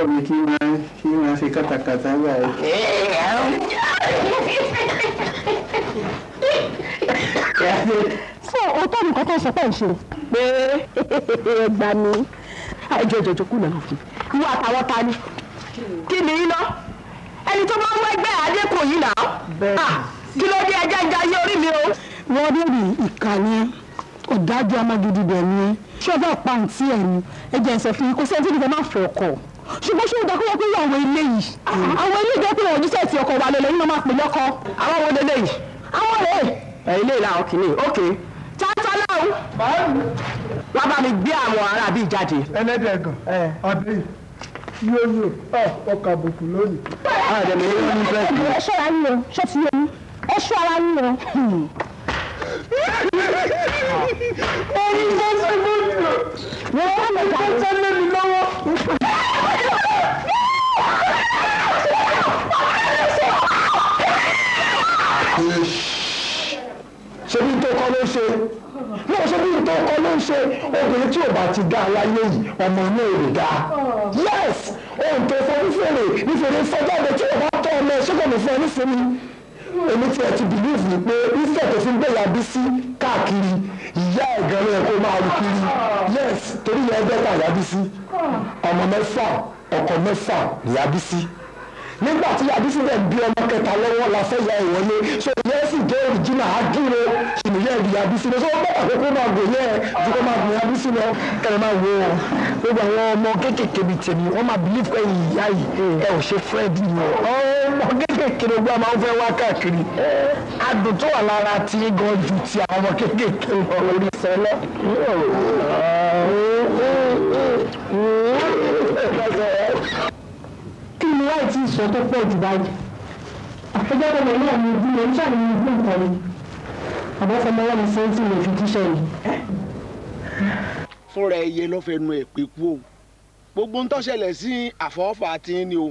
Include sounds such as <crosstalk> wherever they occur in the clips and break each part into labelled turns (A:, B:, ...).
A: pọ̀ mi kí máa kí máa ṣe kátàkátà báyìí. so òótọ́ nìkan tó sọ pé ń ṣe pé ẹgbà mi àìjọ ìjọjọ kù náà fi ìwọ àtàwọn ta ni kí ni iná ẹni tó máa ń wẹgbẹ́ adékò yìí náà ah, kí ló dé ẹjẹ́ ìjà yé orí mi o. wọ́n rí ìkànnì ọ̀dájú amagidi bẹ̀ ni ṣọ́fà pàǹtí ẹ̀ ni ẹ̀jẹ̀ ìsọ̀fin kò sẹ́ńtì nígbà máa fọ̀ ọkọ̀ ṣùgbọ́n ṣé ó dákúrò pé ìyàwó ilé yìí àwọn ilé ìjọ pé wọn ojúṣe ti ọkọ wa lọlẹ nínú máa pè lọkọ àwọn ọmọdé lè yìí àwọn rèé ẹ ilé ìlà ọkìnrin òkè tata náà wá bá mi gbé àwọn ará bíi jáde. ẹlẹ́dẹ̀gàn ọdẹ yóò yóò ọkọ̀ àbùkù lónìí. ọ̀dẹ̀ mi yóò ní bẹ́ẹ̀ ni. ẹ
B: ṣọ́ra yín o ṣé ti yé
A: mi o. ẹyin tó ṣe gbọ́dọ̀ wọ́n wá lọ́jà lé mi ṣebí tó kọ́ ló ń ṣe
B: náà ṣebí tó kọ́ ló ń ṣe obìnrin tí ò bá
A: ti dá aláyé yìí ọmọ inú èrè dá yes ohun tó forí fèrè nífèrè fọjáde tí O bá tọ́ ọmọ ẹ̀ ṣọ́gbọ̀nì fún ẹ nífẹ̀ẹ́ mi èmi tiẹ̀ ti bìlíìfù pé ìfẹ́ tó fi ń gbé yàbí sí káàkiri ìyá ẹ̀gán ló yẹ kó máa rú kiri yes torí yẹ ẹgbẹ́ tàyàbí sí ọmọ mẹ́fà ọkọ mẹ́fà yabisi nígbà tí yabisi rẹ̀ bí ọmọ kẹta lọ́wọ́ la fẹ́ ya ìwọlé so ìyẹn sì dé òrìjìnà àdúró ṣìnìyẹn di yabisi lọ so ọmọ àkókò máa gò yẹ ju kó máa gò yabisi lọ kẹrẹ máa wo gbogbo àwọn ọmọ kéékèèké bíi tèmi wọn máa believe pé ìyá yìí ẹ ò ṣe friend ni ọ ọmọ kéékèèké ló gbọ́ máa ń fẹ́ wá káàkiri adùn tó wà lára ti gan ju ti àwọn ọmọ kéékèèké lọ orí sẹlẹ
B: láì tí ì sọ tó pọ̀ jù báyìí àpéjọ tó lọ náà ni ojú
A: mi níṣà ni mo gbé nǹkan ni àbọ̀fọmọwọ́ mi ṣe ń tì lè fi jíṣẹ́ yìí. fúnra ẹyẹ ló fẹ́ ẹ̀ pé kú o gbogbo ń tọ́ṣẹlẹ̀ sí àfọwọ́fà tí ń ni o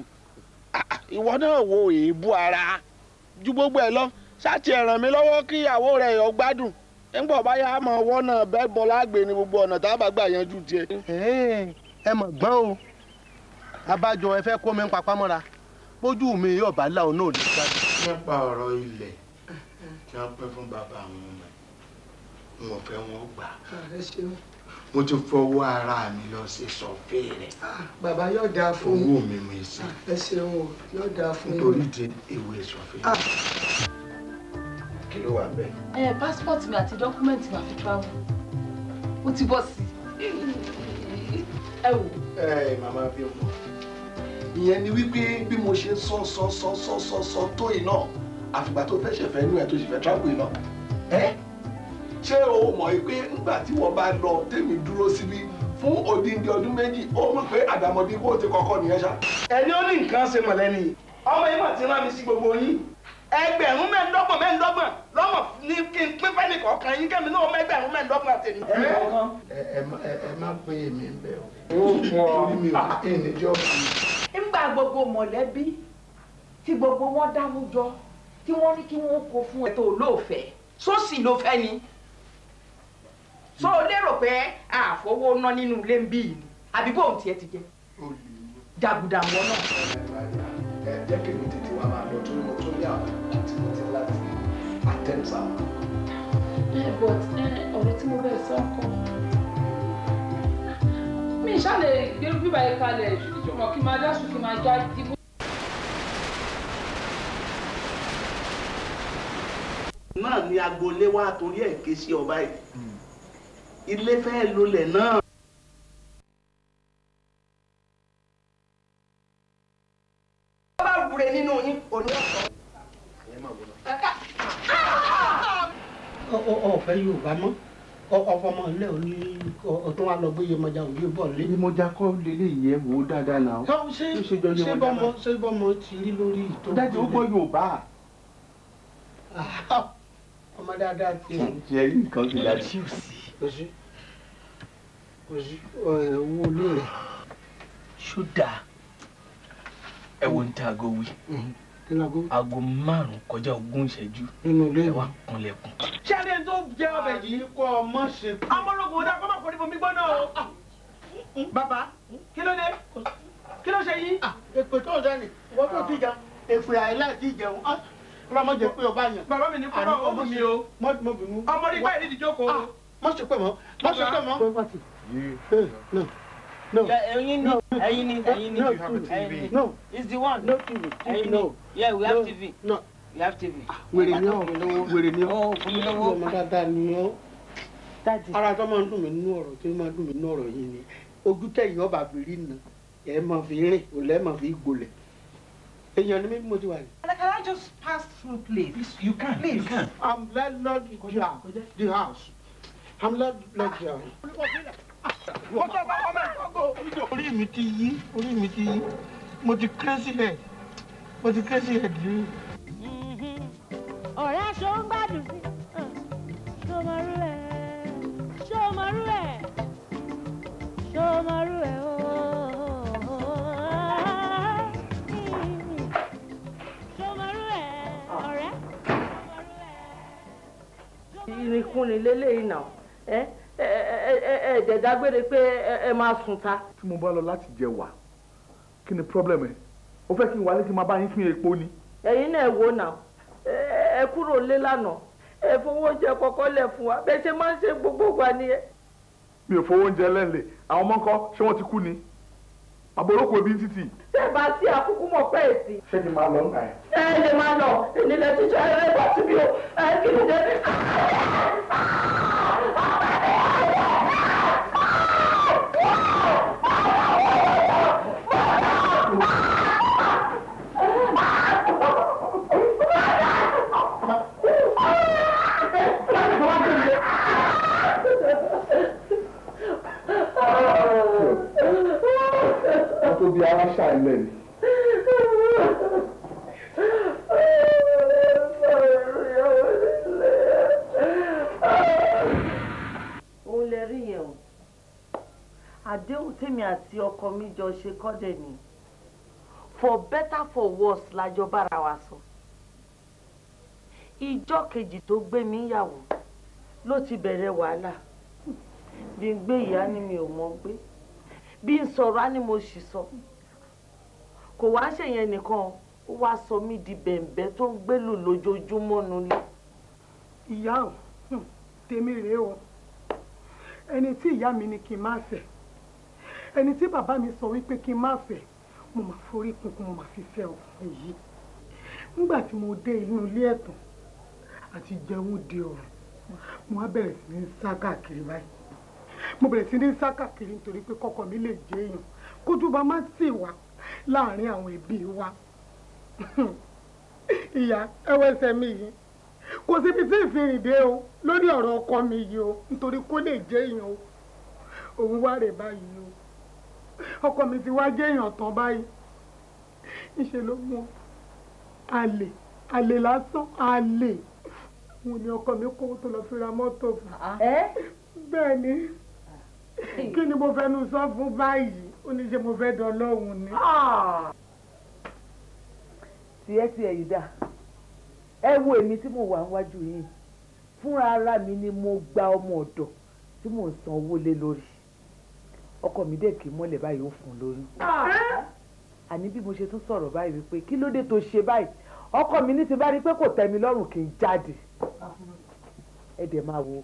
A: ah, ìwọ náà wo èébú ara ju gbogbo ẹ lọ ṣáàtì ẹ ràn mí lọ́wọ́ kí ìyàwó rẹ̀ yọ gbádùn nígbà báyà á mọ̀ wọ́n náà bẹ́ẹ̀ bọ́ láàgbé ni gbogbo ọ̀nà tá a bá tiẹ̀. ẹ mọ̀ gbọ́n o abájọ ẹ fẹ́ kó mi ń papá mọ́ra bójú mi yóò bá láwọn náà lè jáde. nípa ọ̀rọ̀ ilẹ̀ kí wọ́n pẹ́ fún bàbá àwọn ọmọ ẹ̀ wọn fẹ́ wọn gbà mo ti fọwọ́ ara mi lọ sí sọ̀fẹ́ rẹ̀. bàbá yóò dáa fún mi. owó mi mi sí. ẹ ṣeun o yóò dáa fún mi. nítorí ti ìwé sọ̀fẹ́. kí ló wà bẹ́ẹ̀. ẹ passport mi àti dọ́kúmẹ́ǹtì màá fi travel ó ti bọ́ sí i. ẹ wò. ẹ màmá bí o mọ̀ ìyẹn ni wípé bí mo ṣe sọ sọ sọ sọ sọ sọ tó iná àfìgbà tó fẹ́ ṣẹ̀fẹ́ inú ẹ̀ tó ṣẹ̀fẹ́ travel iná ẹ́ ṣé o mọ̀ pé ńgbà tí wọ́n bá lọ tèmi dúró síbí fún odindi ọdún méjì ó mọ̀ pé àdàmọ̀dé kó ti kọ́kọ́ nìyẹn ṣá. ẹni ó ní nǹkan ṣe mọ̀lẹ́ni ọmọ yìí mà ti rán mi sí gbogbo yín ẹgbẹ̀rún mẹ́ẹ̀ẹ́dọ́gbọ̀n mẹ́ẹ̀ẹ́dọ́gbọ̀n lọ́mọ ní kí n pín fẹ́ni kọ̀ọ̀kan yín kẹ́mi náà ọmọ ẹgbẹ̀rún mẹ́ẹ̀ẹ́dọ́gbọ̀n àtẹ̀mí. ẹ má pín èmi ń bẹ̀ o. ó fún ọ èmi ò ní jọ́ fún mi ńgbà gbogbo mọ̀lẹ́bí tí gbogbo wọn dáwọ́ jọ tí wọ́n ní kí wọ́n kó fún ẹ tó lóòfẹ́ sósì ló fẹ́ ni so o lérò pé àfọwọ́ ná nínú ilé ń bí yìí ni àbí bóun tiẹ̀ ti jẹ́ jàgùdà wọn náà. ẹ jẹ́ kí mi tètè wá máa lọ torí mo tún ní àwọn eh, eh, tí mo ti láti attempt ẹ bọ̀ ọ̀rọ̀ tí mo bẹ̀rẹ̀ sọ́kàn mi ìṣàlẹ̀ gbẹrú bíbá yìí kalẹ̀ ṣùgbọ́n kí n máa dáṣù kí n máa já dìbò. náà ni agboolé wa torí ẹ̀ ké sí ọba yìí ilé fẹ́ lólẹ̀ náà. bá wúre nínú yín ọ̀fẹ́ Yorùbá mọ́ ọfọmọ ilé òní ọtún wa lọ gbé Yemọja òye bọ lé. Yemọja kọ́ lélẹ̀ yẹ wò ó dáadáa náà. káwọn ṣe ṣe bọmọ ṣe bọmọ ti rí lórí ìtọ́. dájú ó gbọ́ Yorùbá. ọmọ dáadáa ti rìn. ṣe é nǹkan ti dájú. kò sí kò sí kò sí ẹ̀wọ̀n olú ṣó dáa ẹ̀wọ̀n ń ta ago wí. Mm-hmm aago márùn kọjá ogún ìṣẹ́jú ẹ wá kanlẹ̀kùn. ṣáde tó jẹ ọbẹ̀ yìí kọ́ ọmọ ṣe. amọ́lọ́gùn ọ̀dà kọ́ máa kọ́ níbo mi gbọ́n náà o. Ah. bàbá kí ló dé kí ló ṣe yìí. Ah, èpè tó ń sẹ́ni wọ́n tó ti jẹun èpè àìláìsí ìjẹun ah, ọlọ́mọdé pé ọba yẹn. bàbá mi ní kọ́rọ̀ ó bù mí o ọmọdé báyìí ní ìdíjókòó. mọ̀ ṣe pé mọ́ mọ̀ ṣe pé mọ́. No. Yeah, you need, no. You need, you need, no, you have TV. a TV. No. It's the one. No TV. TV. No. Yeah, we have no. TV. No. We have TV. Ah, wèrè ni ọ́, wèrè ni ọ́. Ó fún mi lówó. Ọmọ dáadáa ni ọ́. Ara tó No. ń dùn mí nínú ọ̀rọ̀ tó No. ń dùn mí nínú No. yìí ni. Ojú tẹ̀yìn ọba No. nà. Ẹ máa fi rìn, òlẹ́ máa fi gbolẹ̀. Èèyàn ni mí bí mo ti wà ní. Can I just pass through please? Please, you can. Please. You can. I'm landlord Jia, the house. I'm landlord Jia. kótó bá wọ́n mẹ́rin kókó. orí mi ti yí orí mi ti yí mo ti kérésì ẹ̀ mo ti kérésì ẹ̀ dìrí. ọ̀rẹ́ aṣọ ń gbádùn sí ṣó mọ rú ṣó mọ
B: rú ṣó mọ rú ẹ̀ o.
A: ìrìnkúnrin lélẹ́yìn náà ẹ ẹ ẹ jẹ̀dágbére pé ẹ máa sùn ta. tí mo bá lọ láti jẹ wà kí ni problem ẹ o fẹ́ kí n wálé kí n máa bá yín pín epo ni. ẹ̀yin náà wò náà ẹ kúrò lé lánàá ẹ fowó oúnjẹ kọ́kọ́ lẹ̀ fún wa bẹ́ẹ̀ ṣe máa ń ṣe gbogbo wa nìyẹn. mi ò fowó oúnjẹ lẹ́ǹlẹ̀ àwọn ọmọ ńkọ́ ṣé wọ́n ti kú ni àbòrókò ebi ń títì. tẹ́ bá sí àkókò mọ̀ pẹ́ èsì. ṣé ni màá lọ ń gbà ẹ. ẹ lè máa lọ ìnílẹ̀ títí ẹ bá tún o
B: ẹ kí ni dé. aráṣà ẹ̀ lẹ́nu.
A: òun lè rí yẹn o àdéhùn tèmi àti ọkọ mi jọ ṣe kọ́dẹ̀ ni for better for worse lájọ bára wa sọ ìjọ kejì tó gbé mi yàwó ló ti bẹ̀rẹ̀ wàhálà bí n gbé ìyá ni mi ò mọ̀ gbé bí n sọ̀rọ̀ á ni mo sì sọ. So kò wá ṣèyẹn nìkan ó wá sọ mí di bẹ̀ǹbẹ́ tó ń gbélù lójoojúmọ́ nulẹ̀. ìyá ò tèmi rèé o ẹni tí ìyá mi ní kí n má fẹ́ ẹni tí bàbá mi sọ wípé kí n má fẹ́ mo máa forí kunkun mo máa fi fẹ́ ọkùnrin yìí nígbà tí mo dé inú ilé ẹ̀tàn àti jẹun di ọ̀run mo á bẹ̀rẹ̀ sí ní sá káàkiri báyìí mo bẹ̀rẹ̀ sí ní sá káàkiri nítorí pé kọ́kọ́ mi lè jẹ́ èèyàn kójú bá má sì wà láàrin àwọn ẹbí wa ìyá ẹwẹsẹ mi yìí kò síbi tí ìfìrìndé o lórí ọ̀rọ̀ ọkọ mi yìí o nítorí kó lè jẹ́ èèyàn o òun wá rè báyìí o ọkọ mi ti wá jẹ́ èèyàn tán báyìí ńṣe ló mú àlè àlè lásán àlè òun ni ọkọ mi kó tó lọ fi ra mọ́tò fún bẹ́ẹ̀ ni ah. kí ni mo fẹnu sọ fún báyìí ó ní ṣe mo fẹ́ dán lọ́hùn ni. tiẹ̀ tiẹ̀ yìí dà ẹ wo èmi tí mo wà níwájú yìí fúnra ara mi ni mo gba ọmọ ọ̀dọ̀ tí mò ń san owó lé lórí ọkọ mi dẹ̀ kì í mọ́lẹ̀ báyìí ó fún un lóyún àní bí mo ṣe tún sọ̀rọ̀ báyìí wípé kí ló dé tó ṣe báyìí ọkọ mi ní ti bá rí i pé kò tẹ́ lọ́rùn kì í jáde ẹ dẹ̀ máa wo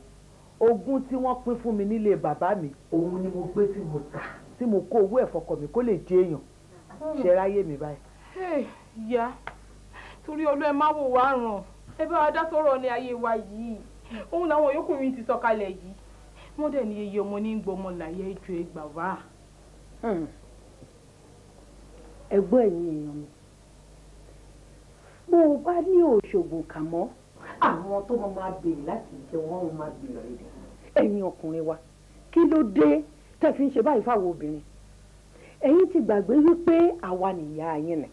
A: ogún tí wọ́n pín fún mi nílé bàbá mi òun ni mo gbé tí mo ta tí mo kó owó ẹ̀fọ́kọ̀ mi kó lè jẹ èèyàn ṣe ráyè mi báyìí. Eh, ìyá torí olú ẹ má wò wá ràn ẹ bá wa dá sọ̀rọ̀ ní ayé wa yìí òun làwọn yòókù mi ti sọ̀kalẹ̀ yìí wọ́n dẹ̀ ní iye ọmọ ní gbọmọ láyé ju ẹgbà wá. Hmm. ẹ̀gbọ́n ẹ̀yin èèyàn mi bó o bá ní òṣogbo kà mọ́ àwọn tó máa béèrè láti jẹ wọ́n máa béèrè rẹ̀. ẹ̀yin ọkùnrin wa kí ló dé tẹ́ fi ń ṣe báyìí fáwọn obìnrin ẹ̀yin ti gbàgbé wípé àwa nìyá yín ni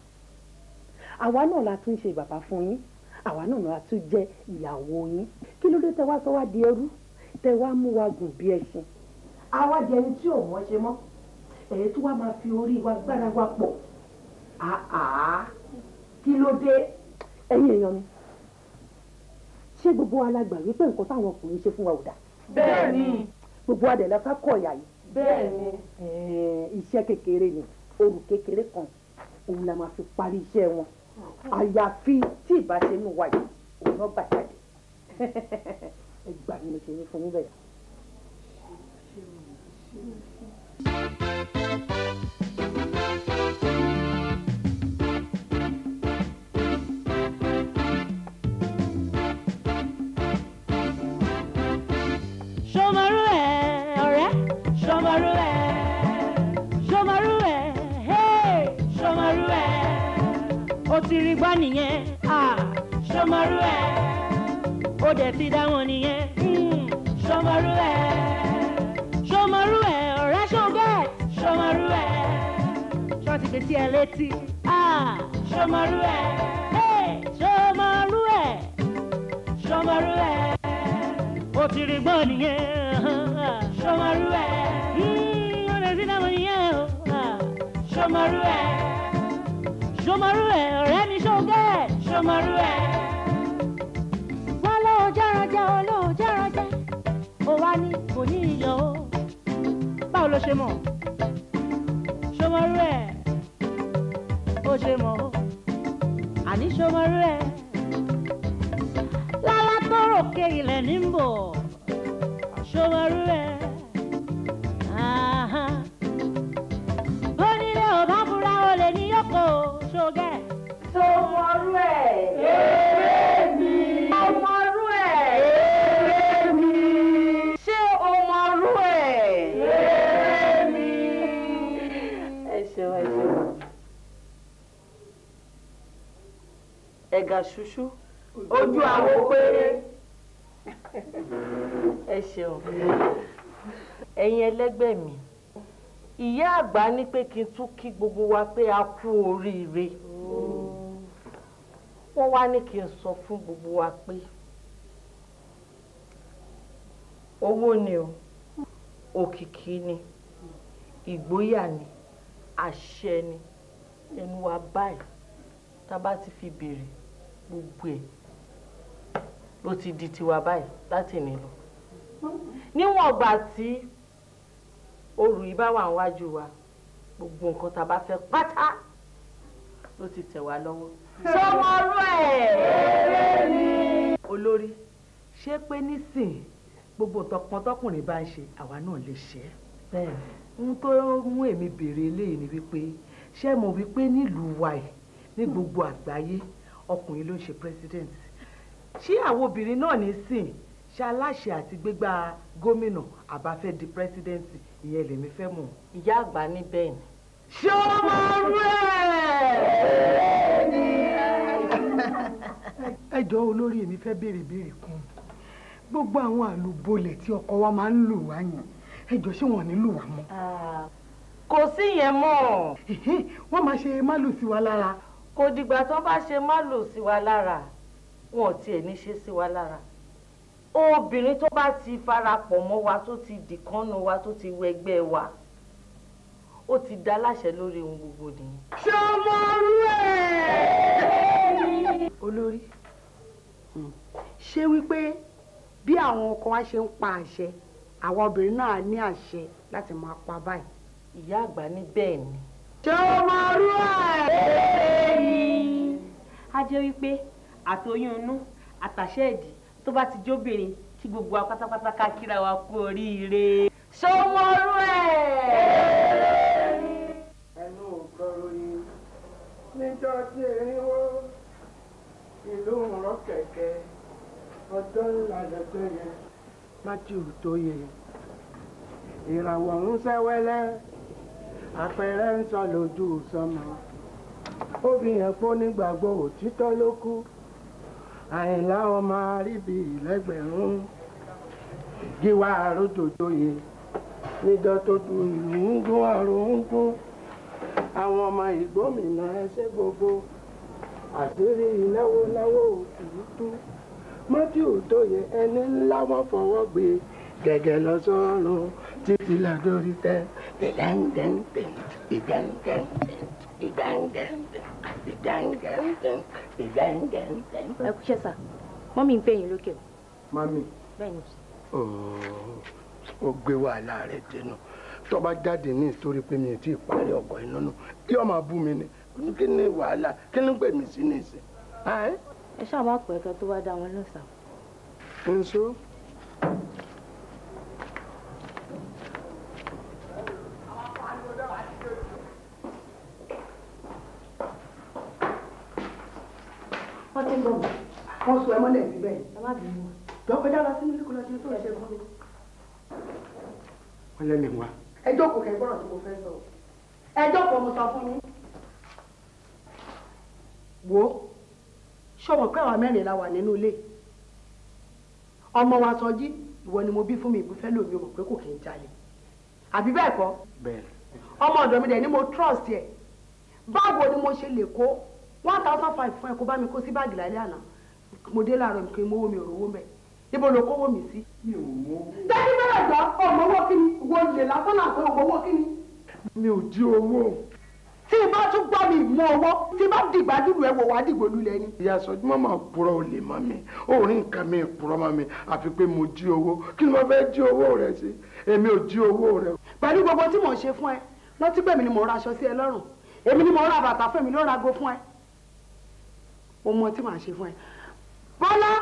A: àwa náà la tún ṣe bàbá fún yín àwa náà la tún jẹ́ ìyàwó yín kí ló dé tẹ́ wá sọ wá di ẹrú tẹ́ wá mú wa gùn bí ẹṣin. àwa di ẹni tí ò mọ̀ ṣe mọ́ tí wàá máa fi orí wa gbára wa pọ̀ àá kí ló dé. ẹ̀yin èèyàn mi ṣé gbogbo wa la gbà wípé nǹkan táwọn ọkùnrin ṣe fún wa ò dáa. bẹ́ẹ̀ gbogbo adẹ̀ la fẹ́ kọ̀ ìyá yìí bẹ́ẹ̀ ni iṣẹ́ kékeré ni oru kékeré kan òun la máa fi parí iṣẹ́ wọn àyàfi tí ìbá ṣe ń wà yìí òun náà bà jáde ẹ gbà mí mo ṣe ní fún yín bẹ́ẹ̀. ti rí gbọ́ nìyẹn ṣọmọrú ẹ̀ ó dẹ̀ ti dá wọn nìyẹn hmm, ṣọmọrú ẹ̀ ṣọmọrú ẹ̀ ọ̀rẹ́ ṣọgẹ́ ṣọmọrú ẹ̀ ṣọ́ ti gbé sí ẹ létí ṣọmọrú ẹ̀ ṣọmọrú ẹ̀ ṣọmọrú ẹ̀ ó ti rí gbọ́ nìyẹn ṣọmọrú ẹ̀ hmm, ó dẹ̀ ti dá wọn nìyẹn ṣọmọrú ẹ̀ ṣọmọrú ẹ ọ̀rẹ́ mi ṣọgẹ ṣọmọrú ẹ. wọn lóun jẹranjẹ olóun jẹranjẹ ó wá ní kò ní iyọ̀ o báwo ló ṣe mọ̀ ṣọmọrú ẹ ó ṣe mọ̀ o àní ṣọmọrú ẹ lálá tó ròkè ilẹ̀ ní bò ṣọmọrú ẹ.
B: àjàgà ṣuṣu ojú àwọn péré
A: ẹ ṣeun ẹ̀yin ẹlẹ́gbẹ́ mi ìyá àgbà ní pé kí n tún kí gbogbo wa pé a kú oríire wọ́n wá ní kí n sọ fún gbogbo wa pé owó ni o òkìkí ni ìgboyà ni àṣẹ ni ẹnu wa báyìí tá a bá ti fi béèrè gbogbo ẹ̀ ló ti di tiwa báyìí láti ní lọ níwọ̀n ọgbà tí orù yìí bá wà níwájú wa gbogbo nǹkan tá a bá fẹ́ pátá ló ti tẹ̀ wá lọ́wọ́. sọmọ ọ̀rọ̀ ẹ̀. eré ni. olórí ṣé pé nísìn gbogbo tọkàn tọkùnrin bá ń ṣe àwa náà lè ṣe é. bẹ́ẹ̀ni. ohun tó mú èmi béèrè eléyìí ni wípé ṣé mo wípé nílùú wa yìí ní gbogbo àgbáyé. Mm ọkùnrin ló ń ṣe president ṣé àwọn obìnrin náà ní sìn ṣe aláṣẹ àti gbégbá gómìnà àbáfẹ́ di president ìyẹn lèmi fẹ́ mọ̀. ìyá àgbà ní bẹ́ẹ̀ ni. ṣé ọmọ
B: rẹ̀ ni.
A: ẹ jọ̀ọ́ olórí èmi fẹ́ béèrè béèrè kan gbogbo àwọn àlùbọ́lẹ̀ tí ọkọ wa máa ń lù wá yẹn ẹ jọ̀ọ́ ṣé wọn ò ní lù wá mọ́. Ah, kò sí yẹn mọ́. wọ́n máa ṣe má lù sí wa lára kò dìgbà tó bá ṣe má lò sí wa lára wọn ò tiẹ̀ ní ṣe sí wa lára obìnrin tó bá ti farapọ̀ mọ́ wa tó ti dìkánnú wa tó ti wẹgbẹ́ wa ó ti dá láṣẹ lórí ohun gbogbo nìyẹn. ṣọmọ rẹ. olórí hmm, ṣé wípé bí àwọn ọkọ wa ṣe ń pa àṣẹ àwa obìnrin náà ní àṣẹ láti máa pa báyìí. ìyá àgbà ní bẹ́ẹ̀ ni
B: ṣọmọrú àárẹ̀ yìí.
A: a jẹ́ wípé àtọyún inú àtàṣe ẹ̀dì tó bá ti jóbìnrin kí gbogbo wa pátápátá ká kíra wa kú oríire. ṣọmọrú ẹ̀. ẹnu ò kọrọ yìí tí erinwó ìlú ń rọ kẹ̀kẹ́ ọjọ́ ńlá lẹ́gbẹ́ yẹn láti yẹ ìràwọ̀ ń sẹ́wẹ́lẹ́ àpẹẹrẹ ń sọ lójú sọmọ ó fi hàn pé onígbàgbọ́ òtítọ́ ló kú àyìnlá ọmọ àríbi ìlẹ́gbẹ̀rún gíwá àrójòjòyè níjọ tó du ìlú ń gún àrò ń gún àwọn ọmọ ìgbómìnà ẹsẹ̀ gbogbo àṣírí ìnáwó náwó òtútù mọ́tì òtóyè ẹni ńlá wọ́n fọwọ́ gbé gẹ́gẹ́ lọ sóró títí là dórí tẹ ìdáǹgẹǹtẹ ìdáǹgẹǹtẹ ìdáǹgẹǹtẹ ìdáǹgẹǹtẹ ìdáǹgẹǹtẹ. ẹ kúṣẹ́ sà
B: mọ́mí ń pè yín lókè o.
A: mọ́mí. bẹ́ẹ̀ni. ó gbé wàhálà rẹ̀ dénú tó bá jáde ní ìtorí pé mi ò tí ì parí ọkọ̀ iná nù kí ọmọ abú mi ni kí ni wàhálà kí ni gbèmí wọ́n ti ń bọ̀ mọ́ wọ́n sọ ẹ mọ́lẹ̀ síbẹ̀ lọ́kọjá lọ sínú ìlú lọ sí tó rẹ̀ ṣe fún mi. wọ́n lẹ́mìí wa. ẹ jókòó kẹ́ gbọ́dọ̀ tí mo fẹ́ sọ ẹ jókòó mo sọ fún yín. wo ṣọwọ́ pé àwa mẹ́rin la wà nínú ilé ọmọ wa Sọjí ìwọ ni mo bí fún mi ìbúfẹ́ lómi o mọ̀ pé kò kí n jalè àbí bẹ́ẹ̀ kọ́ ọmọ ọ̀dọ̀ mi dẹ̀ ni mo trust yẹ báwo ni mo ṣe lè kó one thousand five fún ẹ kó bá mi kó sí báàgì lálẹ́ àná mo dé láàárọ̀ nǹkan ìmọ̀ owó mi ò rówó mẹ́ níbo ló kówó mi sí. mi ò gbọ́ ọmọ owó kí ni wo lè lásán làkó ọmọ owó kí mi ò di owó. tí ì bá tún gbọ́ mi mọ owó tí ì bá dìgbà dùdù ẹ̀ wò wá dìgbò lulẹ̀ ni. ìyá sọjú má máa purọ́ olè má mi òórùn nǹkan mi purọ́ má mi àfi pé mo di owó kí ni mo fẹ́ di owó rẹ sí èmi ò di owó rẹ. pẹ̀lú gbogbo tí mò ń ṣe fún ẹ lọ́tí pẹ̀mí ni mò ń raṣọ sí ẹ lọ́rùn èmi ni mò ń ra bàtà fún èmi ló ń rago fún ẹ mo mọ tí màá ṣe fún ẹ. bọ́lá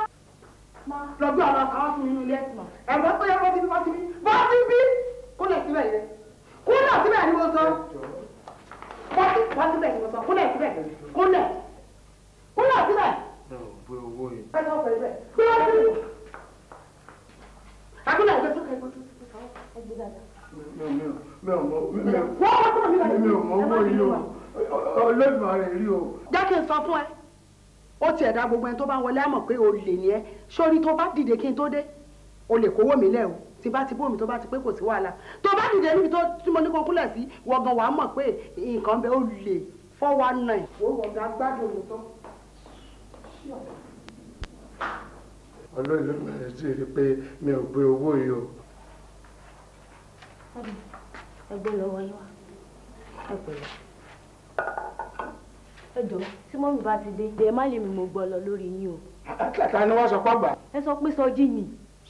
A: lọ́gbẹ́ ọ̀rọ̀ kan wá fún mi nílé ẹ̀sìn ẹ̀gbọ́n tó yẹ kó ti bí wọ́n ti bí wọ́n ti bí kúnlẹ̀ síbẹ̀ yẹn
B: kúnlẹ̀ síbẹ̀ ni mo sọ
A: wọ́n síbẹ̀ ni mo sọ kúnlẹ̀ síbẹ̀ kúnlẹ̀ kúnlẹ̀ síbẹ̀. Akúnlẹ̀ ẹgbẹ́ tó kẹ́kọ̀ọ́ tó ti sọ ẹgbẹ́ dáadáa
B: mi ò mọ owó yìí o
A: ọlọ́dún ara rí o. jẹ́ kí n sọ fún ẹ ó tiẹ̀ dá gbogbo ẹni tó bá wọlé àmọ̀ pé olè ni ẹ́ sórí tó bá dìde kí n tó dé olè kówó mi lẹ́ o tí bá ti bó mi tó bá ti pé kò sí wàhálà tó bá dìde níbi tó tí mo ní kó kúlẹ̀ sí wọ̀gàn wàá mọ̀ pé nǹkan bẹ́ẹ̀ olè four one nine. wo wọ̀gàn agbádùn mi tán. ọlọ́ọ̀lọ́mọ ẹ̀ sì rí i pé mi ò gbé owó yìí o.
B: ẹgbẹ́ lọ́wọ́ yín wá ẹgbẹ́ lọ́wọ́
A: ẹ jọ tí mọ́mí bá ti dé bẹ́ẹ̀ má lè mi mo gbọ́ lọ lórí yín o. àtàtà ni wọ́n sọ pé àgbà. ẹ sọ pé sọjí ni.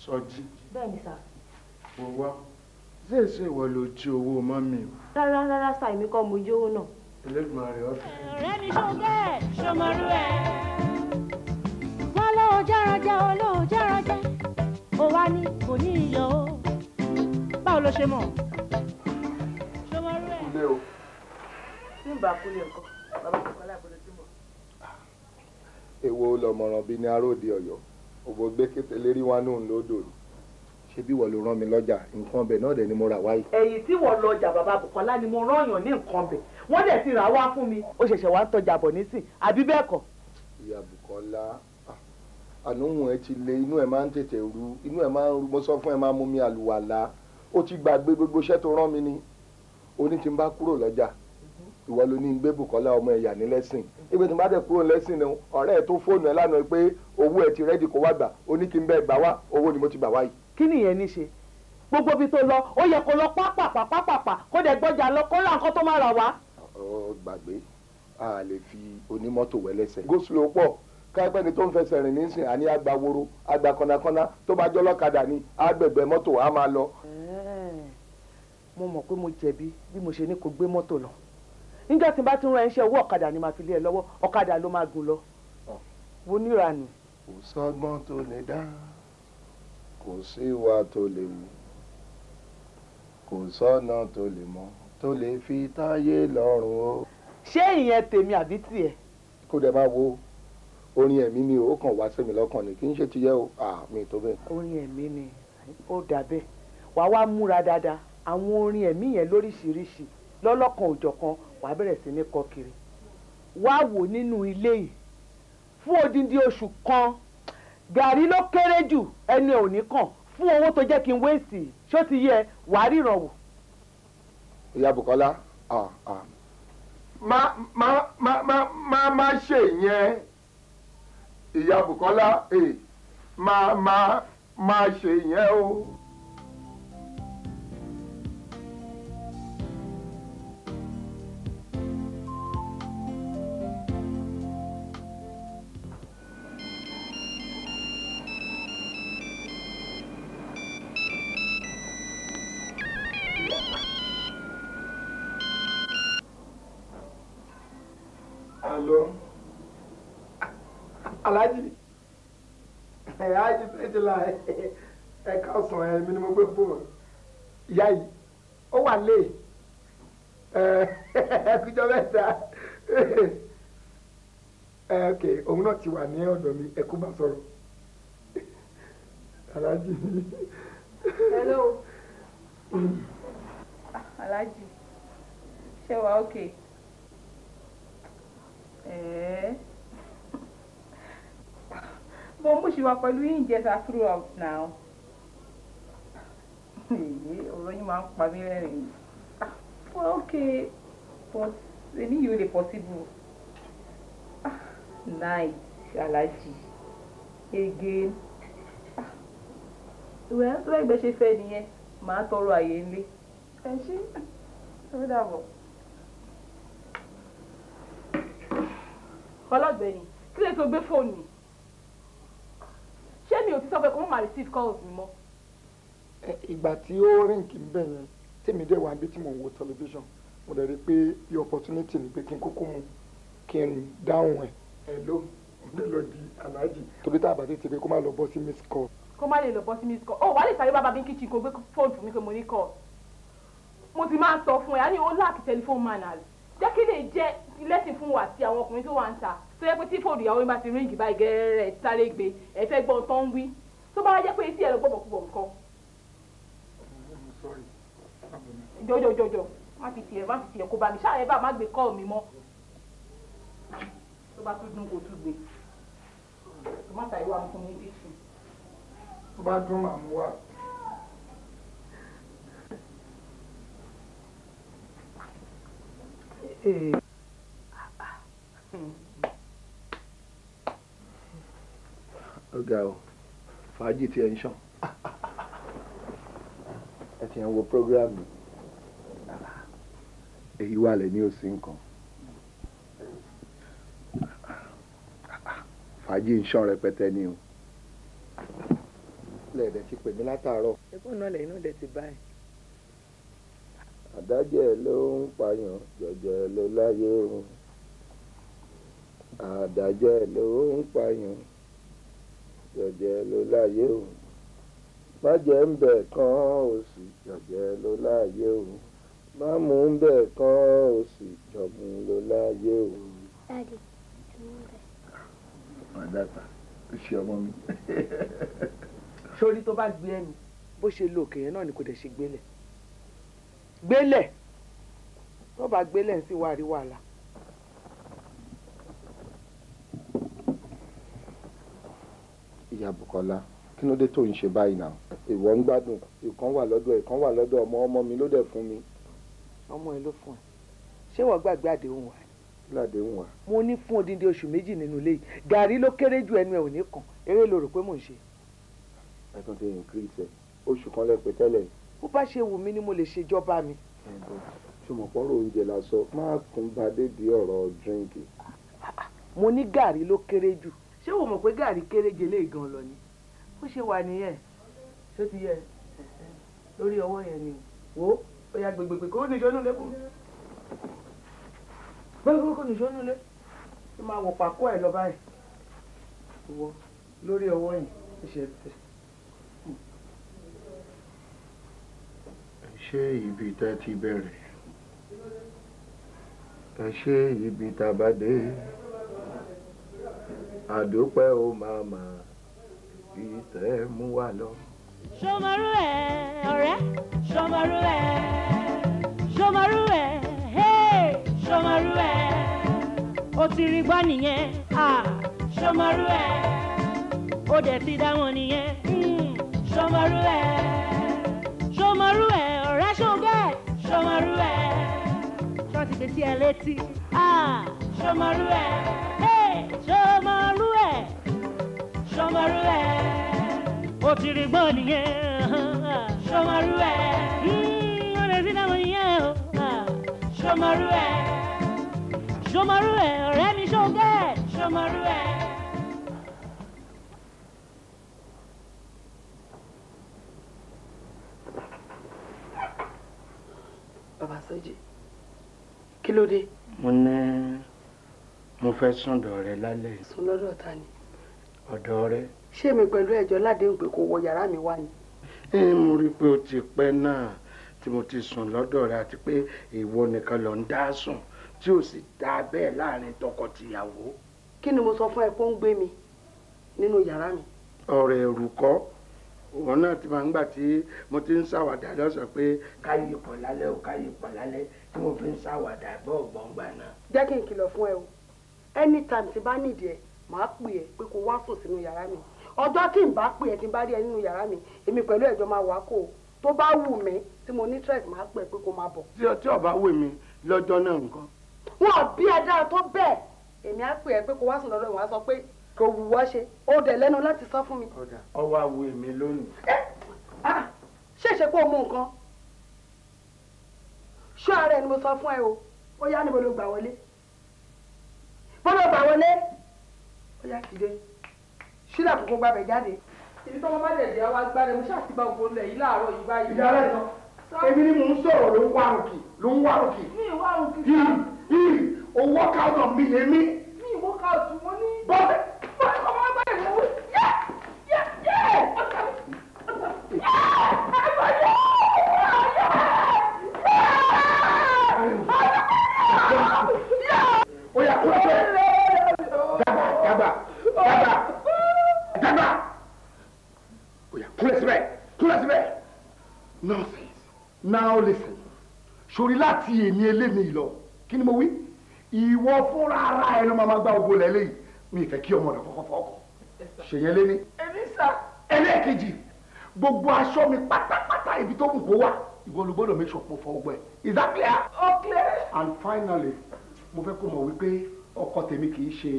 A: sọjí. bẹ́ẹ̀ ni sà. mo wá ṣé ṣe ìwọ ló jí owó mọ́mí o. rárá rárá sà èmi kọ́ mo jí owó náà. ẹlẹ́gbọ̀n rẹ̀ ọ̀fẹ́. ọ̀rẹ́ mi ṣogẹ́ ṣomorú ẹ̀. wọ́n lọ́wọ́ járajẹ́ olóò járajẹ́ ó wá ní kò ní iyọ̀ o. báwo ló ṣe mọ̀? ṣomorú ẹ̀. kúlẹ̀ o. tí ń bá kúlẹ̀ nǹkan bàbá. Ewo lọmọràn bíi ní aróde Ọ̀yọ́ òbò gbé kételérí wá nóun lódò ni ṣebí wọ́n ló rán mi lọ́jà nǹkan ọbẹ̀ náà dẹ̀ ni mo rà wáyé. ẹ̀yìn tí wọ́n lọ́jà bàbá Bùkọ́lá ni mo rán yàn ní nǹkan ọbẹ̀ wọ́n dẹ̀ ti rà wá fún mi. ó ṣẹ̀ṣẹ̀ wá ń tọjà bọ̀ nísìn àbí bẹ́ẹ̀ kọ́. ìyá Bùkọ́lá ah, ànúhùn ẹ ti le inú ẹ máa ń tètè ru inú ẹ máa ń ru mo sọ fún ẹ máa mú mi àlùwàlà ó ti gbàgbé gbogbo iṣẹ́ tó rán mi ni oní ti ń bá kúrò lọ́jà ìwọ ló ní gbé Bùkọ́lá ọmọ ẹ̀yà ní lẹ́sìn ìgbé tí n bá dẹ̀ kúrò lẹ́sìn ni ọ̀rẹ́ ẹ̀ tó fóònù ẹ̀ lánàá pé owó ẹ̀ ti rẹ́dì kó wá gbà ó ní kí n bẹ́ẹ̀ gbà wá owó ni mo ti gbà wá yìí. kí nìyẹn ní ṣe gbogbo ibi tó lọ ó yẹ kó lọ pápápápápá kó dẹ̀ gbọ́jà lọ kó rà nǹkan tó máa rà wá. ọ gbàgbé a lè fi onímọ́tò wẹ́lẹ́sẹ̀. go slow pọ̀ káyọ̀pẹ́ ni tó ń fẹsẹ̀ rìn nísìn àní àgbà woro àgbà kọ̀nàkọ̀nà tó bá jọ́ lọ́kadà ni àgbẹ̀gbẹ̀ mọ́tò á máa lọ. mo mọ̀ pé mo jẹ̀bi bí mo ṣe ní kó gbé mọ́tò lọ níjọ́ tí n bá tún rán ẹṣẹ́ owó ọ̀kadà ni màá fi lé ẹ lọ́wọ́ ọ̀kadà ló máa gùn lọ. wo níranù. kò sọ́gbọ́n tó lè dá kò sí ìwà tó lè wù kò sọ́nà tó lè mọ̀ tó lè fi táyé lọ́rùn o. ṣé ìyẹn tèmi àbí tiẹ̀. kó dẹ máa wo orin ẹ̀mí ni ó kàn wá sí mi lọ́kàn ni kì í ṣe ti yẹ àmì tó bẹ́ẹ̀. orin ẹ̀mí ni ó dà bẹ́ẹ̀ wàá wá múra dáadáa àwọn orin ẹ̀mí yẹn lóríṣiríṣi lọ́lọ́kan òjọ̀kan wàá bẹ̀rẹ̀ sí ní kọ kiri wàá wò nínú ilé yìí fún odindi oṣù kan gàrí ló kéré jù ẹni ò ní kàn fún owó tó jẹ́ kí n wéèsì ṣó ti yẹ wàá ríran wò. ìyá Bùkọ́lá má má má má má ṣe yẹn ìyá Bùkọ́lá má má má ṣe yẹn o. ńlá ẹ káàsán ẹ mi ni mo gbé fún wọn ìyá yìí ó wà lé ẹ kújọ mẹ́ta ẹ ok òun náà ti wà ní ọ̀dọ̀ mi ẹ kú bá sọ̀rọ̀ aláàjì. hello aláàjì ṣé wàá ok. Eh mo mú ṣe wá pẹ̀lú yín ìjẹta throughout now ọ̀rọ̀ yín máa ń pa mí lẹ́rìn
B: ah, well okay but
A: èmi yìí ò lè possible ah, night alaji again ah, Well, tó bẹ́ẹ̀ gbẹ́ ṣe fẹ́ nìyẹn màá tọrọ àyè ńlẹ̀ ẹ ṣí ó dàbọ̀. ọlọ́gbẹ̀ni kí lè tó gbé fóònù yìí ṣé mi ò ti sọ pé kò mọ̀ máa receive calls mi mọ́. ìgbà tí ó rìn kì í bẹ̀ yẹn tèmi dẹ̀ wá bí tí mò ń wo television mo dẹ̀ rí i pé bí opportunity ni pé kí n kúkú mu kí n dáhùn ẹ̀ ẹ̀ ló ń lọ di aláàjì torí tá a bá ti ti pé kó má lọ bọ́ sí miss call. kó má lè lọ bọ́ sí miss call ó wà lè sáré bàbá bí kitchen kó gbé fóònù fún mi pé mo ní call mo ti máa sọ fún ẹ á ní o lack telephone manners jẹ́ kí lè jẹ́ lẹ́sìn fún wa àti àwọn ọkùnrin tó wà ń ta tó yẹ pé tí fòdù ìyàwó yín bá ti ríǹgì báyìí gẹ́rẹ́rẹ́ sáré gbé ẹ fẹ́ gbọ́n tó ń wí tó bá jẹ́ pé etí ẹ̀ lọ gbọ́dọ̀ púpọ̀ nǹkan. jọjọjọjọ má fi tiẹ̀ má fi tiẹ̀ kó bá mi ṣáà ẹ bá má gbé kọ́ mi mọ́ tó bá tún dún kó tún gbé tòmátà ìwà fún mi bí sùn. tó bá dún màá mú wá. Hey. Eh, eh ọ̀gá o fàájì tí ẹ ń ṣàn ẹ ti ń wo programu èyí wà lẹ ní òsì nǹkan fàájì ń ṣàn rẹpẹtẹ ni o lẹ́ẹ̀dẹ̀ ti pè mí látàárọ̀. ẹ̀kọ́ náà lẹ́yìn náà dẹ̀ ti báyìí. àdájẹ́ ló ń pààyàn jẹ̀jẹ̀ ló láyé òun àdájọ́ ẹ̀ ló ń payàn jọ̀jẹ̀ ló láyé o májẹ̀ ń bẹ̀ kan òsì jọ̀jẹ̀ ló láyé o má mú ń bẹ̀ kan òsì jọ̀mú ló láyé o. ọ̀dàpà ó ṣe ọmọ mi. sórí tó bá gbé ẹnu bó ṣe lo òkè yẹn náà ni kò dẹ̀ ṣe gbélẹ̀ gbélẹ̀ tó bá gbélẹ̀ ń sì wá rí wàhálà. ìyá Bùkọ́lá kí ló dé tó ń ṣe báyìí náà ìwọ ń gbádùn ìkan wà lọ́dọ̀ ìkan wà lọ́dọ̀ ọmọ ọmọ mi ló dẹ̀ fún mi. ọmọ ẹ ló fún ẹ ṣé wọ́n gbàgbé àdéhùn wa. ládéhùn wa. mo ní fún odindi oṣù méjì nínú ilé yìí gàrí ló kéré ju ẹnu ẹ ò ní kàn eré ló rò pé mò ń ṣe. ẹ tún ti increase ẹ oṣù kan lẹ́pẹ́ tẹ́lẹ̀. bó bá ṣe wù mí ni mo lè ṣe jọba mi. ṣùgbọ́n pọ́nrọ́ oúnjẹ la sọ má kún bá débi ọ̀rọ̀ dírìnkì. mo ní gàrí ló kéré jù ṣé o mọ̀ pé gàrí kéréje lè gan lọ ni bó ṣe wà nìyẹn ṣó ti yẹ lórí ọwọ́ yẹn ni wò ó ó gbègbègbè kó nìṣó nílé kù gbẹ́gbẹ́ kó nìṣó nílé ó máa wọ̀ pàkó ẹ̀ lọ báyìí wọ lórí ọwọ́ yẹn ṣe tẹ̀. ṣé ibi tá a ti bẹ̀rẹ̀ ẹ ṣé ibi tá a bá dé àdúpẹ́ ó máa mà ìtẹ́ mú wa lọ. ṣọmọrú ẹ ọ̀rẹ́ ṣọmọrú ẹ ṣọmọrú ẹ ṣọmọrú ẹ ó ti rí gbọ́ nìyẹn ṣọmọrú ẹ ó dẹ̀ ti dá wọn nìyẹn hmm, ṣọmọrú ẹ ṣọmọrú ẹ ọ̀rẹ́ ṣọgẹ́ ṣọmọrú ẹ ṣọ́ọ̀tì pèsè ẹ létí ṣọmọrú ẹ̀ ṣọmọrú ẹ̀ ṣọmọrú ẹ̀ ó ti rí gbọ́n nìyẹn ṣọmọrú ẹ̀ hmm, ó lè sí o ṣọmọrú mi ṣọgẹ́ ṣọmọrú ẹ̀. Bàbá Sọ́jí, kí ló dé? Mo ní mo fẹ́ sùn dọ̀ rẹ lálẹ́ yìí. sùn lọ́dọ̀ ta ni. ọ̀dọ̀ rẹ. ṣé mi pẹ̀lú ẹjọ́ ládéhùn pé kò wọ yàrá mi wá ni. ẹ mo rí i pé o ti pẹ́ náà tí mo ti sùn lọ́dọ̀ rẹ àti pé ìwọ nìkan ló ń dá sùn tí ò sì dá bẹ́ẹ̀ láàrin tọkọ-tìyàwó. kí ni mo sọ fún ẹ pé ó ń gbé mi nínú yàrá mi. ọ̀rọ̀ ẹ̀rù kọ́ òun náà ti máa ń gbà tí mo ti ń ṣàwàdà lọ́sàn pé káyì pọ̀ lálẹ́ o káyì pọ̀ lálẹ́ tí mo fi ń ṣàwàdà gbọ́ ọ̀gbọ́n náà. jẹ́ kí n kìlọ̀ fún ẹ o anytime tí bá nídìí ẹ màá pè ẹ pé kó wá sùn sínú yàrá mi ọjọ́ tí n bá pè ẹ tí n bá rí ẹ nínú yàrá mi èmi pẹ̀lú ẹ̀jọ̀ máa wà kó o tó bá wù mí tí mo ní stress màá pè ẹ pé kó máa bọ̀. tí ọtí ọba wù mí lọ́jọ́ náà nǹkan. wọn ò bí ẹ dára tó bẹ́ẹ̀ èmi á pè ẹ pé kó wá sùn lọ́dọ̀ ìwà sọ pé kò wù wá ṣe ó dẹ̀ lẹ́nu láti sọ fún mi. ọwọ́ àwọ̀ èmi lónìí. ṣèṣe pé o mú nǹkan ṣọ́ ara ẹni mo sọ fún ẹ o ó yá níbo ló gbà wọlé fọlọ́ bá wọlé ó yá dìde sílẹ̀ àkókò gbàgbẹ́ jáde. ibi tọ́mọ má dẹ̀ wá gbára mo ṣáà ti bá ògbó lẹ̀ yìí láàárọ̀ yìí báyìí. ìyá rẹ̀ sọ èmi ni mò ń sọ̀rọ̀ ló ń wá òkè ló ń wá òkè. mi ì wá òkè sá. yìí yìí o work out on mi mi ì work out mo ní. bọ́ọ̀lù bọ́ọ̀lù kọ́ máa
B: kúrẹ́sẹ̀ dàgbà dàgbà dàgbà dàgbà
A: oya kúrẹ́sẹ̀ kúrẹ́sẹ̀ nonsense now listen sori láti èmi eléyìí lọ kí ni mo wí ìwọ fúnra ara ẹ ló máa ma gba ògbó lẹ́lẹ́yìí mi ìfẹ́ kí ọmọ rẹ kọ́kọ́ fọ́ọ̀kọ́ ṣèyẹn lé ní. èmi sà. ẹlẹ́ẹ̀kejì gbogbo aṣọ mi pátápátá ibi tó wù kó wà ìwọ ló gbọ́dọ̀ make sure pé o fọ ọgbẹ́ is that clear. all ah, clear. and finally mo fẹ́ kó mọ̀ wípé ọkọ tèmi kì í ṣe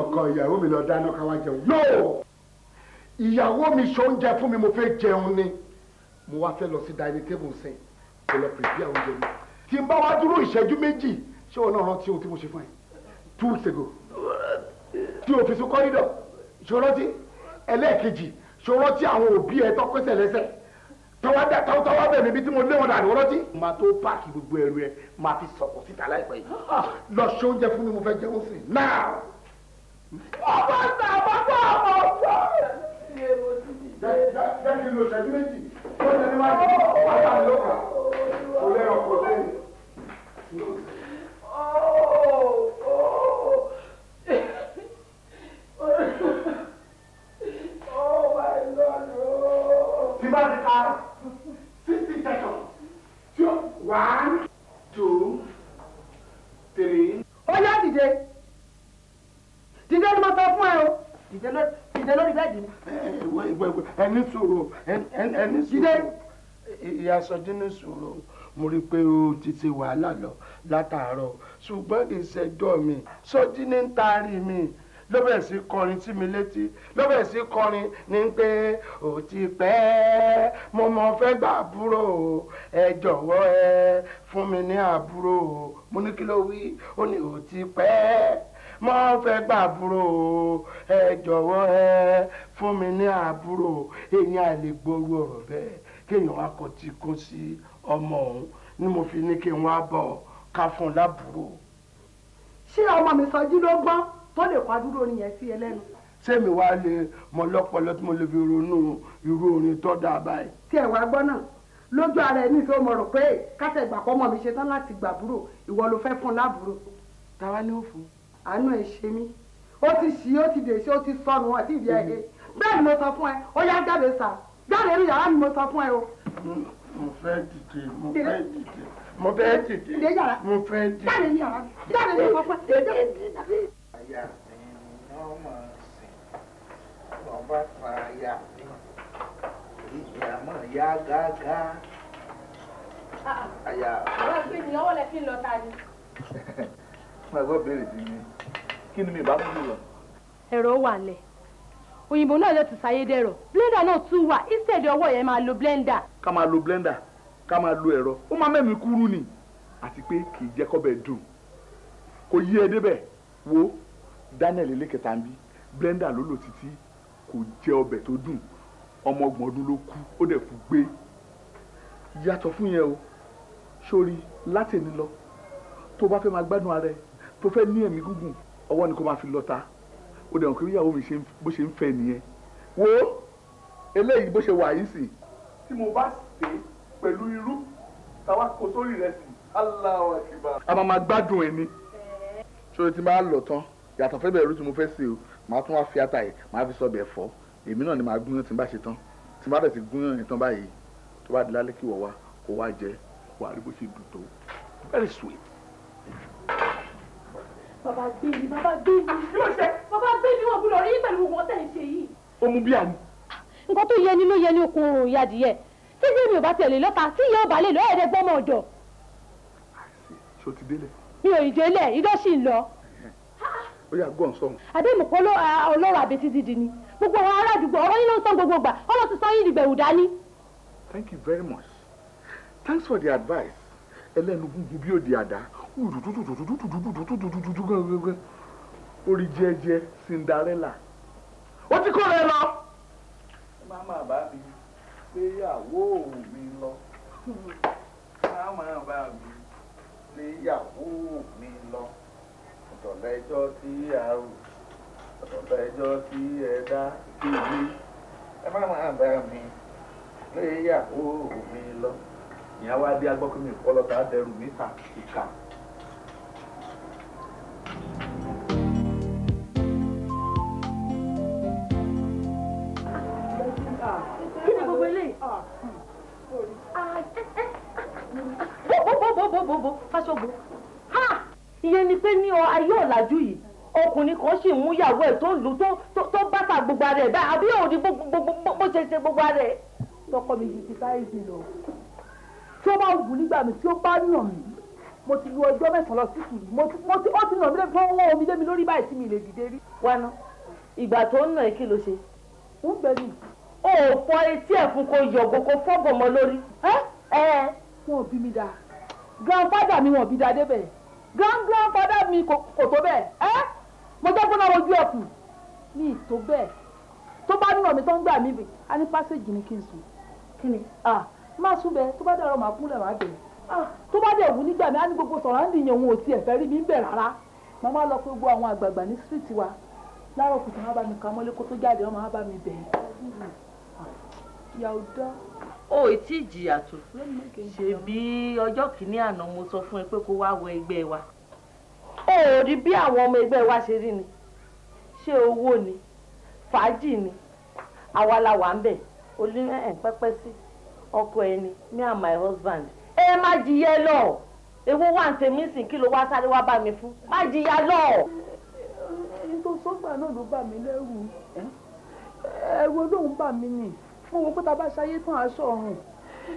A: ọkọ ìyàwó mi lọ dáná káwá jẹun yóò ìyàwó mi ṣe oúnjẹ fún mi mo fẹ́ jẹun ni mo wá fẹ́ lọ sí dining table sẹ́yìn kò lọ pèsè oúnjẹ mi tí n bá wá dúró ìṣẹ́jú méjì ṣé wọn náà rántí ohun tí mo ṣe fún ẹ two weeks ago tí o fi sún kọ́rídọ̀ ṣòro tí ẹlẹ́ẹ̀kejì ṣòro tí àwọn òbí ẹ tọ́kọ́sẹ̀ lẹ́sẹ̀ tọwọ́ dá tọwọ́ tọwọ́ bẹ̀ níbi tí mo lé wọn dànù ọlọ́tí. màá tó páàkì gbogbo ẹrù rẹ màá fi sọ̀kọ̀ síta láìpẹ́ yìí. Ah. lọ ṣe oúnjẹ fún mi mo fẹ́ jẹ ó sì náà. ọmọ ìta àbábọ̀ ọmọ ọ̀pọ̀. jẹ́ kí n lo ṣẹ́jú méjì tó ṣe níwájú wájú àlọ́ kan
B: kò lè ọkọ̀ lẹ́yìn.
A: one two three. ó yá dìde dìde ni mo sọ fún ẹ o dìde lórí dìde lórí bẹ́ẹ̀dì mi. ẹwẹ ẹwẹ ẹwẹ ẹni sòrò ẹni sòrò ìyá sọjí ní sòrò mo rí i pé o ti ṣe wàhálà lọ látàárọ̀ ṣùgbọ́n ìṣẹ́jọ́ mi sọjí ní ń taari mi ló bẹ̀rẹ̀ sí kọrin sí mi létí ló bẹ̀rẹ̀ sí kọrin ní pé ó ti pẹ́ mo mọ fẹ́ gbà àbúrò ẹ jọ̀wọ́ ẹ fún mi ní àbúrò mo ní kí ló wí ó ní ó ti pẹ́ mo fẹ́ gbà àbúrò ẹ jọ̀wọ́ ẹ fún mi ní àbúrò èyí àìlègbòru ọ̀rọ̀ bẹ́ẹ̀ kéèyàn wá kó tí kó sí ọmọ òun ni mo fi ní kí n wá bọ̀ ká fún un lábúrò. ṣé ọmọ mi sọjí ló gbọ́n tó lè kọ adúrò orin yẹn sí ẹ lẹ́nu. sẹ́mi wá lè mọ lọ́pọ̀lọ́ tí mo lè fi ronú irú orin tó dáa báyìí. tí ẹ wá gbọ́ náà lójú ara ẹ nífẹ̀ẹ́ mo rò pé kásẹ̀ ìgbà kan mọ̀ mi ṣe tán láti gbàbúrò ìwọ ló fẹ́ fún láàbúrò. tàwa ni ó fún. àánú ẹ ṣe mí ó ti ṣí ó ti dèṣe ó ti sọnù àti ìdí ẹ̀he bẹ́ẹ̀ ni mo sọ fún ẹ ó yá jáde sà jáde rí yàrá ni mo sọ fún ẹ o. mo fẹ́ dìde mo fẹ́ dìde mo fẹ́ dìde mo fẹ́ dìde jáde rí yàrá jáde rí yàrá aya mi ah, ah. ni wọ́n máa sìn ẹ̀rọ wà lẹ̀ òyìnbó náà ló ti ṣàyédẹ̀rọ̀ blender náà tún wà instead ọwọ́ yẹn máa lo blender. ká máa lo blender ká máa lo ẹ̀rọ ó máa mẹ́mí kúrú ni àti pé kì í jẹ́ kọ́bẹ̀ dùn kò yí ẹ débẹ̀ wo Daniel elékẹta ń bí Brenda ló lò títí kò jẹ ọbẹ̀ tó dùn ọmọ ọgbọ̀n ọdún ló kú ó dẹ̀ kú gbé yàtọ̀ fún yẹn o sórí látẹ̀ni lọ tó bá fẹ́ máa gbádùn ara ẹ tó fẹ́ ní ẹ̀mí gígùn ọwọ́ ni kó máa fi lọ́ta ó dẹ̀ hàn pé ìyàwó mi bó ṣe ń fẹ́ nìyẹn wo eléyìí bó ṣe wà yìí sì tí mo bá sè é pẹ̀lú irú táwa kó sórí rẹ̀ sí aláwọ̀ àkìbà. a máa máa gbádùn ẹni ṣòro tí máa lọ tán yàtọ̀ fẹ́ bẹ̀rẹ̀ rútu mo fẹ́ sè o màá tún wá fi ata yìí màá fi sọbẹ̀ ẹ̀fọ́ èmi náà ni màá gúnyán tí n bá ṣe tán tí n bá dẹ̀ ti gúnyán yẹn tán báyìí tó bá di lálẹ́ kí wọ́n wá kó wá jẹ wàá rí bó ṣe dùn tó very sweet. bàbá gbé mi bàbá gbé mi yóò ṣe bàbá gbé mi wọn gbúdọ̀ rí pẹ̀lú wọn tẹ̀ ṣe yìí. ó mú bí àná. nǹkan tó yẹ ni ló yẹ ní okun oorun ìyá tí ilé mi ò bá tẹ̀lé lọ́ta tí ìyá ọba lè lọ ẹ̀ẹ́dẹ́gbọ́mọ̀ ọ̀dọ̀. àìsè ṣó ti délẹ̀. mi ò ì délẹ̀ idọ́ lọ ó yà gọ́n sọ̀hún. adémùkọ́ ọlọ́rọ̀ àbẹ títí di ni gbogbo àwọn ará àdúgbò ọ̀rọ̀ yín ló ń sọ gbogbo gbà ọmọ ti sọ yín ìdìgbẹ̀rù dání. thank you very much thanks for the advice ẹlẹ́nu gúngun bí òde àdá orí jẹ́jẹ́ Cinderella ó ti kó rẹ lọ. màmá bá mi gbéyàwó mi lọ màmá bá mi gbéyàwó ọ̀dọ̀lá ẹjọ́ tí a rù ẹjọ́ tí ẹ dá sí ẹ má máa bá mi lóye yàgò mi lọ ìyá wa dé agbọ́kùnrin ìfọlọ́ta dẹrù mítà ìka. kí ni gbogbo eléyìí? bó bó bó bó bó bó fásọ̀gbọ̀ ìyẹn ni pé ní ayé ọ̀làjú yìí ọkùnrin kan sì mú ìyàwó ẹ̀ tó ń lù tó bàtà gbogbo ara ẹ̀ báyìí àbí òun ni bó ṣe ṣe gbogbo ara ẹ̀. tọkọ mi yìí ti sáré sí lọ tí ó bá wù nígbà mi tí ó bá nà mí mo ti lu ọjọ́ mẹ́sàn-án lọ sí kùn mo ti ó ti nà mí lẹ́nu fún wọn omi lé mi lórí báyìí tí mi lè dìde rí. wánà ìgbà tó ń nà ẹ́ kí ló ṣe. ń bẹ ni. o ò fọ etí ẹ̀ fún kó yọ̀gbọ̀n kó fọ́gbọ̀n lórí. ẹ ẹ wọn ò bí mi dáa grandfather mi wọn ò bí dáa débẹ̀ grand grandfather, father mi kò tó bẹ́ẹ̀ ẹ́ mo jẹ́ fúnra ojú ẹ̀kùn mi ì tó bẹ́ẹ̀ tó bá nínú mi tó ń gbà mí bì á ní pásíjì ni kí n sùn kí ni ah má sùn bẹ́ẹ̀ tó bá dẹ̀ ọ̀rọ̀ màá kúnlẹ̀ màá bẹ̀rẹ̀ ah tó bá dẹ̀ wù nígbà mi á ní gbogbo sọ̀rọ̀ á ń dìyàn òun ò tiẹ̀ fẹ́ rí mi bẹ̀ rárá màá má lọ pé gbogbo àwọn àgbààgbà ní street wa láàárọ̀ kùtù wọn bá mi kà mọ́lé kó tó jáde wọn máa bá mi bẹ̀ yàwùdá o ì tí ì jìyà tó ṣèbí ọjọ́ kìíní àná mo sọ fún ẹ pé kó wá wọ ẹgbẹ́ wa o ò rí bí àwọn ọmọ ẹgbẹ́ wa ṣe rí ni ṣé owó ni fàájì ni àwa la wà ń bẹ̀ olú ẹ̀ pẹ́pẹ́ sí ọkọ ẹni me and my husband ẹ má jìyà lọ ewu wà ń tèmi sìn kí ló wá sáré wá bá mi fún má jìyà lọ. nítorí sọ́gbà náà ló bà mí lẹ́rù ẹ̀rù olóhùn bà mí nìyí mo wò pé tá a bá ṣayé tán aṣọ ọ̀run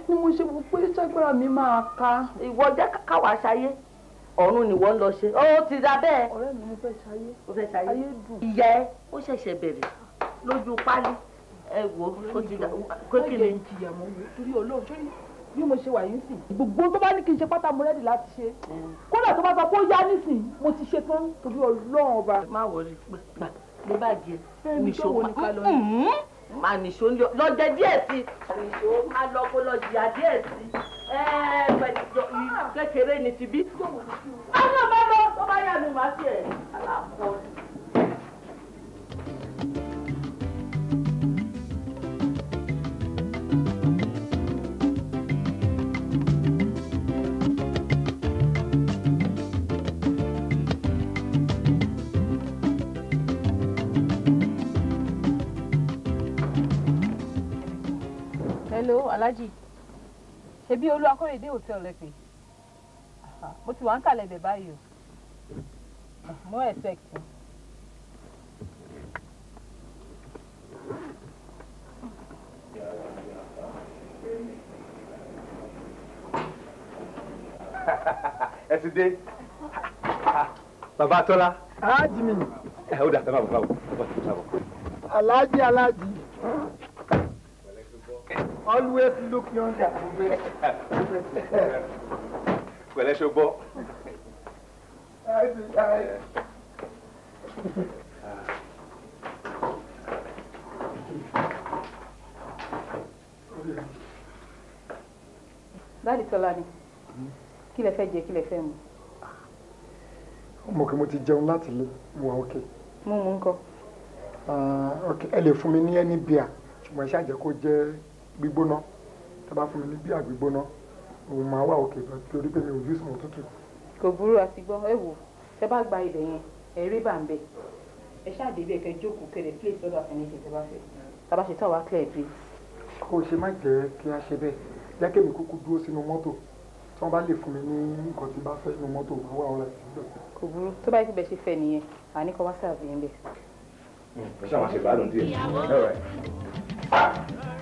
A: ni mo ṣe wò pé ṣàgbára mi máa ka. ìwọ jẹ́ káwa ṣayé ọ̀run ni wọ́n lọ ṣe ó ti da bẹ́ẹ̀. ọ̀rẹ́ mi mo fẹ́ ṣayé mo fẹ́ ṣayé ayé dùn. ìyá ẹ ó ṣẹ̀ṣẹ̀ bẹ̀rẹ̀ lójú pálí ẹ wò ó ti da kékeré. ó yẹ ìjìyà mọ́ mi torí olóhùn torí bí mo ṣe wà yín sìn. gbogbo tó bá ní kí n ṣe pátá mo rẹ́dì láti ṣe. kódà tó bá sọ pé ó yá nísìn mo ti ṣe tán torí ọlọ́run ọba. má wọrí pé gbà lè bàjẹ́ mi máa nìṣó lọ́jẹ díẹ̀ sí nìṣó máa lọ kó lọ jìyà díẹ̀ sí kékeré ni ti bí. báyọ̀ bá lọ tó bá yà mí màá tiẹ̀ aláàkọ́ ni. hello alájì ṣebí olú akóredé hotel lẹ pè mo ti wà ń kàlẹ̀ bẹ̀ báyìí o mo expect. <laughs> ẹ ti dé bàbá tọ́lá. aláàjì mi. ó dà tẹ́ máa bọ̀ báwo. aláàjì aláàjì always look yonder. pẹ̀lẹ́ ṣe bọ́. dáàdì tọ́lá ni kí lẹ fẹ́ jẹ kí lẹ fẹ́ mu. ọmọ kí mo ti jẹun láti lé mu wa ókè. mú mu ń kọ. ẹ lè fún mi ní ẹni bíà ṣùgbọ́n ṣáà jẹ́ kó jẹ́ gbígbóná tó bá fún mi ní bíà gbígbóná òun máa wà òkè bá torí pé mi ò use mọ́ tútù. kò burú àti gbọ́ ẹ wò tẹ bá gba ibẹ̀ yẹn ẹ rí bá ń bẹ̀ ẹ ṣáàdé ibẹ̀ kẹ jókòó kẹrẹ plate lọ́dọ̀ àfẹnìṣe tẹ bá fẹ́ tá a bá ṣe tán wá clear plate. kò ṣe má jẹ́ kí a ṣe bẹ́ẹ̀ jẹ́kẹ́ mi kúkú dúró sínú mọ́tò tí wọ́n bá lè fún mi ní nǹkan tí bá fẹ́ nínú mọ́tò máa wà ọ̀rẹ́ kò burú tó bá yẹ kí bẹ ṣe fẹ́ nìyẹn àní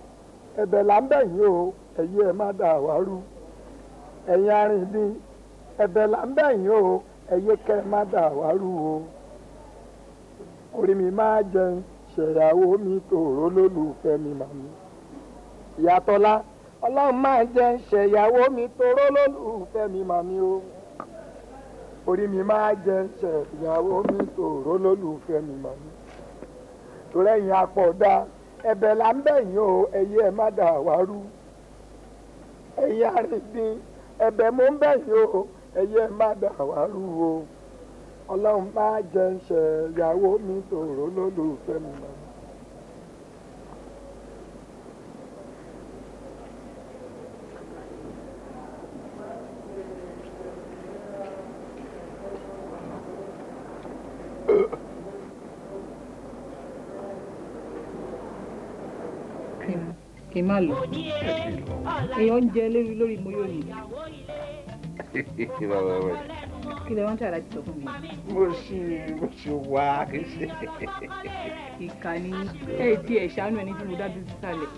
A: ẹ̀bẹ̀ là ń bẹ̀ yín o ẹ̀yin ẹ̀ má dà wá rú ẹ̀yin arìnrìn ẹ̀bẹ̀ là ń bẹ̀ yín o ẹ̀yin kẹ́ ẹ má dà wá rú o orí mi máa jẹun ṣèyàwó mi tòró lólùfẹ́ mi màmú ìyàtọ̀lá ọlọ́run máa jẹun ṣèyàwó mi tòró lólùfẹ́ mi màmí o orí mi máa jẹun ṣèyàwó mi tòró lólùfẹ́ mi màmú torẹ́yìn apọ̀ dáa. ẹ̀bẹ̀ là ń bẹ̀yìn o ẹ̀yẹ ẹ̀ má dà wá rú ẹ̀yẹ arìndín ẹ̀bẹ̀ ń o ẹ̀ má dà wá rú o ọlọ́run má jẹ́ ń ṣe ìyàwó mi lólùfẹ́ kí n má lọ èèyàn ń jẹ lórí lórí mo yóò ní. <laughs> kí lè wọ́n tí aláàjì sọ fún mi. mo ṣì mo ṣì wá kí n ṣe. ìkànnì ẹ ti ẹ̀ ṣàánú ẹni tí mo dá dúró sísàlẹ̀.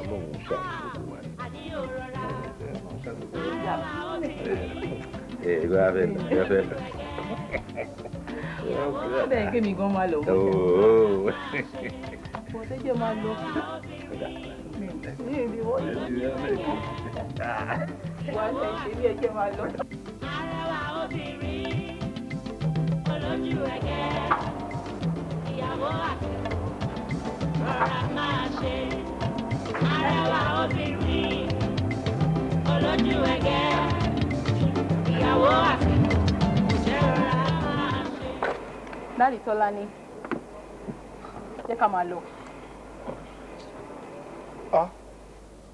A: ọlọ́run ṣàánú gbogbo wa ni. ẹ gbọ́dọ̀ fẹ́ lọ gbọ́dọ̀ fẹ́ lọ. ó dẹ̀ kí mi gan máa lọ pọ̀ tẹ́jọ́ máa lọ.
B: ní èdè wọ́n yìí wà
A: á lẹ̀ ṣe bí ẹjẹ́ máa lọ. arẹwà obìnrin
B: olójú ẹgẹ ìyàwó
A: jẹ́ ká máa lọ ah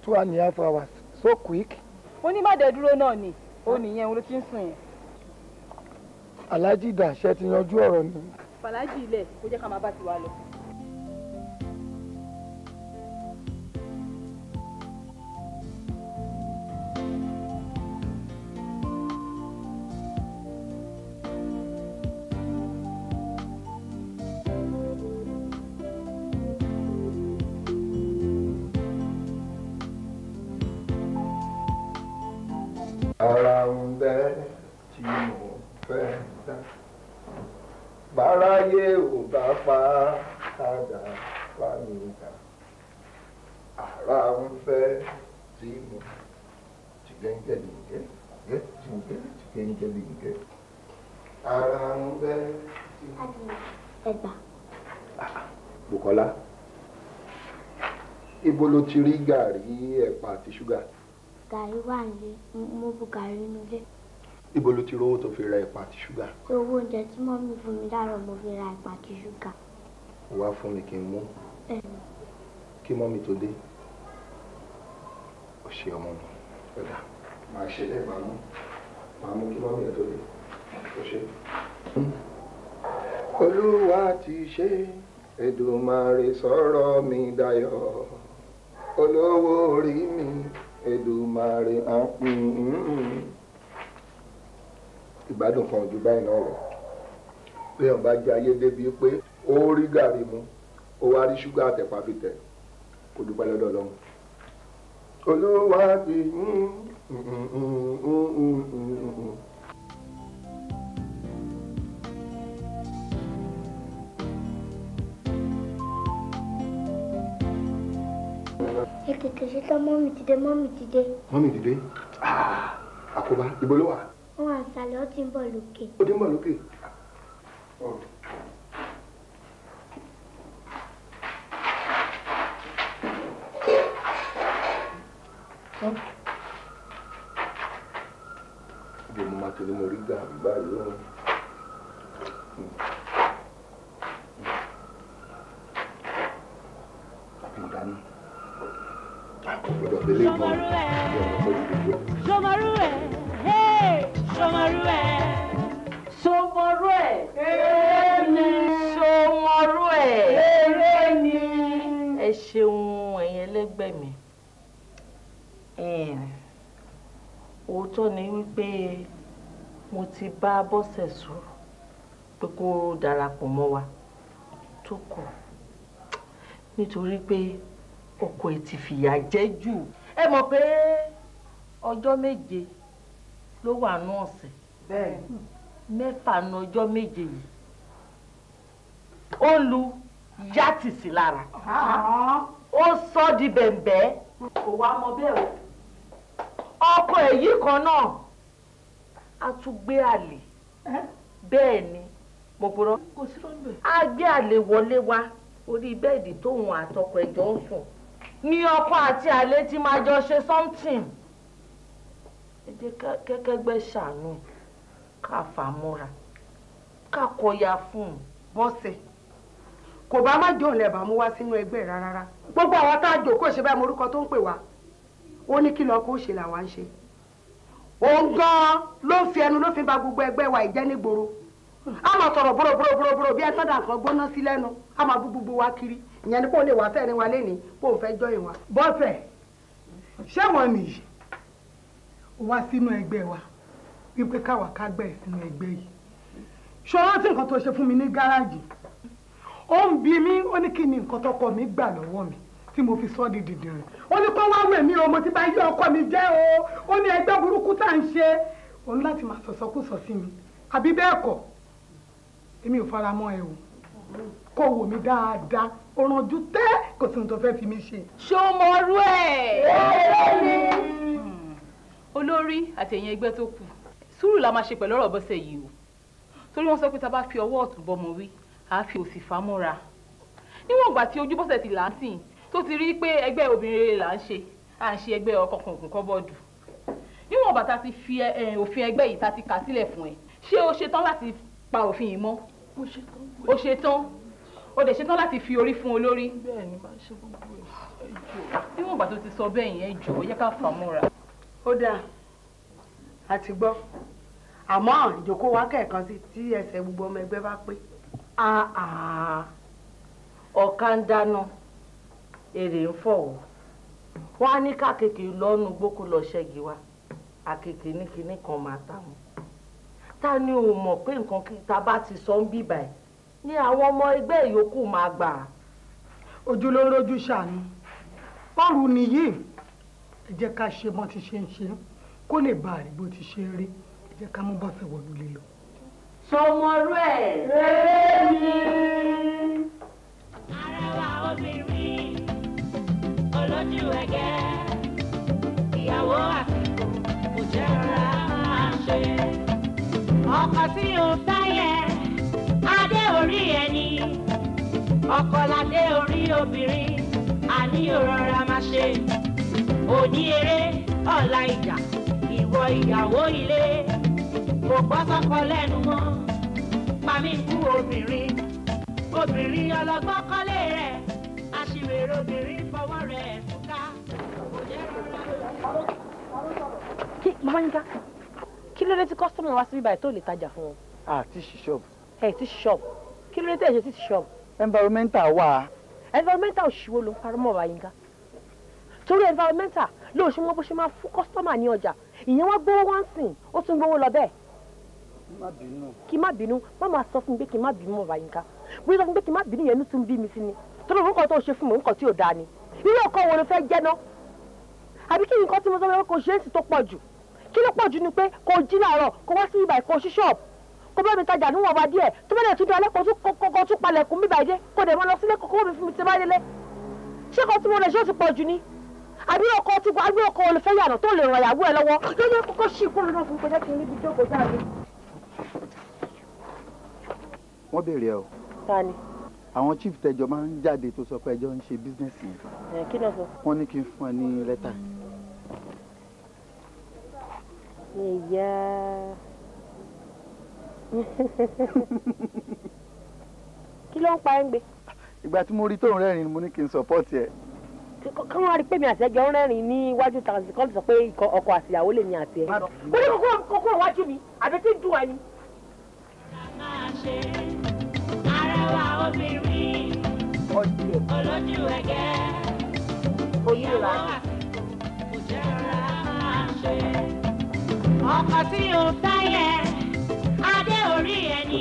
A: two and a half hours so quick. mo ní má dẹ̀ dúró náà ni ó nìyẹn òun ló ti ń sùn yẹn. aláàjì ìdàṣẹ ti yanjú ọ̀rọ̀ ni. fàlájì ilẹ̀ kó jẹ́ ká máa bá tiwa lọ. ara ń bẹ tí mo fẹ́ dá báráyé ò bá pa àdá pa mi dá ara ń fẹ́ tí mo tìgẹ́ńgẹ́dìgẹ́ tìgẹ́ńgẹ́ tìgẹ́ńgẹ́dìgẹ́ ara ń bẹ tí mo. ẹgbà. Bùkọ́lá ibo ló ti rí gàrí ẹ̀pà àti ṣúgà
B: gàrí wà nílé mo bu gàrí inú
A: ibo ló ti rówó tó fi ra ìpà àti ṣúgà.
B: owó oúnjẹ tí mọ́mí fún mi láàárọ̀ mo fi ra ìpà àti ṣúgà.
A: wá fún mi kí n mú kí mọ́mí tó dé ó ṣe ọmọ mi ọ̀dà máa ṣe lẹ́ẹ̀ máa mú máa mú kí mọ́mí ẹ̀ tó dé ó ṣe. olúwa ti ṣe Èdùmàrè sọ̀rọ̀ mi dayọ̀ olówó orí mi Èdùmàrè á ah, pín mm-hmm. ìgbádùn kan ojú báyìí náà lọ pé ọba jẹ ayé débi pé ó rí gàrí mu ó wá rí ṣúgà àtẹ̀pá fi tẹ̀ kó dúpẹ́ lọ́dọ̀ Ọlọ́run olúwa
B: ẹ tètè ṣe tán mọ́mì ti dé mọ́mì ti dé.
A: mọ́mì ti dé ah, àkóbá ibo ló wà.
B: wọn wà sàlẹ̀ ó ti ń bọ̀ lókè. ó
A: ti ń bọ̀ lókè. ibi mo máa tẹ̀lé mo rí gàmbá lóhùn. Somarue, gan ní Somarue, fẹ́ gbogbo ẹ̀. sọmọrú ẹ sọmọrú ẹ sọmọrú ẹ eré ni sọmọrú ẹ ni. ẹ mi òótọ́ ni wípé mo ti bá bọ́sẹ̀ sọ̀rọ̀ pé kó darapọ̀ mọ́ wa tó kọ̀ nítorí ọkọ ẹ ti fìyà jẹ jù ẹ mọ̀ pé ọjọ́ méje ló wà nù ọ̀sẹ̀ bẹ́ẹ̀ mẹ́fà nù ọjọ́ méje yìí ó lu yátìsí lára
B: ah.
A: ó sọ di bẹ̀m̀bẹ́ o ọkọ ẹ̀ kan náà a tún gbé àlè bẹ́ẹ̀ ni mo purọ́ a gbé àlè wọlé wa orí bẹ́ẹ̀dì tóun àtọkọ ẹ̀jọ́ ń sùn ni ọkọ àti àlè ti máa jọ ṣe something èdè kẹ́kẹ́gbẹ́ ṣàánú ká fàmúra ká kọyà fún un bọ́sẹ̀ kò bá má jọ ọ̀lẹ́ bá mú wá sínú ẹgbẹ́ rárá gbogbo àwọn tá a jòkó ṣe báyìí morúkọ tó ń pè wá ó ní kí lọkọ ó ṣe làwa ń ṣe òun gan-an ló fi ẹnu ló fi ba gbogbo ẹgbẹ́ wa ìjẹ́ nígboro a máa sọ̀rọ̀ búròbúròbúrò bí ẹ sọ́dà kan gbóná sí lẹ́nu a máa bú gbogbo wa kiri ìyẹn ni kò lè wá fẹ́ẹ́rẹ́ wa lẹ́ni kò fẹ́ jọ ìwà. bọ́sẹ̀ ṣé wọ́n nìyí ó wá sínú ẹgbẹ́ wa wípé káwa ká gbẹ̀ sínú ẹgbẹ́ yìí ṣọlá tí nǹkan tó ṣe fún mi ní gáràjì ó ń bi mí ó ní kí ni nǹkan tọkọ mi gbà lọ́wọ́ mi tí mo fi sọ́ di dìdìrìn ó ní kó wá wẹ̀ mí o mo ti bá yí ọkọ mi jẹ́ o ó ní ẹgbẹ́ burúkú tá à ń ṣe òun láti máa sọ̀sọ́kùsọ sí mi àbí bẹ́ẹ̀ kọ́ èmi ò fara mọ́ o kó wò mí dáadáa òrànjú tẹ́ kò sí ohun tó fẹ́ fi mí ṣe. ṣó mọ rú ẹ̀. Hmm. olórí àtẹ̀yìn ẹgbẹ́ tó kù sùúrù la máa ṣe pẹ̀lú ọ̀rọ̀ bọ́sẹ̀ yìí o torí wọ́n sọ pé tá a bá fi ọwọ́ ọ̀tún bọmọ wí àá fi òsì fà mọ́ra níwọ̀n ìgbà tí ojú bọ́sẹ̀ ti là ń sìn tó ti rí pé ẹgbẹ́ obìnrin rere là ń ṣe à ń ṣe ẹgbẹ́ ọkọ̀ọ̀kan òkun kọ́bọ́ọ̀dù níwọ̀n bàtà ti fi eh, òfin ẹgbẹ́ yìí ta ti kà sílẹ̀ fún ẹ ṣé o ṣetán láti pa òfin yìí mọ́ o ṣe o dẹ̀ ṣe tán láti fi orí fún olórí. bẹ́ẹ̀ni máa ṣe gbogbo ẹ jọ. níwọ̀n ìgbà ti sọ bẹ́ẹ̀ yẹn jọ yẹ ká fà mọ́ra. ó dáa a ti gbọ́ àmọ́ ìjókòó wa kẹ̀kan sí tí ẹsẹ̀ gbogbo ọmọ ẹgbẹ́ bá pé. ọ̀ka ń dáná èrè ń fọ̀wọ́ wọ́n á ní kákéèké lọ́nu gbókò lọ́ọ́ ṣẹ́gi wa àkèké ní kinní kan máa táwọn ta ni ò mọ̀ pé nǹkan kí ta bá ti sọ ń bì báyìí ni àwọn ọmọ ẹgbẹ́ ìyókù máa gbà. ojú ló ń nìyí ẹ jẹ́ ká ṣe bọ́n ti ṣe ń ṣe kó lè bá àrí ti ṣe rí ẹ jẹ́ ká mú bọ́sẹ̀ wọ̀lú lè lọ. sọmọrú ẹ rere mi.
B: arẹwà obìnrin olójú ẹgẹ ìyàwó àsìkò kò jẹ́ rárá
A: ọkọ̀ tí ò táyẹ̀ adé orí ẹni ọkọ̀ ládé orí obìnrin àní òrora máa ṣe òní eré ọ̀la ìjà ìwọ ìyàwó ilé kò gbọ́ sọ́kọ lẹ́nu mọ́ pàmí kú obìnrin obìnrin ọlọ́gbọ́n kọ́lé rẹ̀ àṣìwèrè obìnrin fọwọ́ rẹ̀ túká kò jẹ́ rọra. Mama Yinka, kí ló dé tí kọ́sítọ́mù wá síbí báyìí tó lè tajà fún wọn. a ah, ti ṣí ṣọ́ọ̀bù. ẹ ti ṣí ṣọ́ọ̀bù kí ló dé tí ẹ ṣe ti ṣí ṣọ́ọ̀bù. environmental wà. environmental òṣìwò ló ń paramọ́ ọ̀rọ̀ àyínká torí environmental ló ṣe wọn bó ṣe máa fún kọ́sítọ́mù ní ọjà ìyẹn wọn gbowó wọn sìn ó tún gbowó lọ bẹ́ẹ̀. kí má bínú má máa sọ fún mi pé kí má bínú ọ̀rọ̀ àyínká bí ó sọ fún mi pé kí má bínú yẹn tún bí mi sí ni torí òun kọ́ tó ṣe fún mi òun kọ́ tí ò dáa ni irú ọkọ kí ló pọ̀ jù ni pé kò jí làárọ̀ kò wá sí ibà kò sí kò bá mi tajà níwọ̀nba díẹ̀ tó bá tún dalẹ́ kò tún kò tún bíbà yìí kò dẹ̀ mọ́ lọ sílé kò mi fún mi ti bá délé ṣé kan tí mo lè ṣe ó ti pọ̀ jù ni àbí ọkọ ti gba àbí ọkọ olùfẹ́ yàrá tó lè ràn ìyàwó ẹ lọ́wọ́ ló kókó sí ìkúrò náà fún kọjá kiri níbi jókòó jáde. wọ́n béèrè ẹ o. àwọn chief tẹjọ máa ń jáde tó sọ pé ẹjọ ń ṣe bísíǹsì. ẹ kí ló sọ. wọ́n ní kí n fún ẹ ní lẹ́tà.
B: Ìyá. <laughs>
A: Kí ló ń pa ẹ́ ń gbé? Ìgbà tí mo rí tóun rẹ́rìn-ín mo ní kí n sọ̀pọ́ọ̀tì ẹ̀. Kí wọ́n rí pé mi àti ẹ̀jọ̀ ń rẹ́rìn-ín ní iwájú tàǹsì kan sọ pé ọkọ àti ìyàwó lè mi àti ẹ̀. Mo ní kókó kókó iwájú mi, àbí tí ń dùn wá ni. Arẹwà obìnrin, olójú
B: ẹ̀gẹ́,
A: ìyàwó àti òṣèré máa ṣe ọkọ tí o fẹ́ yẹ adé orí ẹni.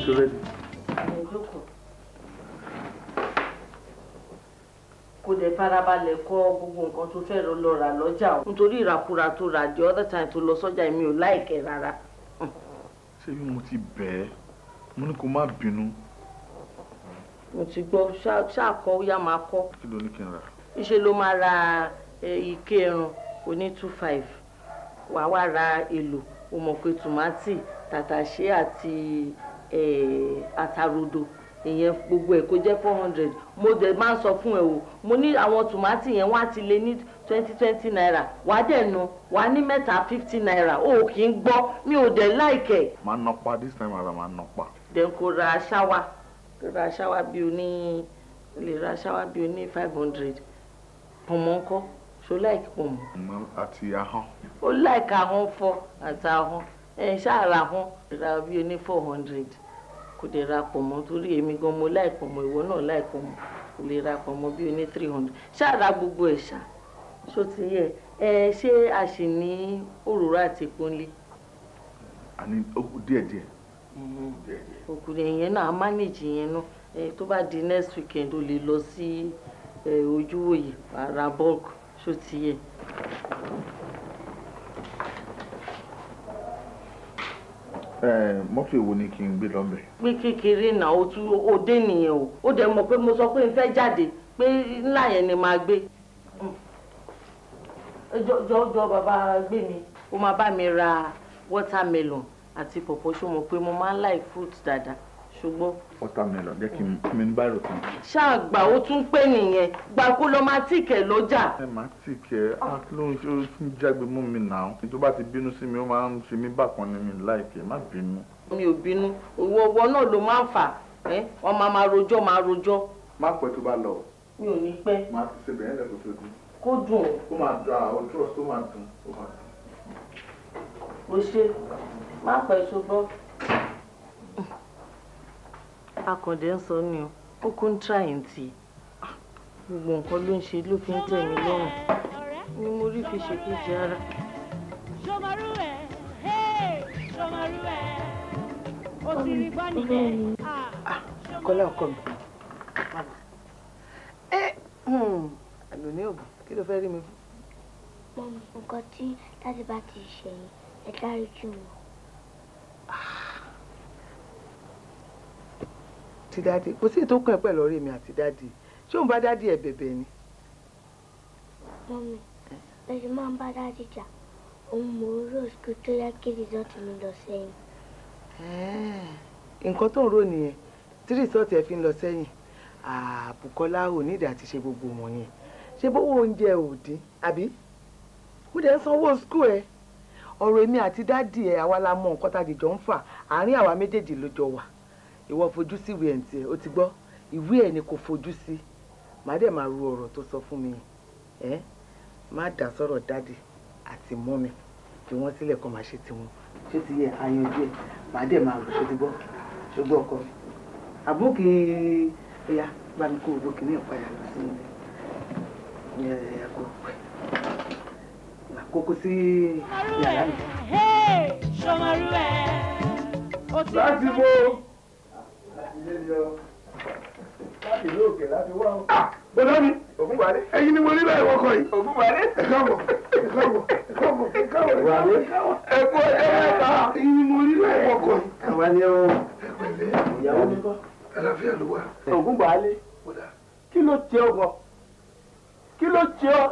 A: kò dẹ̀ farabalẹ̀ kọ́ gbogbo nǹkan tó fẹ́ lọ ra lọ́jà o nítorí ìràkúra tó rà the other time tó lọ sọ́jà mi ò láìkẹ́ rárá. ṣé bí mo ti bẹ̀ ẹ́ mo ní kó má bínú. mo ti gbọ́ ṣáà yá máa kọ́. kí ló ní kí n rà. ńṣe ló máa ra eh, ike ẹran oní two five wàá wá ra èlò o mọ̀ pé tòmátì tàtàṣé àti àtàròdò eh, ìyẹn gbogbo ẹ̀ kó jẹ́ four hundred mo dẹ̀ máa ń sọ fún ẹ o mo ní àwọn tòmátì yẹn wá ti lé ní twenty twenty naira wàá dẹ̀ nu wàá ní mẹ́ta fifty naira o kì í gbọ́ mi ò dẹ̀ láìkẹ̀. máa nọ pa this time ara máa nọ pa. then kò ra aṣáwa kò ra aṣáwa bí o ní lè ra aṣáwa bí o ní five hundred pọ̀nmọ́ ńkọ́. So like pọ̀ mọ́. mo àti ahọ́n. ó láìka ahọ́n fọ àti ahọ́n ẹ ṣáàrà ahọ́n ra bíi oní four hundred kò dé ra pọ̀ mọ́ torí èmi gan mo láìpọ̀ mọ́ ìwọ náà láìpọ̀ mọ́ kò lè ra pọ̀ mọ́ bíi oní three hundred ṣáàrà gbogbo ẹ̀ ṣá ṣó ti yẹ ẹ ṣé a sì ní òróró àti epo ńlẹ̀. àní okùn díẹ̀díẹ̀. okùn yẹn náà a manage yẹn náà tó bá di next weekend o lè lọ sí ojúwòye ara bulk ṣó ti yẹ. mọ́tò èwo ni kí n gbé lọ́bẹ̀. pé kékeré náà o tún òde nìyẹn o ó dẹ̀ mọ̀ pé mo sọ pé n fẹ́ jáde pé ńlá yẹn ni màá gbé. jọ jọ bàbá gbé mi ó máa bá mi ra watermelon àti pọ̀pọ̀ mọ̀ pé mo máa ń like fruit dáadáa ṣùgbọ́n. watermelon jẹ́ kí n mi ní báyìí kan. ṣáàgbà ó tún pé nìyẹn gbàkú ló máa tìkẹ̀ lọ́jà. ẹ máa tìkẹ̀ ah, ló ń ṣe ó tún jágbe mú mi nà án tó bá ti bínú sí mi ó máa ń ṣe mí bákan ní mi láìpẹ́ má bínú. mi ò bínú òwò ọwọ náà ló máa ń fà ẹ wọn máa máa rojọ́ máa rojọ́. má pẹ́ tó bá lọ. mi ò ní pẹ́. máa ti ṣe bẹ̀rẹ̀ lẹ́kọ̀ọ́ tó dùn. kó dùn. ó máa dùn àwọn ojú ọ̀sán ó máa dùn. ó ṣe má pẹ́ ṣùgbọ́n akàndé ń sọ ni ó kún ń tra ẹ̀ gbogbo nǹkan ló ń ṣe ló fi ń tẹ̀ lọ́rùn ni mo rí fi ṣèkejì ara. kọ́lá ọkọ mi ẹ hmm, àlòní ògùn kí ló fẹ́ rí mi
B: fún. nǹkan tí láti bá ti ṣẹ̀yìn ẹ dárí jù wọ́n. Ah.
A: ti dáàdì kò sí ètò kan pẹ̀lú ọ̀rẹ́ mi àti dáàdì ṣé òun bá dáàdì ẹ̀ bẹ̀bẹ̀ ni.
B: mọ́mí ẹ̀yin máa ń bá dáàdì jà òun mò ń rò sí tó yá kí rìsọ́ọ̀tì mi lọ sẹ́yìn. nǹkan
A: tó ń rò nìyẹn tí rìsọ́ọ̀tì ẹ̀ fi ń lọ sẹ́yìn àbùkọ́lá ò ní ìdá àti ṣe gbogbo wọn yẹn bówó oúnjẹ ò dín àbí mo dẹ̀ ń sanwó skul ẹ̀ ọ̀rọ̀ èmi àti dáàdì ẹ̀ àwa la mọ nǹkan tá a dìjọ ń fà àárín àwa méjèèjì ló jọ wà ìwọ fojú sí ìwé ẹ̀ ń tiẹ̀ ó ti gbọ́ ìwé ẹ̀ ni kò fojú sí màá dẹ̀ máa ru ọ̀rọ̀ tó sọ fún mi ẹ̀ má dà sọ̀rọ̀ dáàdì àti mọ́mi fi wọ́n sílẹ̀ kan máa ṣe tiwọn ṣé ti yẹ ayanjú ẹ̀ màá dẹ̀ máa rò ṣe ti gbọ́ ṣùgbọ́n ọkọ mi àbókè ẹ̀yà bá mi kó owó kìíní ìpadà lọ sí ilé ẹ̀yà kó pẹ́ sí yàrá mi. láti bó yé ni ọ láti ìlú òkè láti wá o. bọ́dọ̀ mi ògúnwálé ẹ̀yin ni mo rí báyìí wọ́kọ̀ yìí. ògúnwálé ẹ̀káwọ̀ ẹ̀káwọ̀ ẹ̀káwọ̀ ẹ̀káwọ̀ ìwàlẹ̀ ẹ̀kọ́ ẹ̀ẹ́dá ẹ̀yin ni mo rí báyìí wọ́kọ̀ yìí. àwa ni ó ìyàwó mi kọ́. àlàáfíà ló wà. ògúnwálé kí ló tiẹ̀ ọ gan kí ló tiẹ̀ ọ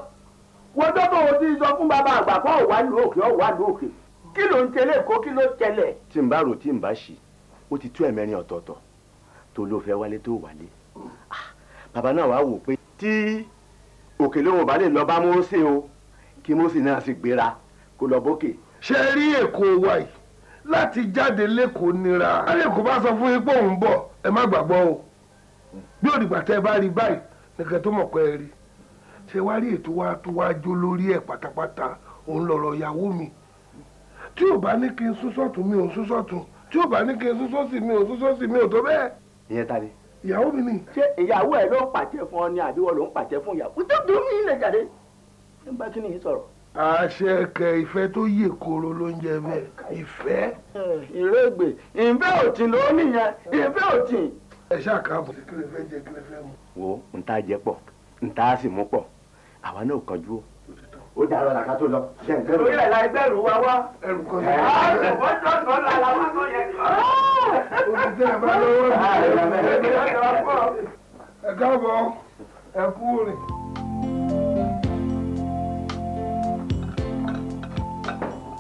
A: wọ́n dọ́gbọ̀ wo ti sọ fún bàbá àgbà kọ́ ọ̀wá lu òkè ọ̀wá lu òkè kí ló ń tẹ̀lé kó kí ló tẹ̀lé. tí n bá rò tí n bá ṣì ó ti tú ẹ̀mẹ́rin ọ̀tọ̀ọ̀tọ̀ tó ló fẹ́ wálé tó wálé ah, bàbá náà wàá wò pé tí òkè lóhùn bá lè lọ bá Mósè o kí Mósè náà sì gbéra kó lọ bókè. ṣé rí èkó wa yìí láti jáde lẹ́kọ̀ọ́ nira alẹ́kọ̀ọ́ bá sọ fún yín pé òun bọ̀ ẹ má gbàgbọ́ o bí òdìgbà tẹ́ ẹ bá rí báyìí nìkan tó mọ̀ pé ẹ rí ṣe wá rí ètò wa tó wá jó lórí ẹ̀ pátápátá òun lọ̀rọ̀ ìyàwó mi tí ò bá ní kí n sún sọ́tún mi ò sún sọ́tún tí ò bá ní kí n sún sọ́sì mi ò sún sọ́sì mi ò tó bẹ́ẹ̀ ìyẹn ta ni. ìyàwó mi ni. ṣé ìyàwó ẹ ló ń pàṣẹ fún ọ ni àbíwọ ló ń pàṣẹ fún ìyàwó tó dùn mí ilẹ̀ jáde ń bá kíni yìí sọ̀rọ̀. àṣẹ kẹ ìfẹ́ tó yè koro ló ń jẹ bẹ́ẹ̀ ìfẹ́. ìrẹ́gbẹ̀ ìfẹ́ òtí ló nìyẹn ìfẹ́ òtí. ẹ ṣàkàbọ̀. kílẹ̀ jẹ kílẹ̀ mu. wo n ta jẹ pọ̀ n ta sì mú pọ̀ àwa náà kánjú o ó dàrọ làkà tó lọ. torí ẹ̀ la ẹgbẹ́rù wa wá. ẹrù kan náà. ọ̀rọ̀ ọ̀rọ̀ ọ̀rọ̀ la wá tó yẹ. olùdíje ẹ̀ bá lọ́wọ́ ah! ẹ̀ káàbọ̀ ẹ̀ kú rìn.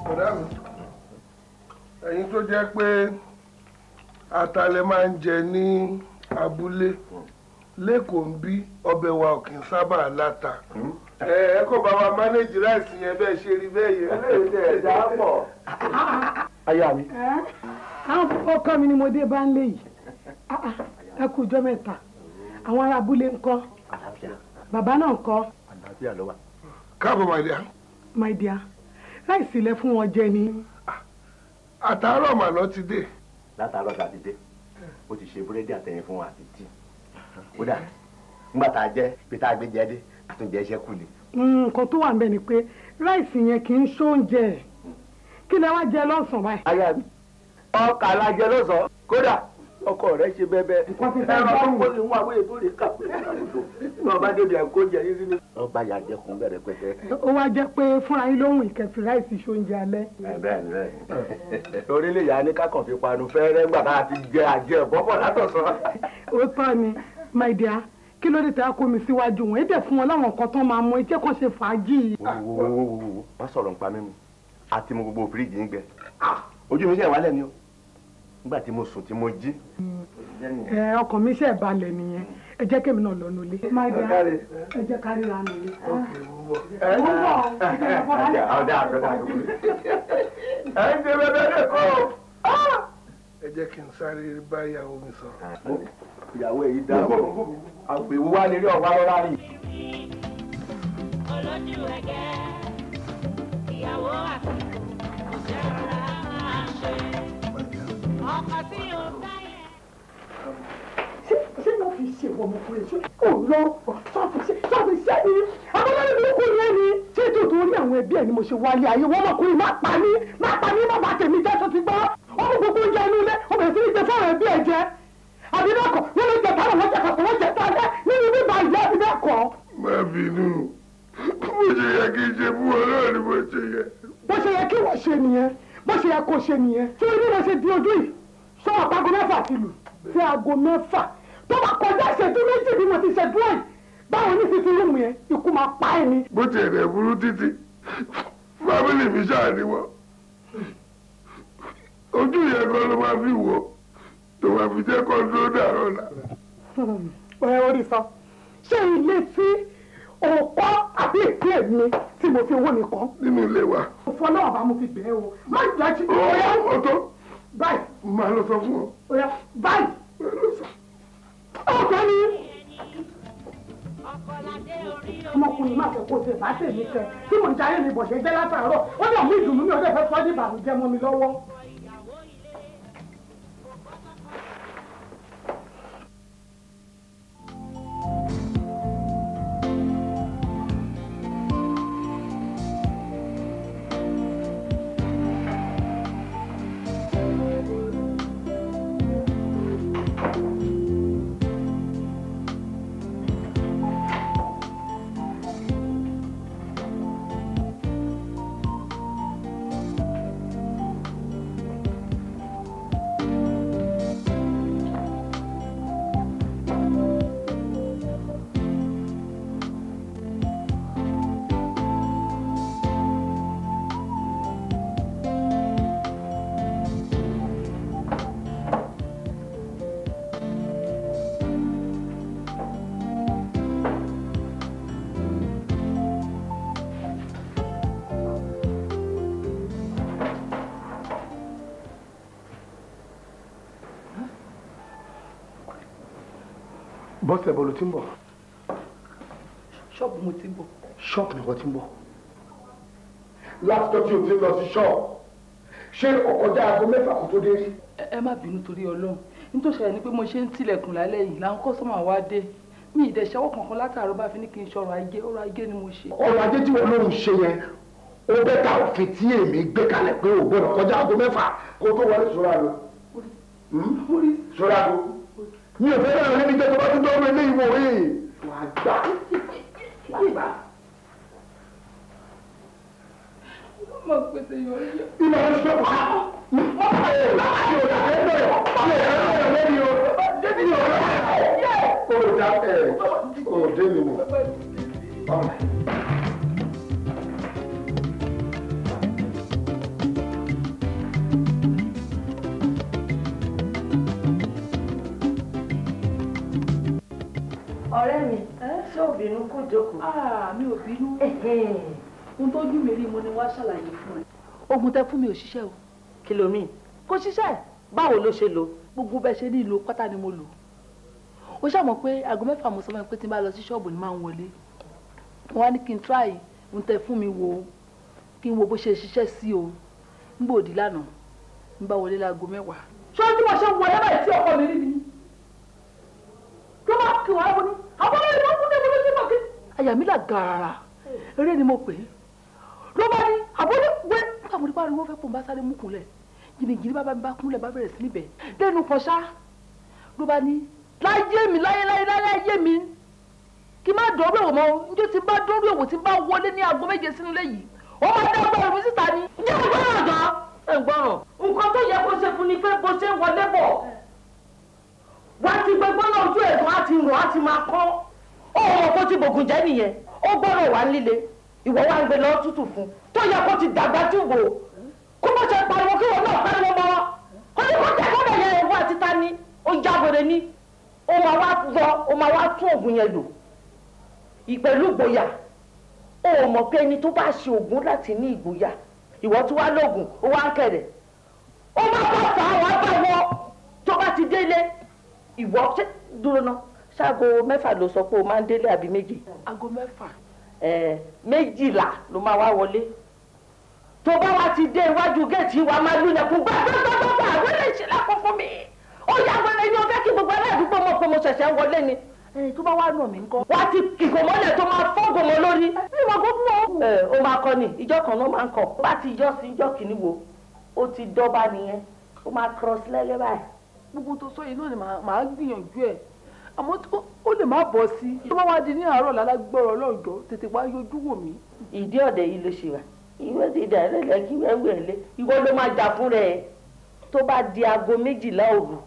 A: ọ̀dà ẹ̀yin tó jẹ́ pé atalẹ̀ máa ń jẹ ní abúlé. Mm lẹ́kọ̀ọ́ ń bí ọbẹ̀ wa ò kì í sábà láta hmm? ẹ kó bá wa mánéjì ráìsì yẹn bẹ́ẹ̀ ṣe rí bẹ́ẹ̀ yẹn lẹ́yìn tẹ̀ ẹ̀ dá pọ̀. aya mi. ọkọ mi ni mo dé bá ń lé yìí ah, ah, ẹ kú ọjọ́ mẹ́ta àwọn ará abúlé ń kọ́ bàbá náà ń káàbọ̀ my dear. my dear ráìsì lẹ fún wọn jẹ ni. Ah, àtàárọ̀ màlọ́ ti dé. látàárọ̀ ta ti dé ó ti ṣe búrẹ́dì àtẹ̀yìn fún wa àti tíì kódà nígbà tá a jẹ bí tá a gbé jẹ dé àtúnjẹ iṣẹ́ kù ni. Hmm, nǹkan tó wà ń bẹ ni pé ráìsì yẹn kì í ṣóúnjẹ kí ni wàá jẹ lọ́sàn-án báyìí. aya mi ọkà la jẹ lọ́sàn-án kódà ọkọ rẹ ṣe bẹbẹ ẹrọ tó ń bọ sí wọn àwọn èèyàn tó lè kà pé àlejò ní ọba débi àkókò jẹ yín sínú. ọba yà jẹ kún bẹ̀rẹ̀ pẹtẹ. ó wá jẹ pé fúnra yín lóhùn ìkẹfì ráìsì ṣóúnjẹ alẹ́. bẹ́ẹ̀ bẹ́ẹ̀ orílẹ̀ ìyá ni kákan fi panu fẹ́rẹ́ gbàgbà àti jẹ àjẹ bọ́bọ̀ látọ̀sán. ó tọ́ ni my dear kí ló dé tẹ́ a kó mi síwájú wọn èdè fún wọn láwọn nǹkan tán máa mọ ẹjẹ́ kan ṣe fàájì. wo wọ́n sọ̀rọ̀ nípa mímu àti mo gbogbo fíríjì ń gbẹ ojú mi ṣe wà lẹ́ni o nígbà tí mo sùn tí mo jí. ẹ ọkàn mi ṣe balẹ̀ nìyẹn ẹ jẹ́ kémi náà lọ nulẹ̀. ẹ jẹ́ kárí ra nulẹ̀. ẹ ń bọ̀ ẹ ń ẹ ń bọ̀ ẹ ń ẹ ń bọ̀ ẹ ń ẹ ń bọ̀ ẹ ń ẹ ń bọ̀ ẹ ń ẹ ń bọ̀ ẹ ń ẹ ń bọ̀ ẹ ń ẹ ń bọ̀ ẹ ń ẹ ń bọ̀ ẹ ń ẹ ń bọ̀ ẹ ń ẹ ń bọ̀ ẹ ń ẹ ń bọ̀ ẹ ń ẹ ń bọ̀ ẹ ń ẹ ń bọ̀ ẹ ń ẹ ń bọ̀ ẹ ń ẹ ń bọ̀ ẹ ń ẹ ń bọ̀ ẹ ń ẹ ń bọ̀ ẹ ń ẹ jẹ́ kí n sáré bá
B: ìyàwó mi sọ̀rọ̀.
A: ìyàwó èyí dá àgbèwò wá nílé ọ̀wá rárá rí.
B: olójú ẹgẹ ìyàwó àti òṣè
A: rárá máa ṣe ọkọ tí yóò dá yẹn. ṣé wọ́n fi ṣe ọmọkùnrin ṣé kò lọ́rùkọ ṣàfihàn ṣàfihàn ni abọ́lọ́lẹ́ mi kò lọ́ ni ṣé ètò ìtòrí àwọn ẹbí ẹ̀ ni mo ṣe wálé ayé wọ́n ọmọkùnrin má pa mí má pa mí má bàtẹ̀ mi jẹ́ tó ti gbọ́ ó mú gbogbo oúnjẹ inú ilé ó bẹ̀rẹ̀ sí ní jẹ fáwọn ẹbí ẹ̀ jẹ àbí bẹ́ẹ̀ kọ́ wọ́n lè jẹ tààrà wọ́n jẹ kàkọ́ wọ́n jẹ tààrà nínú bíbá ìyá àbí bẹ́ẹ̀ kọ́. má bínú bó ṣe yẹ kí n ṣe fún ọ náà ni mo ṣe yẹ. bó ṣe yẹ kí wọ́n ṣe nìyẹn bó ṣe yẹ kó ṣe nìyẹn. tí o ní wọ́n ṣe di ojú yìí sọ àpago mẹ́fà ti lù sí aago mẹ́fà tó bá kọjá ìṣẹ́jú méjì bí mo ti ṣe dúró yìí báwo ní fífi rúùmù yẹn ikú máa pa ẹ̀ ni. bó ti ẹ̀rẹ̀ burú títí fámìlì mi ṣáà ni wọ́n ojú yẹn kan ló máa fi wò tó máa fi jẹ́ kó dúró dàrọ́ lára. ọ̀rẹ́ orí sọ ṣé ilé tí òkọ́ àbí ìpín èmi tí mo fi owó mi kọ́. nínú ilé wa. òfò náà bá mo fi bẹ̀ẹ́ o má jẹ́ kí. ọ̀rẹ́ ọ̀tọ̀ báyìí. màá lọ sọ fún ọ. ọ̀rẹ́
B: báyìí. màá lọ sọ. ọ̀gbẹ́ ni
A: ọmọkùnrin máa fẹ́ kó ṣe bá tèmi tẹ tí mò ń jayé mi bọ̀dé jẹ́ látàárọ̀ ó dà mí ìdùnnú mi ò dẹ̀ fẹ́ fọ́ ní ìbànújẹ́ mọ́ mi lọ́wọ́. bọ́sẹ̀ bọ́ ló ti ń bọ̀. ṣọ́ọ̀bù mo ti ń bọ̀. ṣọ́ọ̀bù ni wọ́n ti ń bọ̀.
B: látijọ́ tí o ti lọ sí ṣọ́ọ̀bù
A: ṣé ọ̀kọ́jà aago mẹ́fà kò tó dé rí. ẹ má bínú torí ọlọ́run nítorí ṣẹlẹ̀ ni pé mo ṣe ń tilẹ̀kùn lálẹ́ yìí làwọn kọ́sọ́mà wá dé mi ì dẹ̀ṣẹ́wọ́ kankan látàárọ̀ bá fi ní kí n ṣọ̀rọ̀ ajé ọ̀rọ̀ ajé ni mo ṣe. ọ̀rọ̀ ajé tí wọn lóun ṣe yẹn ó bẹ́ ta òfin tí èmi gbé kalẹ̀ pé ò kọjá aago mẹ́fà kó tó wọlé sọ́ra lọ. sọ́ra lọ mi ò fẹ́ láàrin níbi tẹ́tọ́ bá tún dọ́rùn eléyìí wò é wà á gbà wà á gbà. mo pèsè yọ yọ. ìlà ọ̀ṣọ́ wa mi ò fẹ́ mi ò fẹ́ bẹ̀rẹ̀ mi ò fẹ́ bẹ̀rẹ̀ lẹ́ni o mi ò fẹ́ bẹ̀rẹ̀ o da ẹ̀ o dé mi wò. ṣé ò bínú kò jókòó. Ah, mi ò bínú ohun tó dùn mí rí mo ni wá ṣàlàyé fún ẹ. oògùn tẹ fún mi ò ṣiṣẹ́ o. kí ló mìn. kò ṣiṣẹ́ báwo ló ṣe lò. gbogbo bẹ́ẹ̀ ṣe ní ìlú pátá ni mo lò. ó ṣàmọ̀ pé aago mẹ́fà mo sọ fún mi pé tí n bá lọ sí ṣọ́ọ̀bù ni máa ń wọlé. wọ́n á ní kí n tíráì ohun tẹ fún mi wò kí n wo bó ṣe ṣiṣẹ́ sí o ń gbòdì lánàá ń bá wọlé láago mẹ́wàá. ṣé tó bá kí wọn àwọn ní àwọn ọmọ ìlú ọkùnrin ẹgbẹ́ ló ṣe pàkí. àyà mi là gàràrà eré ni mo pè é ló bá ní àbójú wé nígbà mo ní bá ariwo fẹ́ pọ̀ n bá sáré mú kunlẹ̀ jìnnìjìnnì bá bá kúnlẹ̀ bá bẹ̀rẹ̀ sí níbẹ̀ lẹ́nu kan ṣá ló bá ní láyé mi láyé láyé láyé mi kí má dọ̀rọ̀ èwò mọ́ njó ti bá dọ̀rọ̀ èwò ti bá wọlé ní aago méje sínú lẹ́yìn ó máa dá agbára mi síta ni. ǹjẹ́ ìgbọràn gan-an ẹ̀ ń gbọràn. nǹkan tó yẹ kó ṣe fún ni pé bó ṣe ń wọlé bọ̀ wá ti gbogbo náà ojú ẹ̀gbọ́n á ti rò á ti máa kọ́ ọmọ tó ti bògùn jẹ́ nìyẹn ó gbọ́dọ̀ wá líle ìwọ wá ń gbé lọ tútù fún tó yẹ kó ti dàgbà jù wò kó bó ṣe pariwo kí wọn náà pariwo kó ní kó ewu àti ta ni ó ní ó máa lọ ó máa wá tún yẹn lò ìpẹ̀lú ìgboyà ó mọ̀ pé ẹni tó bá ṣe láti ní ìgboyà ìwọ tí wàá ó wá ń kẹ̀rẹ̀
B: ó bá fà
A: á ìwọ ṣe dúró ná ṣáago mẹ́fà ló sọ pé o máa ń délé àbí méje. aago mẹ́fà. ẹ méjìlá ló máa wá wọlé tó bá wa ti dé iwájú géètì wa máa lùyẹ̀kùn gbà gbàgbàgbà wẹ́rẹ́ ìṣẹ̀lẹ̀ kún fún mi
B: ó yà wẹ́rẹ́ ni ó fẹ́
A: kí gbogbo aládùúgbò mọ̀ pé mo ṣẹ̀ṣẹ̀ ń wọlé ni ẹni tó bá wà nù mí ń kọ́. wá ti kìkò mọ́lẹ̀ tó máa fọ́gùn mọ́ lórí. ìwọ kó fún ọ. ẹ o máa kọ ni ìjọ kan ló máa ń kọ. bá ti jọ́ sí ìjọ kìíní wo ó ti dọ́ba nìyẹn ó máa cross lẹ́lẹ́ báyìí gbogbo tó sọ yìí náà ni màá gbìyànjú ẹ̀ àmọ́ ó lè má bọ́ sí i tó bá wá di ní àárọ̀ lálágbọ́rọ̀ lọ́jọ́ tètè wá yọjú wò mí. ìdí ọ̀dẹ̀ yìí ló ṣe wà ìwé ti dà lẹ́lẹ̀ kí wẹ́ẹ́ wẹ̀ lé ìwọ ló máa jà fún rẹ̀ tó bá di aago méjìlá òru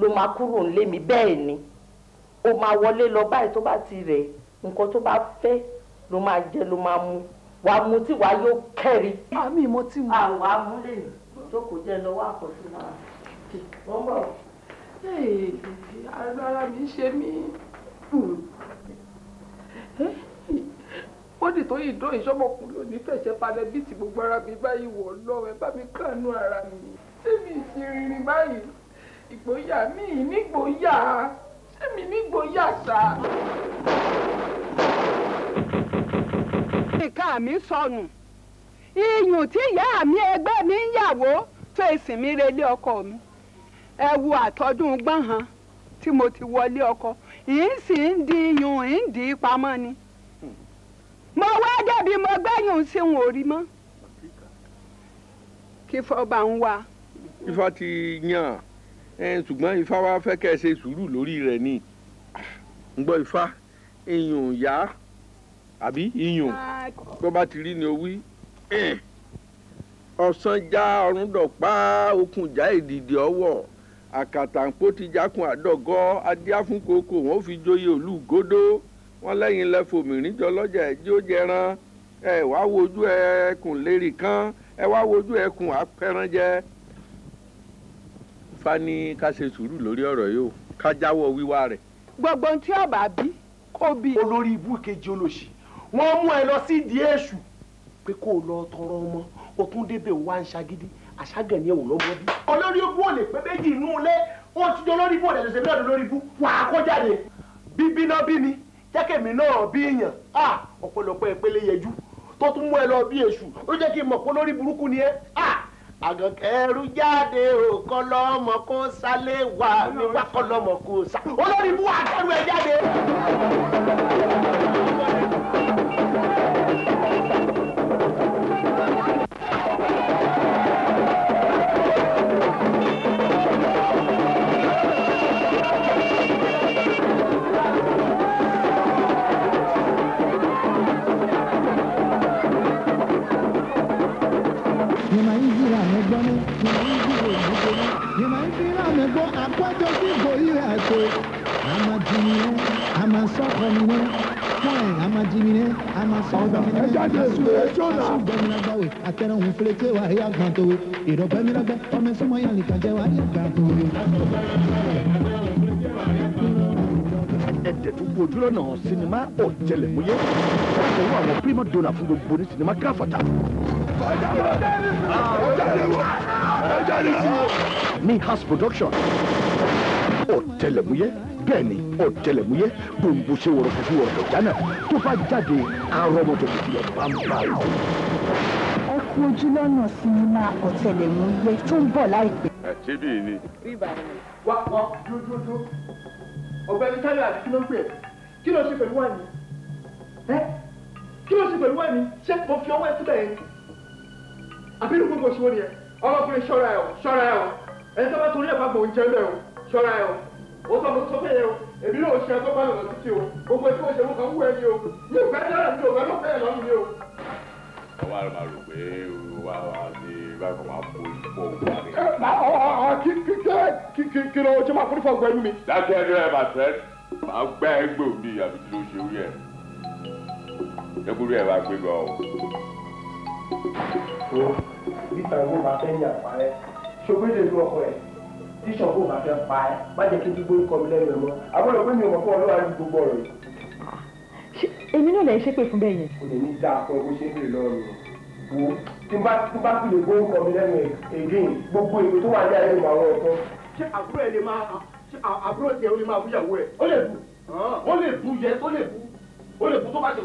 A: ló máa kúrò nílé mi bẹ́ẹ̀ ni ó máa wọlé lọ báyìí tó bá ti rẹ̀ nǹkan tó bá fẹ́ ló máa jẹ ló máa mu wàá mu tí wàá yóò kẹ́rì. àmì ìmọ̀ tí mo. àwọn amúlẹ̀ jókòó jẹ́ lọ́wọ́ àkọsílẹ̀ náà wọ́n bọ̀. ara mi ṣe mí ó dì tó yìí dó ìṣọ́mọkùnrin ò ní fẹ̀ṣẹ̀ padà bí ti gbogbo ara mi báyìí wọ̀ lọ́wọ́ ẹ bá mi kànú ara mi sẹ́mi ìṣirin báyìí ìgboyà mi nígboyà sẹ́mi nígboyà sá. ìka mi sọnù iyùn tí ìyá mi ẹgbẹ́ mi ń yàwó fèsì mi relé ọkọ mi ẹ wo àtọ́dún gbọ̀ngàn tí mo ti wọlé ọkọ yìí sì ń di iyùn yìí ń di pamọ́ ni mo wá débi mo gbẹ́yìn sí wọn ò rí mọ́ kí fọba ń wá. ifá ti yàn ṣùgbọ́n ifá wa fẹ́ kẹ́ ẹ ṣe sùúrù lórí rẹ̀ ni ń gbọ́ ifá iyùn yá àbí iyùn tó bá ti rí ni o wí ọ̀sán já ọ̀run dọ̀pá okùn já èdìdì ọwọ́ àkàtàǹpó ti jákun àdọ́gọ́ adíáfúnkoko wọn ò fi joyè òlú gòdó wọn lẹ́yìn lẹ́fọ̀mìrín jọ lọ́jà ẹ̀jẹ̀ ó jẹran ẹ wá wojú ẹkùn lérí kan ẹ wá wojú ẹkùn apẹranjẹ. fani ká ṣe sùúrù lórí ọ̀rọ̀ yìí o ká jáwọ́ wíwá rẹ̀. gbogbo ohun tí ọba bí kò bí. olórí ibú kejì olóṣì wọn mú ẹ lọ sí èṣù pé kó o lọ tọrọ ọmọ o wá ń ṣagídí àṣàgẹ̀ ni ewu lọ́gbọ́n bí. olórí ibú ò lè pé méjì inú ilé ó ti jọ lórí ibú ò lẹ́sẹ̀ lórí ibú wà á kọ́ jáde. bíbí náà bí mi jẹ́kẹ̀mí náà bí èèyàn ọ̀pọ̀lọpọ̀ ìpele yẹjú tó tún mú ẹ lọ bí èṣù ó jẹ́ kí n mọ̀ pé lórí burúkú ni ẹ́ àgànkẹ́rù jáde òkọ́ lọ́mọ kó sálé wà mí wákọ́ lọ́mọ kó sá olórí ibú àgàrú ẹ jáde. mi ní fún ẹ̀ a máa jí ní a máa sọ ọgbà mi ní asúgbẹ́mìlágbàwé àtẹnà òun fúlẹ́tì wà á yà gbọ́n tó ìrọ̀gbẹ́mìlágbà ọmọ ẹ̀sùnmọ́ yà nìkan jẹ́ wà á yà gbà tó. ẹ̀dẹ̀ tó gbójú lọ́nà sinimá ọ̀jẹ̀lẹ̀múyẹ́ wọ́n àwọn prima donna fún gbogbo ní sinimá káfàtà ah, ní house production ọ̀tẹlẹ̀múyẹ́ bẹ́ẹ̀ ni ọ̀tẹlẹ̀múyẹ́ gbòǹgbò ṣe wọ̀rọ̀kọ̀tù wọ̀rọ̀kọ̀ jánà tó bá jáde arọ́mọdọ̀kọ̀ tiẹ̀ pàmpá. ẹ kú ojú lọ́nà sinimá ọ̀tẹlẹ̀múyẹ́ tó ń bọ̀ láìpẹ́. àti bí ni. wà á dúdúdú ọ̀gbẹ́ni táyọ̀ àti kí ló ń pè é kí ló ṣe pẹ̀lú wà ní kí ló ṣe pẹ̀lú wà ní ṣé mo fi ọwọ́ ẹ síbẹ̀ yẹn àbí irú gbogbo ṣòwò ni ẹ ọlọ́kùnrin ṣọ́ra ẹ o ṣọ́ra ẹ o ẹni tó bá torí ẹ̀ bá gbòǹjẹ́ ó sọ mo sọ fẹ́ yẹ o èmi náà ṣe ẹtọ́ bá lọ́nà títí o gbogbo ẹtí mo ṣe mo kàn ń wú ẹni o mi ò fẹ́ dára mi ò fẹ́ lọ fẹ́ ẹ̀ lọ́rùn mi o. ọmọ àrùn máa rò pé wà wà ní bákan máa kó ìfọ òwúwa rẹ. kí kí kí kí kí ló ṣe máa fún ìfọ̀gbọ́ ẹnu mi. dákẹ́ ẹni ẹ máa tẹ́ máa gbẹ́ ẹgbẹ́ òbí àbí kí ló ṣe orí ẹ̀ ẹgbẹ́rú ẹ̀ máa gbé gan o. o bí bíṣọ̀pù ò bá fẹ́ pa ẹ́ má jẹ́ kí gbígbó ń kọ́ mi lẹ́nu ẹ̀ mọ́ àbúrò pé mi ò mọ̀ fún ọlọ́wà ní gbogbo ọ̀rọ̀ yìí. èmi náà lè ṣe pé fún bẹ́ẹ̀ yẹn. kò lè ní dáa fún ẹ bó ṣe ń rè lọ́rùn wo tí n bá tí n bá fi lè gbóhùn kọ́ mi lẹ́nu ẹ̀ again gbogbo èdè tó wà ní ayé mi àwọn ọ̀tọ́. ṣé àbúrò ẹ lè máa àbúrò tiẹ̀ lè máa fúyàwó ẹ̀ ó lè bù ó lè bù yẹ ó lè bù ó lè bù tó bá ṣe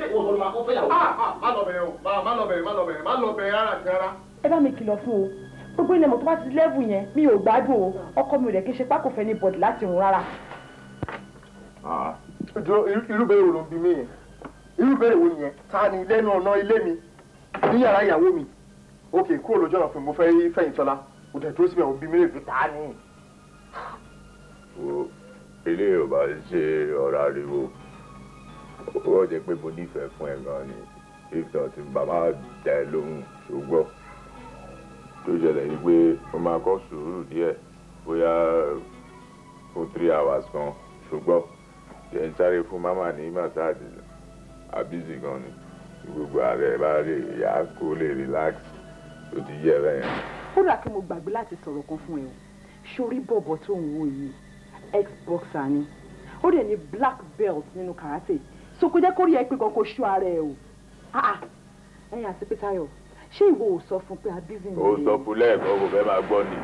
A: ṣé ìwọ sọ ló máa kó fẹ́yàwó. Ah, ah, má lọ bẹ̀rẹ̀ o má lọ bẹ̀rẹ̀ má lọ bẹ̀rẹ̀ má lọ bẹ̀rẹ̀ rárá àti rárá. ẹ bá mi kìlọ̀ fún o gbogbo ilẹ̀ mọ̀ tó bá ti lẹ́bù yẹn mi ò gbádùn o ọkọ mi ò rẹ̀ kí n ṣe pákó fẹ́ ní bọ̀dì láti rún rárá. Ah, irú bẹ́ẹ̀ wo ló ń bi mí yẹn irú bẹ́ẹ̀ wo yẹn ta ni lẹ́nu ọ̀nà ilé mi ní yàrá ìyàwó mi òkè kúrò lójú ọ̀nà fún mi mo fẹ́ fẹ̀yìn tọ́lá òdà tó sì bẹ̀ òbí mi lè fi ta ni. ilé ò bá ṣe ọ̀rọ̀ ariwo ó jẹ́ pé mo nífẹ̀ẹ́ fún ẹ gan ni if not bàbá dá ẹ lóhùn ṣùgbọ́n tó ṣẹlẹ̀ yìí pé mo máa kọ́ sùúrù díẹ̀ bóyá fún three hours kan ṣùgbọ́n jẹ́ ń sáré fún mama ní massage abizi gan ni gbogbo ààrẹ bá rí ìyá kó lè relax tó ti yẹ bẹ́ẹ̀ kódà kí mo gbàgbé láti sọ̀rọ̀ kan fún ẹ o sórí bọ̀bọ̀ tó ń wo yìí ex ni ó dẹ̀ ní black belt nínú karate so kò jẹ́ kó rí ẹ pé gan kò ara ẹ o ah, ah. ẹ̀yin àti pétáyọ̀ ṣé ìwọ ò sọ fún pé abízi ni. sọ fún lẹ́ẹ̀kan kò fẹ́ máa gbọ́ ni.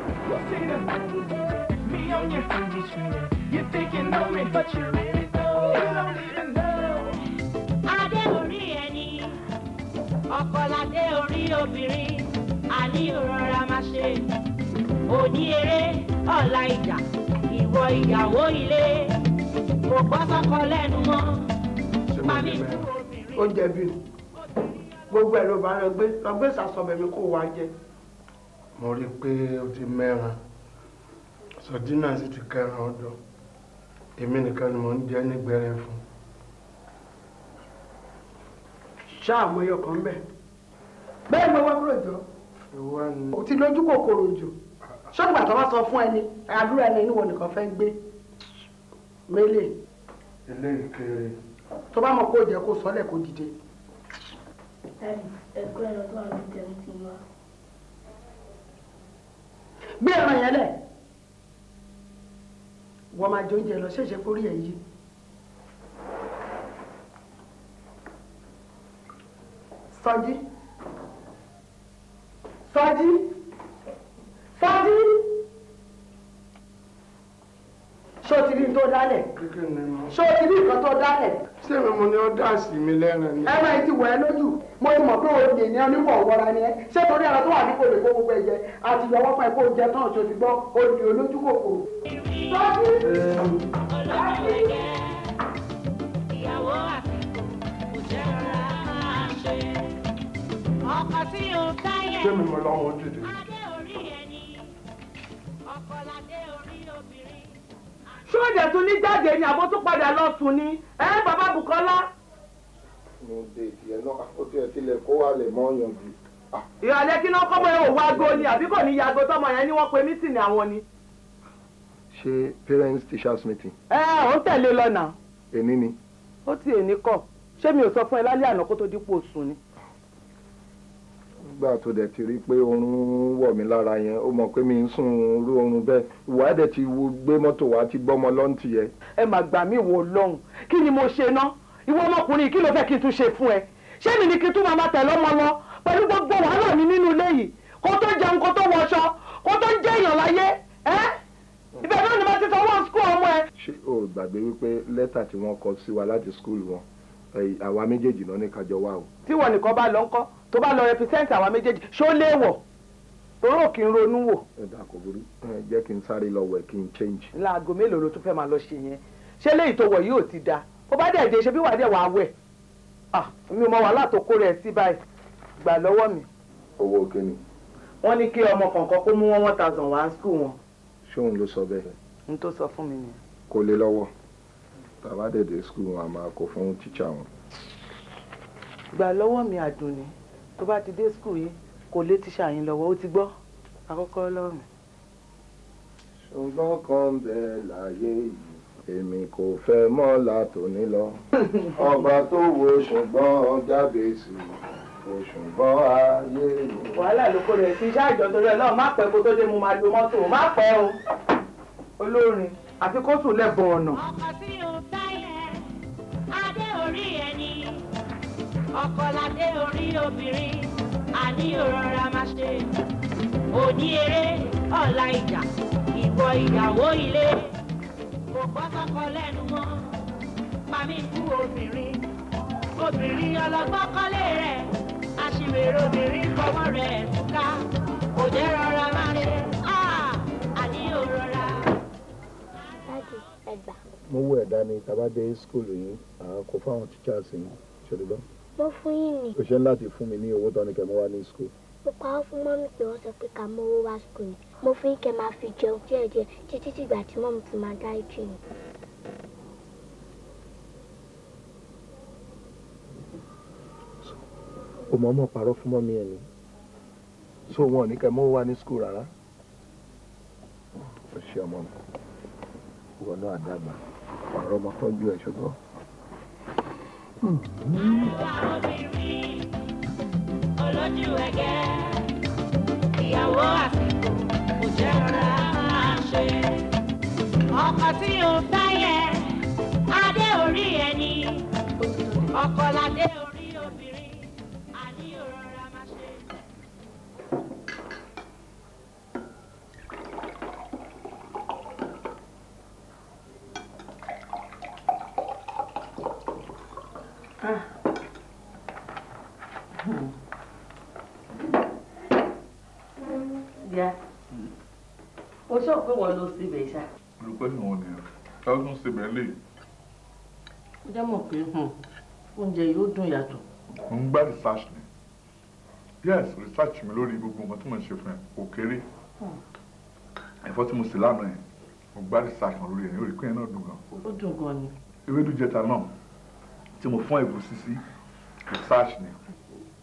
A: adé orí ẹni ọkọ orí obìnrin àní ìrora máa ṣe òní eré ọ̀la ìjà ìwọ ìyàwó ilé kò gbọ́ sọ́kọ lẹ́nu mọ́ oúnjẹ bí gbogbo ẹ̀ ló bá lọ gbé lọ gbé sàsọ̀bẹ̀ mi kó wá jẹ. mo rí i pé ó ti mẹ́ran sọ̀dínà sì ti kẹran ọdọ èmi nìkan ni mò ń jẹ́ nígbẹ̀rẹ̀ fún. ṣáà mo yọ kàn bẹ́ẹ̀ bẹ́ẹ̀ mo wá kúrò jọ o ti lójú kòkòrò jù ṣọ́gbà tó wá sọ fún ẹni àdúrà ẹni níwọ̀n nìkan fẹ́ gbé mélèé.
B: eléyìí kéré
A: tó bá mọ̀ kó jẹ́ kó sọ́lẹ̀ kó dìde.
B: ẹ̀kọ́ ẹ̀rọ tó wà ní tẹ̀mí ti wá. gbé ẹ̀rọ yẹn lẹ̀
A: wọ́n máa jẹ oúnjẹ lọ ṣẹ̀ṣẹ̀ kórí ẹ̀ yìí. Sọjí. Sọjí. Sọjí ṣó ti rí tó dálẹ̀ ṣó ti tó dálẹ̀. sẹ́mi mo ní ọ́ dá sí mi lẹ́ràn ni. ẹ máa ti wọ̀ ẹ́ lójú mo mọ̀ pé o lè ní oníwọ̀ wọra ni ẹ ṣé torí ẹ̀rọ tó wà ní kòlè kó gbogbo ẹ̀jẹ̀ àti ìyọwọ́ pa ẹ̀kọ́ oúnjẹ tán ṣo ti gbọ́ o olójú kòkòrò. kò sẹ́mi mo lọ́wọ́ dìde. ṣé ó dẹ̀ tún ní jáde ni àbó tún padà lọ sùn ni ẹ bàbá Bùkọ́lá. mo dé ìdíyẹ náà ó tiẹ̀ tilẹ̀ kó wà lẹ̀ mọ́ yàn jù. Ah. ìrọ̀lẹ́ kí ló kọ́mọ yẹn òwú aago ni àbí kò ní ya aago tọ́mọ yẹn ni wọ́n pe mítìnì àwọn ni. ṣé parents teachers meeting. ẹ ò ń tẹ̀lé lọ́nà. èní ni. ó ti èní kọ̀ ṣé mi ò sọ fún ẹ lálẹ́ àná kó tó dípò sùn ni gbà tó dẹ̀ ti rí i pé oorun wọ̀ mí lára yẹn ó mọ̀ pé mi ń sùn rú oorun bẹ́ẹ̀ ìwà dẹ̀ ti gbé mọ́tò wá ti gbọ́mọ lọ́ǹtì yẹn. ẹ mà gbà mí wò lọ́hùn kí ni mo ṣe ná ìwọ ọmọkùnrin kí ló fẹ́ kí n tún ṣe fún ẹ ṣé mi ni kí n tún máa tẹ̀ lọ́mọ lọ pẹ̀lú gbogbo wàhálà mi nínú ilé yìí kó tó jẹun kó tó wọṣọ kó tó jẹ́ èèyàn láyé ẹ́ ibẹ̀ náà ni mo ti sanwó skul ọmọ ẹ. ṣé o gbàgbé wípé lẹ́tà tí wọ́n kọ sí wa láti skul wọn àwa méjèèjì náà ní kájọ wá o. tí wọn nìkan bá lọ ń kọ́ tó bá lọ represent àwa méjèèjì ṣó léèwọ̀ torí ò kí n ronú wò. ẹ dà kò burú jẹ́ kí n sáré lọ wẹ̀ kí n change. láago mélòó ló tún fẹ́ máa lọ ṣe yẹn ṣé léyìí tó wọ̀ yìí ò ti da ó bá dẹ̀ dé ṣe bí wàá dẹ̀ wàá wẹ̀ mi ò mọ wàhálà tó kó rẹ̀ sí báyìí gbà lọ́wọ́ mi. owó òkè ni. wọ́n ní kí ọmọ kọ̀ọ̀kan kó mú wọn one thousand wá school wọn. ṣé òun ló sọ bẹ́ẹ̀. n tó sọ fún mi ni. kò lè lọ́wọ́ tàbá dẹ̀ dé school wọn a máa kó fún tíṣà wọn. gbà lọ́wọ́ mi àdùnní tó bá ti dé skul yìí kò lé tíṣà yín lọ́wọ́ ó ti gbọ́ àkọ́kọ́ lọ́rùn. ṣùgbọ́n kan bẹ láyé yìí èmi kò fẹ́ mọ́ látòní lọ ọba tó wo ṣùgbọ́n jábèsì òṣùgbọ́n ayé mi. wàhálà ló kó rẹ̀ sí iṣẹ́ àjọ torí ẹ̀ náà má pẹ́ kó tó dé mo máa lo mọ́tò má pẹ́ o olórin àfi kó lẹ́bùn ọ̀nà.
B: ọkọ̀ tí o táyẹ̀ adé orí ẹni
A: ọkọládé orí obìnrin àní òrora máa ṣe òní eré ọ̀la ìjà ìwọ ìyàwó ilé kò gbọ́ sọ́kọ lẹ́nu mọ́ pàmí kú obìnrin obìnrin ọlọ́gbọ́n rẹ̀ aṣìwèrè obìnrin fọwọ́ rẹ̀ túká kò jẹ́ rọra máa ṣe àní ah, òrora. mo wú ẹ̀ dání tàbá dé skul yìí àá kó fáwọn tíṣà sí i ṣèlú
B: mo fún yín ni. o
A: ṣe ń láti fún mi ní owó tán ni kẹ́ mo wá ní school.
B: mo pawọ́ fún mọ́mí pé wọ́n sọ pé ká mọ owó wá school ni mo fún yín kẹ́ máa fi jẹun díẹ̀díẹ̀ títí dìgbà tí mọ́mí fi máa dá ìjì ni.
A: o mọ̀ ọ́ mọ̀ parọ́ fún mọ́mí ẹ̀ ni so wọn ò ní kẹ́ mọ́ wá ní school rárá. o ṣe ọmọ mi ìwọ náà dàgbà ọ̀rọ̀ ọmọ tọ́jú ẹ̀ ṣùgbọ́n.
B: Àwọn obìnrin
A: olójú ẹgẹ́ ìyàwó àsìkò kò jẹ́ rárá máa ṣe. Ọkọ tí o fẹ́ yẹ adé orí ẹni ọkọ ládé orí. Ìyá, ah. o ṣọ́ pé wọ́n ló síbẹ̀ ṣá. Olùpẹ́ náà ni ká tún síbẹ̀ lè. Ó jẹ́ mọ̀ pé hmm, oúnjẹ yóò dùn yàtọ̀. Mo ń gbá research ni. Yes, research mi lórí gbogbo nǹkan tí mo ṣe fún ẹ kò kéré. Hmm. Ẹ̀fọ́ tí mo sì lánàá yẹn, mo gbá research kan lórí ẹ̀ ní orí pé ẹ náà dùn gan.
B: Ó dùn gan ni.
A: Ewédú jẹta náà tí mo fún ẹ̀gúsí sí research ni.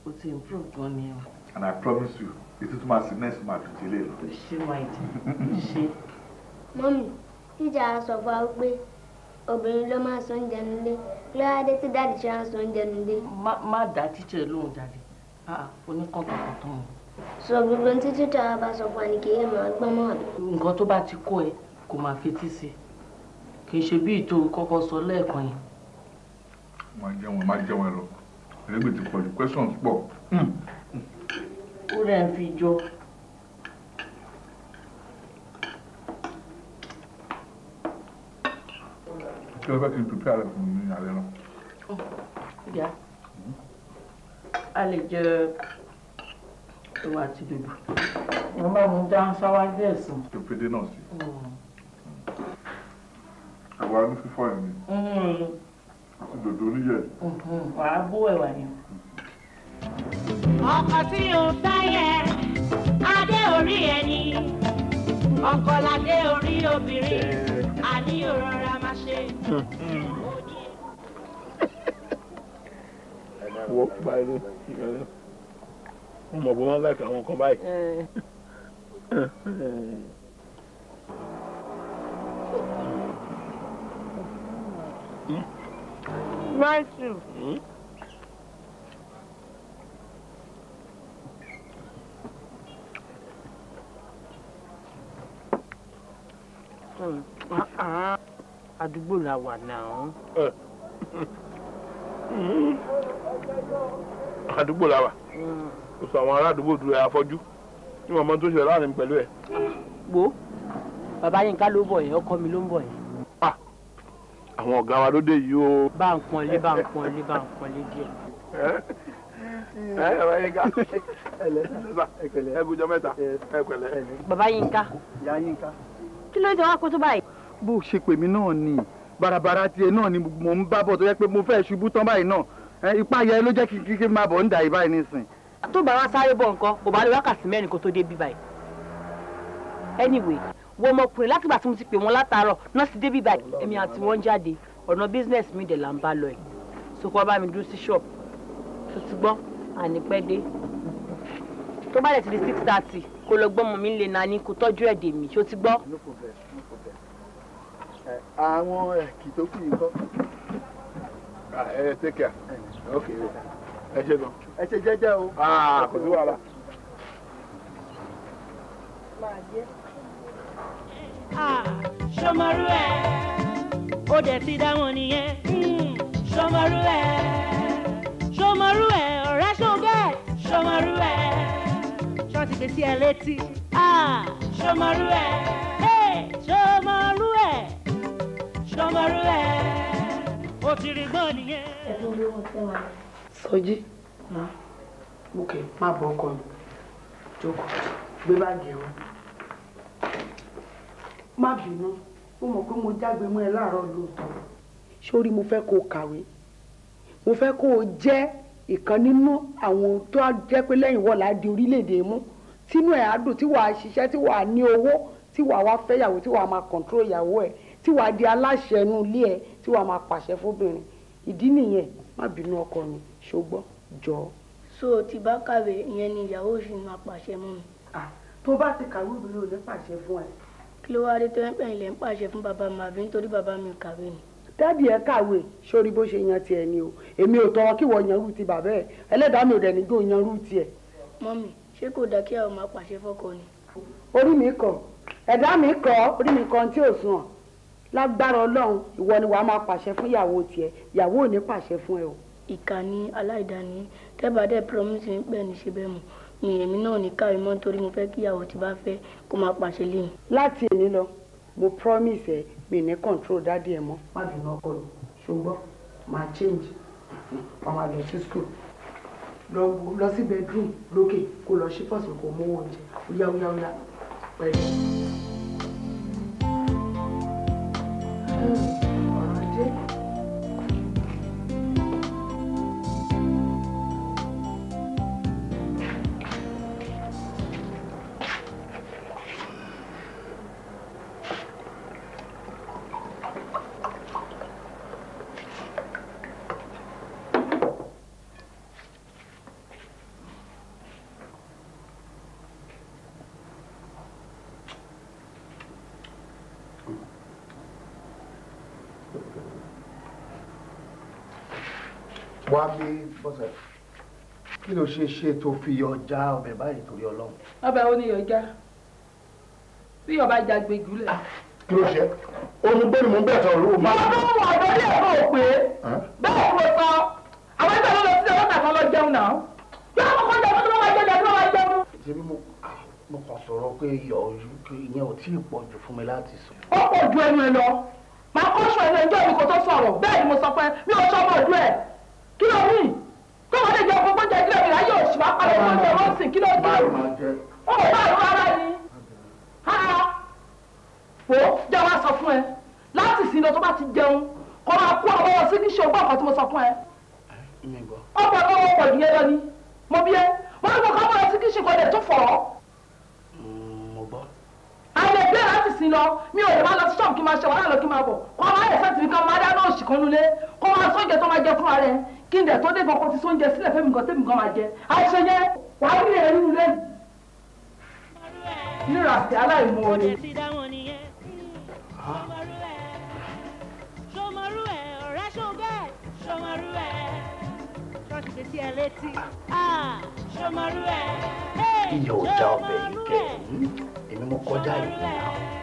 A: o ti improve gan ni o. and i promise you ètò tó máa sí next máa dùn délé lọ. o ṣe máa jẹ ṣe.
B: mọ́mí tíjà sọ fún wa pé obìnrin ló máa sọ oúnjẹ nílé lọ́wọ́dé tí dáàdì ṣe máa sọ oúnjẹ nílé.
A: má dá tíjà lóhùn jáde oníkọ̀tọ̀kọ̀tọ̀ wọn.
B: sọ gbogbo ní títí tá a bá sọ fún wa ni kì í máa gbọ́n mọ́ àdó.
A: nǹkan tó bá ti kó ẹ kò máa fetí sí i kì í ṣe bí ìtò kọ́kọ́ sọ lẹ́ẹ̀kan yẹn máa jẹun máa jẹun ẹ lọ ẹlẹgbẹ ti pọ̀ jù questions pọ̀. Hmm. ó rẹ̀ ń fi jọ. kí ló fẹ́ kí n tún pé àlẹ́ fún mi ní alẹ́ náà. ìyá oh, a lè jẹ ìwà àti dòdò. mo máa mú dáhùn sáwájú ẹ̀sìn. tó pédé náà sí. Hmm. àwa ní fífọ́ ẹ̀ ni. Hmm dòdò níyẹ. wàá bó ẹ̀wà ni. tí o fẹ́ yẹ adé orí ẹni ọkọ ládé orí obìnrin àní òrora máa ṣe. wọ́n pa ẹni wọ́n mọ̀ bó wọ́n láìka àwọn nǹkan báyìí. Mm-hmm. Matthew. Hmm? Hmm. Uh-uh. àdúgbò la wà náà. Eh. Hmm. àdúgbò la wà kò sọ àwọn ará àdúgbò dúró ẹ afọ́jú ní màmá tó ṣẹlẹ̀ láàrin pẹ̀lú ẹ. wo bàbá yín ló bọ̀ yẹn ọkọ mi ló ń bọ̀ yẹn àwọn ọ̀gá wa ló dé yìí o. bá ń pọnlé bá ń pọnlé bá ń pọnlé díẹ̀. bàbá yínká ẹ kújọ mẹ́ta ẹ pẹ̀lẹ́. bàbá yínká kí ló dé wá kó tó báyìí. bó o ṣe pèmí náà ni barabara tiẹ̀ náà ni mò ń bá bọ̀ tó yẹ pé mo fẹ́ ṣubú tán báyìí náà ipá yẹ ló jẹ́ kí kí máa bọ̀ ń dà yìí báyìí nísìn. tó bá wa sáré bọ̀ nǹkan kò bá lè wákàtí mẹ́rin kó tó dé bí báyìí. anyway wo ọmọkùnrin látìgbà tí mo ti pè wọ́n látàárọ̀ nọ́ọ̀sì débi báyìí èmi àti wọ́n jáde ọ̀nà business mi dẹ̀ là ń bá lọ ẹ̀ so kó wá bá mi dúró sí shop tó ti gbọ́ àní pẹ́ dé tó bá dẹ̀ ti di six thirty kó lọ gbọ́mọ mi lè nání kó tọ́jú ẹ̀dẹ̀ mi tó ti gbọ́. àwọn ẹ̀kì tó kù yìí kọ́ take care ok ẹ ṣe gan. ẹ ṣe jẹ́jẹ́ o. kò sí wàhálà. máa jẹ́ sọmọrú ẹ ó dẹ̀ ti dá wọn nìyẹn sọmọrú hmm, ẹ sọmọrú ẹ ọ̀rẹ́ ṣogẹ́ sọmọrú ẹ ṣọ́ọ̀tì gbèsè ẹ létí sọmọrú ẹ sọmọrú ẹ
B: sọmọrú ẹ ó ti rí gbọ́n nìyẹn.
A: sọjí mo kì í má bọ ọkọ mi jókòó gbé báàgì o má bínú ó mọ̀ pé mo jágbe mọ́ ẹ láàárọ̀ lóòótọ́ sórí mo fẹ́ kó o kàwé mo fẹ́ kó o jẹ́ ìkan nínú àwọn tó á jẹ́ pé lẹ́yìn wọ́n là á di orílẹ̀-èdè mú tínú ẹ̀ á dùn tí wàá ṣiṣẹ́ tí wàá ní owó tí wàá wá fẹ́yàwó tí wàá máa kọ̀ǹtró ìyàwó ẹ̀ tí wàá di aláṣẹ inú ilé ẹ̀ tí wàá máa pàṣẹ fóbìnrin ìdí nìyẹn má bínú ọkọ mi ṣùgbọ́n jọ.
B: so tí bá kàwé ìyẹn ni ìyàwó ṣì máa pàṣẹ mọ́ mi. tó bá ti kàwé obìnrin ò ní pàṣẹ fún ẹ kí ló wáá dé tó ń pẹ̀yìn lẹ́ ń pàṣẹ fún bàbá màbí nítorí bàbá mi kàwé ni.
A: dádì ẹ kàwé sórí bó ṣe yan tiẹ̀ ni o èmi ò tọrọ kí wọ́n yanrú ti bàbá ẹ̀ ẹlẹ́dàá mi ò dẹ̀ ní kí o yanrú tiẹ̀.
B: mọ́mì ṣé kò dáa kí àwọn máa pàṣẹ fọ́kọ ni.
A: orí mi kọ ẹ̀dá mi kọ orí mi kọ tí ò sùn ọ̀
B: lágbára ọlọ́run ìwọ ni
A: wàá máa pàṣẹ fún ìyàwó tiẹ̀ ìyàwó ò ní pàṣẹ fún ẹ o.
B: ìkànnì aláìdáni tẹ́bàdẹ́ promise ń pẹ́ ní bẹ́ẹ̀ mọ́ èmi náà ní kárí mọ́ nítorí mo fẹ́ kí ìyàwó bá fẹ́ kó máa pàṣẹ lẹ́yìn.
A: láti èmi lọ mo promise ẹ mi ní control dádì ẹ mọ́ má bínú ọkọ rẹ ṣùgbọ́n máa change ọmọ àgbẹ̀ sí school lọ sí bedroom lókè kó lọ sí fọ́ọ̀sì kó mú oúnjẹ yáwúyáwúyá pẹ̀lú. wálé bọ́sẹ̀ kí ló ṣe ṣe tó fi ọjà ọbẹ̀ báyìí torí ọlọ́run. ọbẹ̀ ó ní ọjà bí ọba jagbe jùlẹ̀. Ah, kí ló ṣe olùgbé ni mò ń bẹ̀ tọ̀ lóhùn. mo tún mú ọ̀dọ́ ní ẹ̀kọ́ òpè bẹ́ẹ̀ kò sọ àwọn ìgbà lọ́dọ̀ sí ọ̀dà kan lọ jẹun náà yóò kọ́kọ́ jẹun tó máa jẹun tó máa jẹun. ṣebí mo ah, kàn sọ̀rọ̀ pé iyọ̀ ìyẹn ò tí ì pọ̀ jù fún mi láti sùn. ó pọ̀ ju ẹnu ẹ lọ màá kọ́ sọ ẹnu ẹjọ́ mi kò tó sọ̀rọ̀ bẹ́ẹ̀ ni mo sọ pé mi ò sọ ọmọ ọdún ẹ̀ kí ló rí kó wọn lè jẹ ọkọ gbọ́dọ̀ ìdílé mi láyé òsì wá parẹ́ wọn jẹ wọn sìn kí ló dé ó bá àrùn ara ni wò ó jẹ́ wá sọ fún ẹ láti sin lọ tó bá ti jẹun kó máa kó ọmọ wọn sí níṣẹ́ ọgbọ́n kan tí mo sọ fún ẹ ọgbọ́n tó wọ́n pọ̀ nìyẹn lọ ni mo bí ẹ wọ́n ní mo kọ́ ọmọ ẹ sí kí ṣe kọ́ ẹ tó fọ̀ ọ́. Mm, mo gbọ́. àlẹ́ gbé sin lọ mi ò lè máa lọ sí ṣọ́ọ̀bù kí n máa ṣe wàhálà lọ kí n máa bọ̀ kó máa yẹ sẹ́tìrì kan máa dáná òṣì kan nulẹ̀ kó máa sóúnjẹ tó máa jẹ fún ara ẹ kí n dẹ̀ tó dé gan kó ti sóúnjẹ sílẹ̀ fẹ́mi gan tẹ́mi gan máa jẹ àìṣe yẹn wàá rí ẹ̀rí nulẹ̀ nira sí aláìmoore. ṣọmọrú ẹ ọ̀rẹ́ ṣọgẹ́ ṣọmọrú ẹ ṣọ́ọ̀ṣì ṣe sí ẹ létí ṣọmọrú ẹ.
B: iye ò já ọbẹ̀
A: yìí kẹ́ èmi mo kọjá ìlú náà.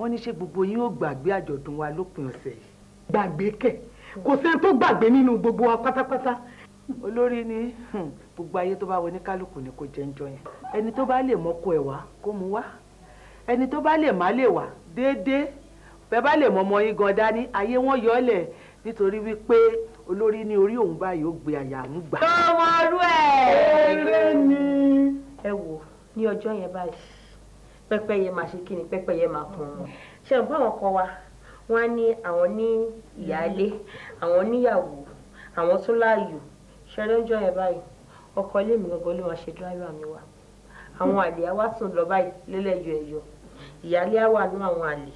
A: wọ́n ní ṣé gbogbo yín ó gbàgbé àjọ̀dún wa lópin ọ̀sẹ̀ yìí gbàgbé kẹ̀ kò sẹ́ni tó gbàgbé nínú gbogbo wa pátápátá olórí ni hmm, gbogbo ayé tó bá wọ ní kálukú ni kò jẹ́ ń jọ yẹn ẹni tó bá lè mọ́kọ ẹ̀ wá kó mu wá ẹni tó bá lè má lè wá déédéé bẹ́ẹ̀ bá lè mọ ọmọ yín gan dání ayé wọn yọ ọ́ nítorí wípé olórí ní orí òun báyìí ó gbé àyà ń gbà.
B: ọmọ ọdún ẹ. eré
A: ni. ẹ wò ní ọjọ́ yẹn báyìí pẹ́pẹ́yẹ máa ṣe kí ni pẹ́pẹ́yẹ máa pọ̀n wọn ṣe àbúrò àwọn kan wa wọ́n á ní àwọn ní ìyáálé àwọn níyàwó àwọn tó láàyò ṣe lóúnjọ yẹn báyìí ọkọ ilé mi gangan ló máa ṣe dráìvà mi wá àwọn àlè á wá sùn lọ báyìí lélẹ́yọ ẹ̀yọ ìyáálé á wà nú àwọn àlè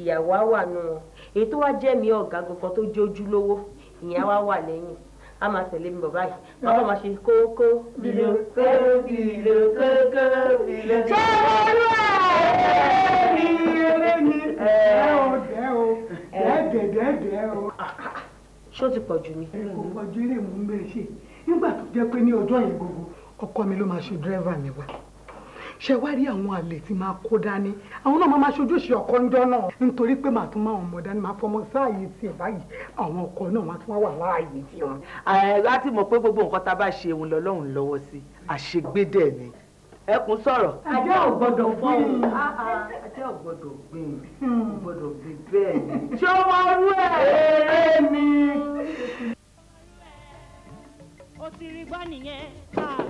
A: ìyàwó á wà nú wọn èyí tó wá jẹ́ mi ọ̀gá gangan tó jẹ́ ojúlówó ìyẹn á wá wà lẹ́yìn a máa tẹ̀lé mi bọ̀ báyìí wọ́n kọ́ máa ṣe kókó. bìlò kó bìlò kókó bìlò kó. ṣé olú ẹ̀ ní eré ni ẹ̀ ò dẹ́ o ẹ̀ dẹ̀dẹ̀ dẹ̀ o. ṣó ti pọ̀ jù ni. ẹ kò pọ̀ ju ilé mò ń bẹ̀ ṣe nígbà tó jẹ́ pé ní ọjọ́ yẹn gbogbo ọkọ mi ló máa ṣe dírẹ́fà mi wá ṣe wá rí àwọn àlè tí máa kó dání àwọn náà máa ṣojú ìṣe ọkọ ńjọ náà nítorí pé màá tún máa wọn mọ dání máa fọmọ sáàyè tiẹ̀ báyìí àwọn ọkọ náà máa tún wá wà láàyè tiwọn. láti mọ̀ pé gbogbo nǹkan tá a bá ṣe òun lọ́lọ́run lọ́wọ́ sí àṣegbédè ni ẹkùn sọ̀rọ̀. ajá ò gbọ́dọ̀ gbìn ajá ò gbọ́dọ̀ gbìn ah, ah. ò gbọ́dọ̀ gbìn hmm. bẹ́ẹ̀ ni. ṣé ó máa wú ẹ̀ ni. ó ti rí gbọ́ nìyẹn ah,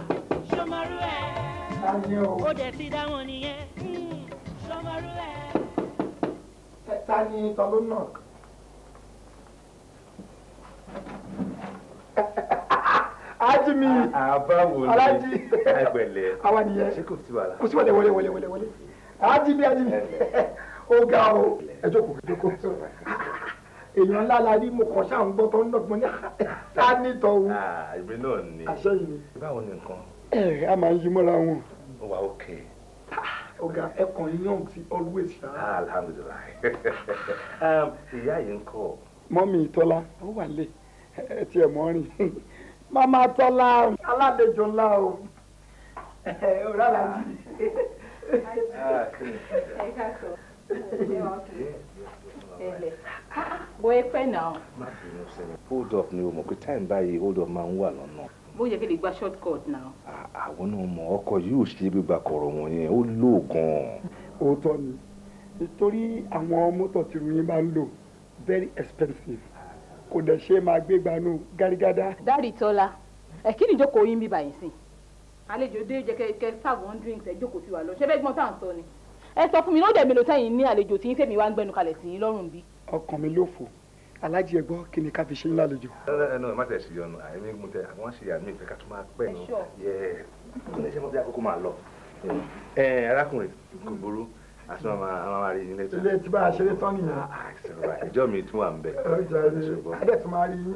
A: ṣó máa rú ẹ̀ ó dẹ̀ ti dá wọn nìyẹn hmm, sọmọrú ẹ̀. ta ni tọ́lú náà. <laughs> alájí mi alájí awa nìyẹn kò sí wàlẹ̀ wọlé wọlé wọlé wọlé alájí mi alájí mi ó ga o ẹ jókòó ẹ jókòó èèyàn ńlá la rí mo kàn ṣáà ń gbọ́ tó ń dọ̀gbọ́n ní ah, ta ní tọ́wọ́ ah, àṣẹ yìí. báwo ni nǹkan ẹ eh, a máa yí mọ́ra wọn. wà á òkè. Ah, ọ̀gá ẹ kàn yín yàn sí always ṣá. Ah, alhamdulilayi <laughs> um, ìyá yìí ń kọ́. mọ́mí tọ́lá ó wà lè ẹ tiẹ̀ mọ́ rìn. <laughs> màmá tọ́lá aládejò ńlá o ọ̀rá la jì. bọ́ ẹ pẹ́ náà. hold up ni o mọ̀ pé time báyìí hold up máa ń wà lọ́nà bó yẹ kí lè gba short cut náà. Ah, àwọn náà mọ ọkọ yóò ṣe gbígba kọ̀rọ̀ wọn yẹn ó lò gan-an. òótọ́ ni nítorí àwọn mọ́tò tí ruyin bá ń lò very expensive kò dẹ̀ ṣe máa gbé gbanú gárígádá. dáàdì tọ́lá ẹ kí ni ìjókòó yín bí báyìí sí. àlejò dé jẹ kẹ kẹ serve one drink ẹ jókòó sí wa lọ ṣe fẹ́ gbọ́n tá à ń sọ ni. ẹ sọ fún mi lóde mi ló tẹ́yìn ní àlejò tí yín fèmí wá ń gbẹnu kalẹ̀ sí yín lọ́rùn bí. ọkàn mi ló fò alájí ẹ̀gbọ́n kí ni ká fi ṣe ń lálejò. ẹ ẹ má tẹ̀ sí ọ̀nà àìní mo tẹ àwọn àṣẹ àmì ìfẹ́ ká tún máa pẹ́ ní yẹ kó lè ṣe mọ́ bí àkókò máa lọ. ẹ ẹ arákùnrin kò burú àti màmá màmá rí yín lẹ́tọ̀. ilé tí bá a ṣe lé tán nìyẹn. Ah, ah, ìjọ mi tún wà ń bẹ. adé tí máa rí yín.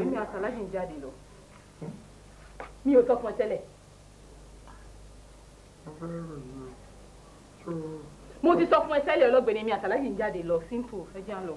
A: èmi àtàlájì ń jáde lọ mi ò tọkàn tẹ́lẹ̀. mo ti sọ fún ẹ tẹ́lẹ̀ ọlọ́gbẹ̀ni mi àtàlájì ń jáde lọ simple ẹ jẹ́ à ń lọ.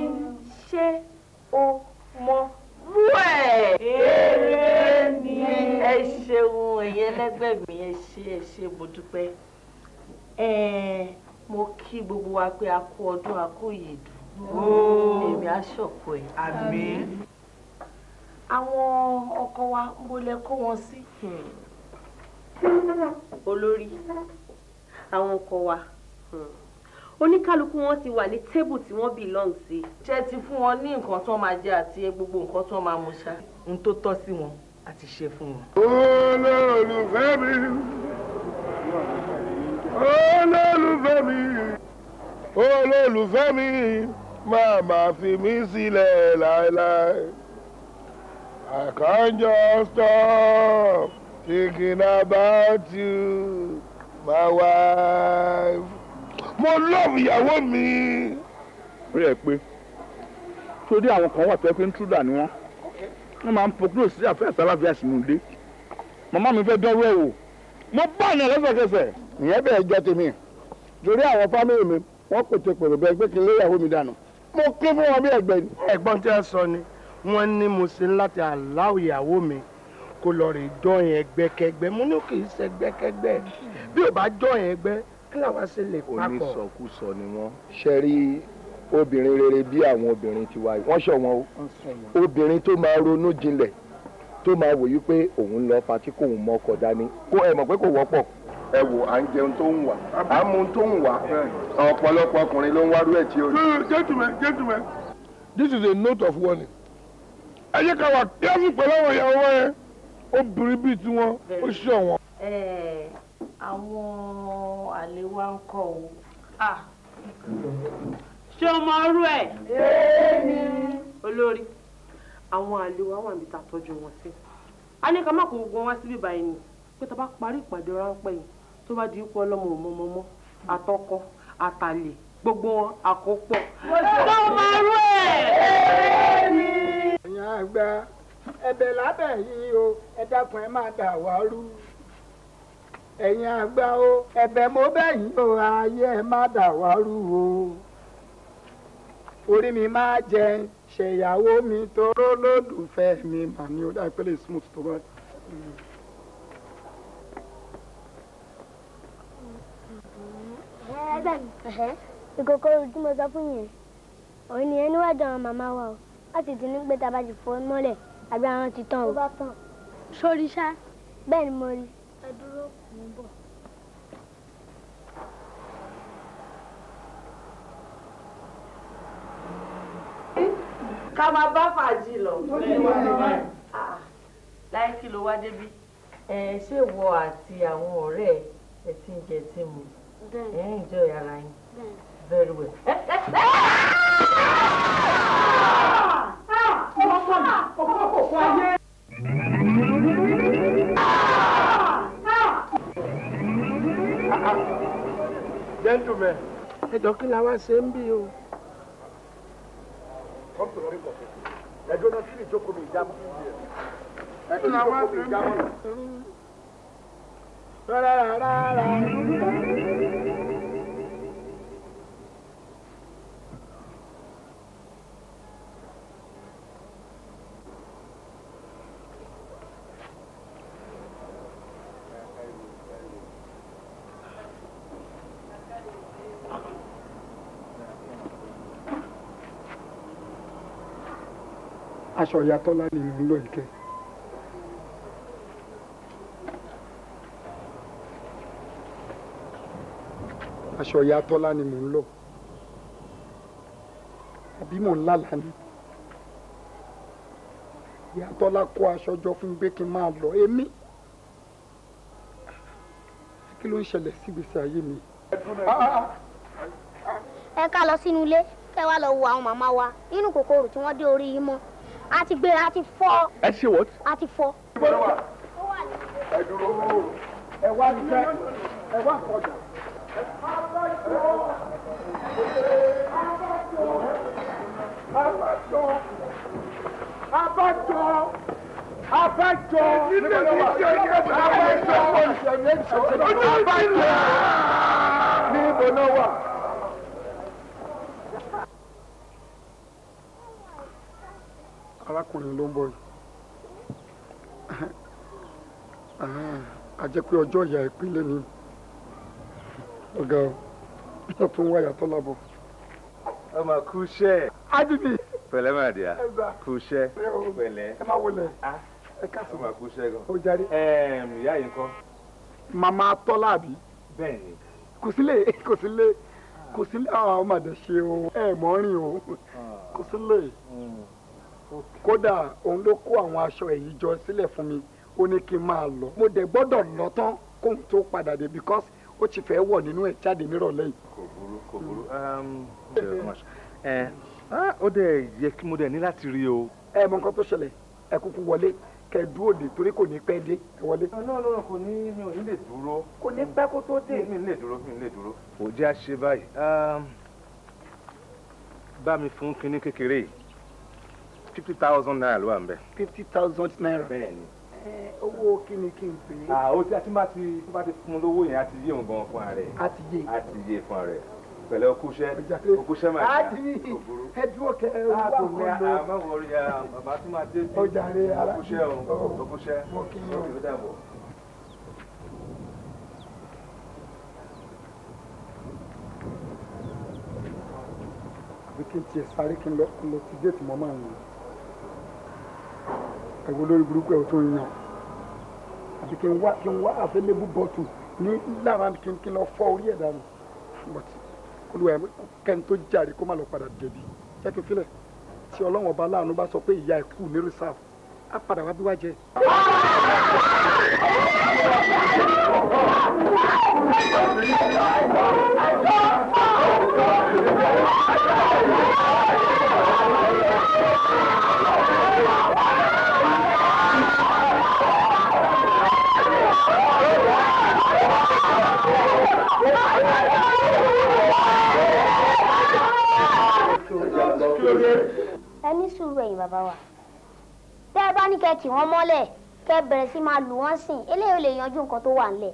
B: ṣé o mọ wú ẹ̀.
A: eré ni. ẹ ṣeun ẹ̀yẹ ẹlẹ́gbẹ́ mi ẹ ṣe ẹ ṣe mo dúpẹ́ mo kí gbogbo wa pé a kú ọdún a kú ìyèdùn èmi á ṣọ̀kọ ẹ̀. àwọn ọkọ wa ń bolẹ̀ kó wọn sí. Hmm. olórí àwọn ọkọ wa. Hmm oníkálukú wọn ti wà ní tébù tí wọ́n belong sí. ṣé ti fún wọn ní nǹkan tó máa jẹ àti gbogbo nǹkan tó máa mú ṣá. n tó tọ́ sí wọn a ti ṣe fún wọn. olólùfẹ́ mi olólùfẹ́ mi olólùfẹ́ mi máa máa fi mí sílẹ̀ láéláé. I can't just stop thinking about you, my wife mo love ìyàwó mi. rí ẹ pé torí àwọn kan wà tó ẹ pé ń túdà ni wọn wọn máa ń pokúrò sí àfẹ́ àtàlàfíà sínú ilé màmá mi fẹ́ dánwó ẹ̀ wò mo bá àná lẹ́sẹ̀kẹsẹ̀. ìyẹn bẹ́ẹ̀ jọ tèmi torí àwọn fámìlì mi wọ́n pètè pèrò bẹ́ẹ̀ pé kí n lé ìyàwó mi dànù mo ké fún wọn bí ẹgbẹ́ ni. ẹ̀gbọ́n tí ẹ sọ ni wọ́n ní mo ṣe láti aláwọ̀ ìyàwó mi kó lọ rè jọyìn ẹgbẹ́kẹgbẹ́ mo ní kì í ṣe ẹgbẹ́kẹgbẹ́ bí ò bá jọyìn ẹgbẹ́ kí ṣe lè papọ̀. onísọkúsọ ni wọ́n. ṣe rí obìnrin rere bí àwọn obìnrin ti wáyé wọ́n ṣọ̀ wọ́n o obìnrin tó máa ronú jinlẹ̀ tó máa wòye pé òun lọ patí kóun mọ ọkọ dání kó ẹ mọ̀ pé kò wọ́pọ̀ ẹ wò à ń jẹun tó ń wà à ń tó ń wà ọ̀pọ̀lọpọ̀ ọkùnrin ló ń wárú ẹ̀ tí o rí. gentlemen this is a note of warning. ẹ jẹ́ ká wà kíyàsí pẹ̀lú àwọn ìyàwó ẹ obìnrin bíi tiwọn ó ṣe ọ̀wọ́n
B: àwọn
A: àlè wa ń kọ o ṣé o mọ ọrú ẹ. èmi. olórí àwọn àlè wa wà níta tọ́jú wọn sí a ní ká má kó gbogbo wọn síbí báyìí ni pé tá a bá parí ìpàdé ráńpẹ́ yìí tó bá di ipò ọlọ́mọ òmọmọmọ àtọkọ àtàlè gbogbo wọn àkópọ̀. ṣé o mọ ọrú ẹ. èmi. ẹ̀yin àgbà ẹ̀bẹ̀ lábẹ́ yìí o ẹ dákun ẹ má dà wá rú ẹ̀yin àgbà o ẹ̀bẹ̀ mo bẹ̀ o ayé ẹ má dàwárù o orí mi máa jẹ ṣèyàwó mi tóró lólùfẹ́ mi mà ní orí àìpẹ́lẹ̀ smooth tó bá.
B: ìkòkò tí mo sọ fún yẹn òun ni ẹni wájú àwọn màmá wa o wọ́n ti ní pé tá a bá ti fọ́ mọ́lẹ̀ àbí àwọn ti tán o. sórí ṣá bẹ́ẹ̀ mo rí i.
A: ká máa bá fàájì lọ. Ah. láì kí ló wá débi. ẹ ṣé ìwọ àti àwọn ọ̀rẹ́ ẹ ti ń jẹ
B: tí mu ẹ ń jẹ ara yín very well.
A: ọmọ kan ọkọ kò kọ ayé. gentleman ẹ jọ kí la wá ṣe ń bí o come to the ring of it. They do not see the joke of me, Jam. They do not want to Jam. aṣọ ìyá tọ́lá ni mò ń lò ìkẹ́. aṣọ ìyá tọ́lá ni mò ń lò àbí mò ń lálàá ni ìyá tọ́lá kó aṣọ jọ fún pé kí n máa lọ èmi kí ló ń ṣẹlẹ̀ sígbèsè ayé mi.
B: ẹ ká lọ sínú ilé kẹ wá lọ wo àwọn màmá wa nínú kòkòrò tí wọ́n dé orí yìí mọ́ a ti gbé a ẹ ṣe what. a ti fọ́.
A: ẹ dúró
B: ẹ wá fẹ́ ẹ wá kọjá.
A: abájọ abájọ abájọ nílé mi jẹ ẹgbẹ abájọ abájọ níbo náà wà. ọkùnrin ló ń bọ̀ yìí ya jẹ́ pé ọjọ́ ìyá ni ọ̀gá ọ̀ tó ń wá yàtọ̀ lábọ̀. ọmọ kú iṣẹ́ pẹlẹ máa dì ah. á kú ẹ wọlé ẹ káàsì. ọmọ gan. jáde. ìyá yìí màmá tọ́lá àbí. kò kò kò ah, o ẹ kódà òun ló kó àwọn aṣọ èyí jọ sílẹ̀ fún mi ó ní kí n máa lọ mo dẹ̀ gbọ́dọ̀ lọ tán kóun tó padà dé because ó ti fẹ́ wọ̀ nínú ẹ̀ jáde nírọ̀lẹ́ yìí. kò burú kò burú ó dẹ̀ yẹ kí mo dẹ̀ ní láti rí o. ẹ mọ nǹkan tó ṣẹlẹ̀ ẹ kúkú wọlé kẹ dúró de torí kò ní pẹ́ dé ẹ wọlé. ọ̀nà ọlọ́run kò ní mi ò ní lè dúró. kò ní pẹ́ kó tó dé. mi ò lè dúró mi ò lè dúró. kò jẹ́ báyìí bá mi fún kinní kékeré yìí fifty thousand naira ló wà ń bẹ. fifty thousand naira. bẹ́ẹ̀ni. owó kí kí n pè é. àwọn tí a ti máa ti tó bá ti fún un lówó yẹn a ti yé òun gan fún ààrẹ. a ti yé. a ti yé fún o pẹ̀lẹ́ okúṣẹ́ okúṣẹ́ máa ṣe àbúrú. ẹdúró kẹ ẹ wá kó lọ. àmọ́ ah, wọrí ya ah, bàbá tí máa dé sí okúṣẹ́ o okúṣẹ́ okúṣẹ́ dàbọ̀. àbí kí n tiẹ̀ sáré kí n lọ ti déètì mọ́ máa ń lò ẹ̀wọ̀n lórí burúkú ẹ̀ tó ń yàn àti kí n wá kí n wá available bottle ní lára kí n kí n lọ fọ orí ẹ̀ dànù but olùwà kẹ́ni tó jàre kó má lọ padà dẹ̀bi jẹ́ filẹ̀ tí ọlọ́wọ̀n ọba láàánú bá sọ pé ìyá ẹ̀ kù ní reserve á padà wá bí wá jẹ. Thank <laughs> you.
B: tì wọ́n mọ́lẹ̀ kẹ́ bẹ̀rẹ̀ sí máa lù wọ́n sìn eléyìí ò lè yanjú nǹkan tó wà ńlẹ̀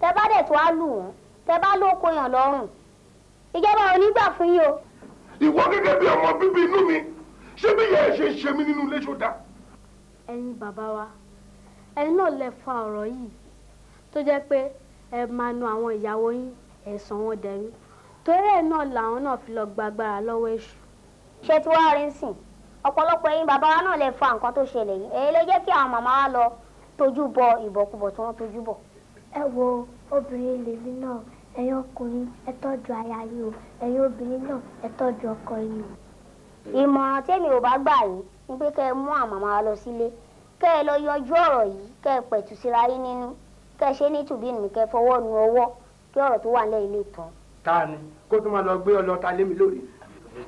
B: tẹ́ bá dẹ̀ tó á lù wọ́n tẹ́ bá ló kó yàn lọ́rùn ìjọba ò ní gbà fún yín o.
A: ìwọ gẹ́gẹ́ bí ọmọ bíbí inú mi ṣé bí ìyá ẹ ṣe ṣe mí nínú ilé ṣọdá.
B: ẹ̀yin bàbá wa ẹ̀yin náà lè fa ọ̀rọ̀ yìí tó jẹ́ pé ẹ máa nu àwọn ìyàwó yín ẹ̀sán wọn dẹ̀rú torí ẹ̀ náà làwọn náà fi lọ gba agbára lọ́wọ́ èṣù. ṣé tí wàá rí sìn ọ̀pọ̀lọpọ̀ ẹ̀yin bàbá wa náà lè fa nǹkan tó ṣẹlẹ̀ yìí èyí ló jẹ́ kí àwọn màmá wa lọ tójú bọ ìbọ̀kúbọ̀ tí wọ́n wo obìnrin lèmi náà ẹ̀yin ọkùnrin ẹ tọ́jú aya o ẹ̀yin obìnrin náà ẹ tọ́jú ọkọ yìí o. ìmọ̀ràn ò gbà yín ni pé kẹ́ ẹ àwọn màmá wa lọ sílé kẹ́ ẹ lọ yanjú ọ̀rọ̀ yìí kẹ́ ẹ pẹ̀tù nínú kẹ́
A: ẹ ṣe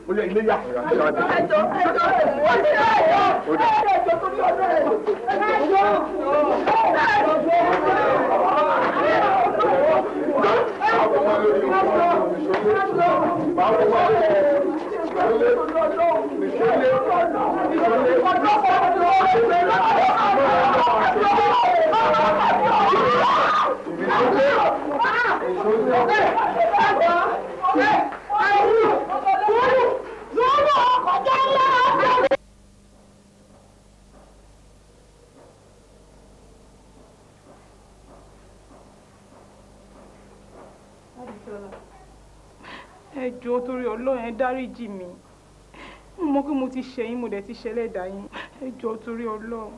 A: ó lé ilé yà. ẹjọ ẹjọ
B: ẹjọ ẹjọ ẹjọ torí ọdọ ẹjọ ẹjọ Hey!
A: ẹjọ́ torí ọlọ́run ẹ dáríjì mi mo mọ pé mo ti ṣẹ̀ yín mo dẹ̀ ti ṣẹ̀ lẹ́dàá yín ẹjọ́ torí ọlọ́run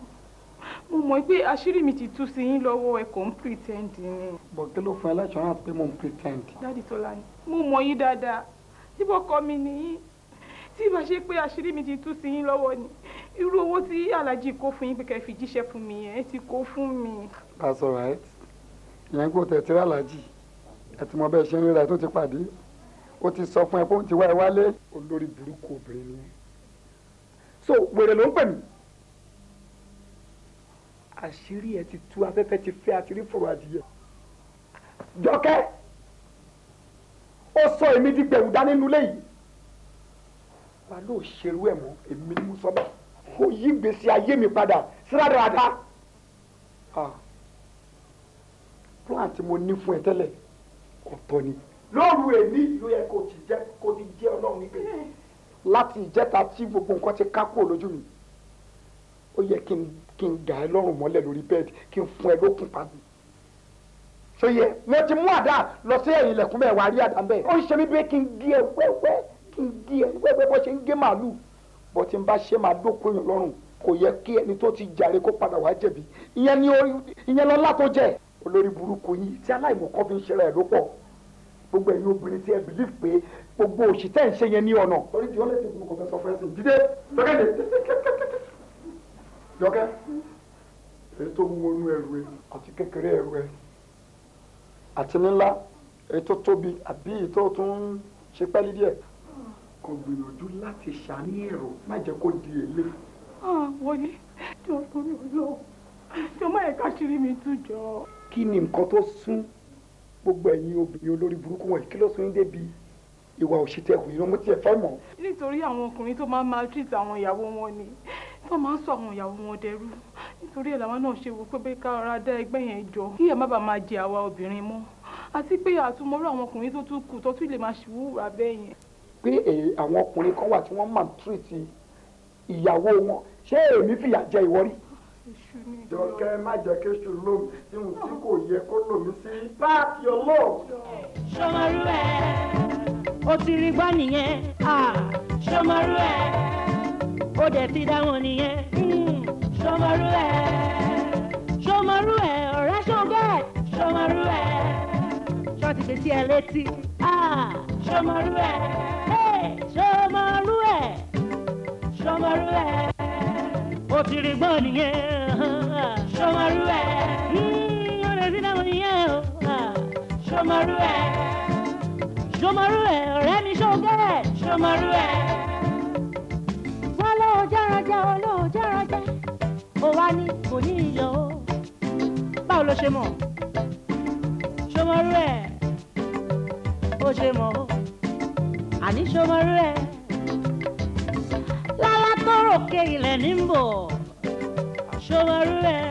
A: mo mọ̀ pé àṣírí mi ti tú sí yín lọ́wọ́ ẹ kò ń pretend ni. bọ̀ kí ló fún ẹ láti rán pé mo ń pretend. dáàdì tó láyé mo mọ̀ yín dáadáa ibo ọkọ mi nìyí tí ìbá ṣe pé àṣírí mi ti tú sí yín lọ́wọ́ ni irú owó tí aláàjì kó fún yín pé kẹ́ fi jíṣẹ́ fún mi yẹn ti kó fún mi. that's all right ìyẹn kò tẹ̀tí aláàjì ẹ ti mọ bẹ́ẹ̀ ṣe ń ríra ẹ tó ti pàdé ó ti sọ fún ẹ pé òun ti wá ẹ wálé olórí burúkú obìnrin ni so wèrè ló ń pè mí àṣírí ẹ ti tú afẹ́fẹ́ ti fẹ́ àṣírí fòrò adìyẹ jọkẹ́ ó sọ èmi di gbẹ̀rù dání nínú léyìí wà ló ṣerú ẹ̀ mọ́ èmi ni mo sọ bẹ́ẹ̀ ó yí gbèsè ayé mi padà síradàradà plan tí mo ní fún ẹ tẹ́lẹ̀ ọ̀tọ̀ ni lóru èmi ìlú yẹ kò ti jẹ́ kò ti jẹ́ ọlọ́run nígbè láti ìjẹta tí gbogbo nǹkan ti ká kúrò lójú mi ó yẹ kí n gà ẹ́ lọ́rùn mọ́lẹ̀ lórí bẹ́ẹ̀dì kí n fún ẹ lókun padì ṣòye mo ti mú àdá lọ sí ẹ̀yìn ilẹ̀kùn bẹ́ẹ̀ wá rí àdá bẹ́ẹ̀ ó ń ṣe mí bẹ́ẹ̀ kí n gé ẹ wẹ́wẹ́ kí n gé ẹ wẹ́wẹ́ bó ṣe ń gé màálù bó ti ń bá ṣe máa dókòó èèyàn lọ́rùn kò yẹ kí ẹni tó ti jàre kó padà wá jẹ̀bi ìyẹn ni ìyẹn lọ látó jẹ́ olórí burúkú yìí tí aláìmọ̀kọ́ fi ń ṣe rẹ̀ ló pọ̀ gbogbo ẹ̀yin obìnrin tí ẹ bìlíf pé gbogbo òṣìṣẹ́ ń ṣe wọnú ẹrù ẹ àti kékeré ẹrù ẹ àti nílá èyí tó tóbi àbí èyí tó tún ń ṣe pẹ́lí díẹ̀. kò gbìyànjú láti ṣàní èrò má jẹ́ kó di èlé. Ah, wọlé jọ torí ọjọ́ jọ má ẹ̀ka ṣírí mi tún jọ. kí ni nǹkan tó sún gbogbo ẹ̀yin obìnrin olórí burúkú wọ̀nyí kí ló sún yín débi ìwà òṣìtẹ́kùn yìí ló mú tiẹ̀ fẹ́ mọ̀. nítorí àwọn ọkùnrin tó máa ń maltreat àwọn ìyàwó wọn ni tó máa ń sọ àwọn ìyàwó wọn dẹrú nítorí ẹ̀ làwọn náà ṣe wò pé bẹ́ẹ̀ ká ara dá ẹgbẹ́ yẹn jọ kí ẹ̀ má bàa máa jẹ àwa obìnrin mọ́ àti pé àtúmọ̀rú àwọn ọkùnrin tó tún kù tó tún lè máa ṣìwúra bẹ́ẹ̀ yẹn. pé àwọn ọkùnrin kan wà tí wọ́n maltreat ìyàwó wọn ṣé èmi fìyà jẹ ìwọ rí jọkẹ́ má jẹ́ kí ṣù lómi tí mo ti kò yẹ kó lómi sí. bá a fi ọlọ́ọ̀. sọmọrú ẹ ó ti rí gbọ́ nìyẹn ṣọmọrú ẹ̀ ó dẹ̀ ti dá wọn nìyẹn hmm, ṣọmọrú ẹ̀ ṣọmọrú ẹ̀ ọ̀rẹ́ ṣọgbẹ́ ṣọmọrú ẹ̀ ṣọ́ọ̀tì gbèsè ẹ̀ létí ṣọmọrú ẹ̀ ṣọmọrú ẹ̀ ṣọmọrú ẹ̀ ó ti rí gbọ́ nìyẹn ṣọmọrú ẹ̀ hmm, ó dẹ̀ ti dá wọn nìyẹn ṣọmọrú ẹ̀ ṣòmọrú ẹ̀ ọ̀rẹ́ mi ṣògẹ́ ẹ̀ ṣòmọrú ẹ̀. wọ́n ló jẹ́ranjẹ́ olóò jẹ́ranjẹ́ ó wá ní kò ní iyọ̀ o. báwo ló ṣe mọ̀ ṣòmọrú ẹ̀ ó ṣe mọ̀ o àní ṣòmọrú ẹ̀ lálá tó ròkè ilẹ̀ ní bò ṣòmọrú ẹ̀.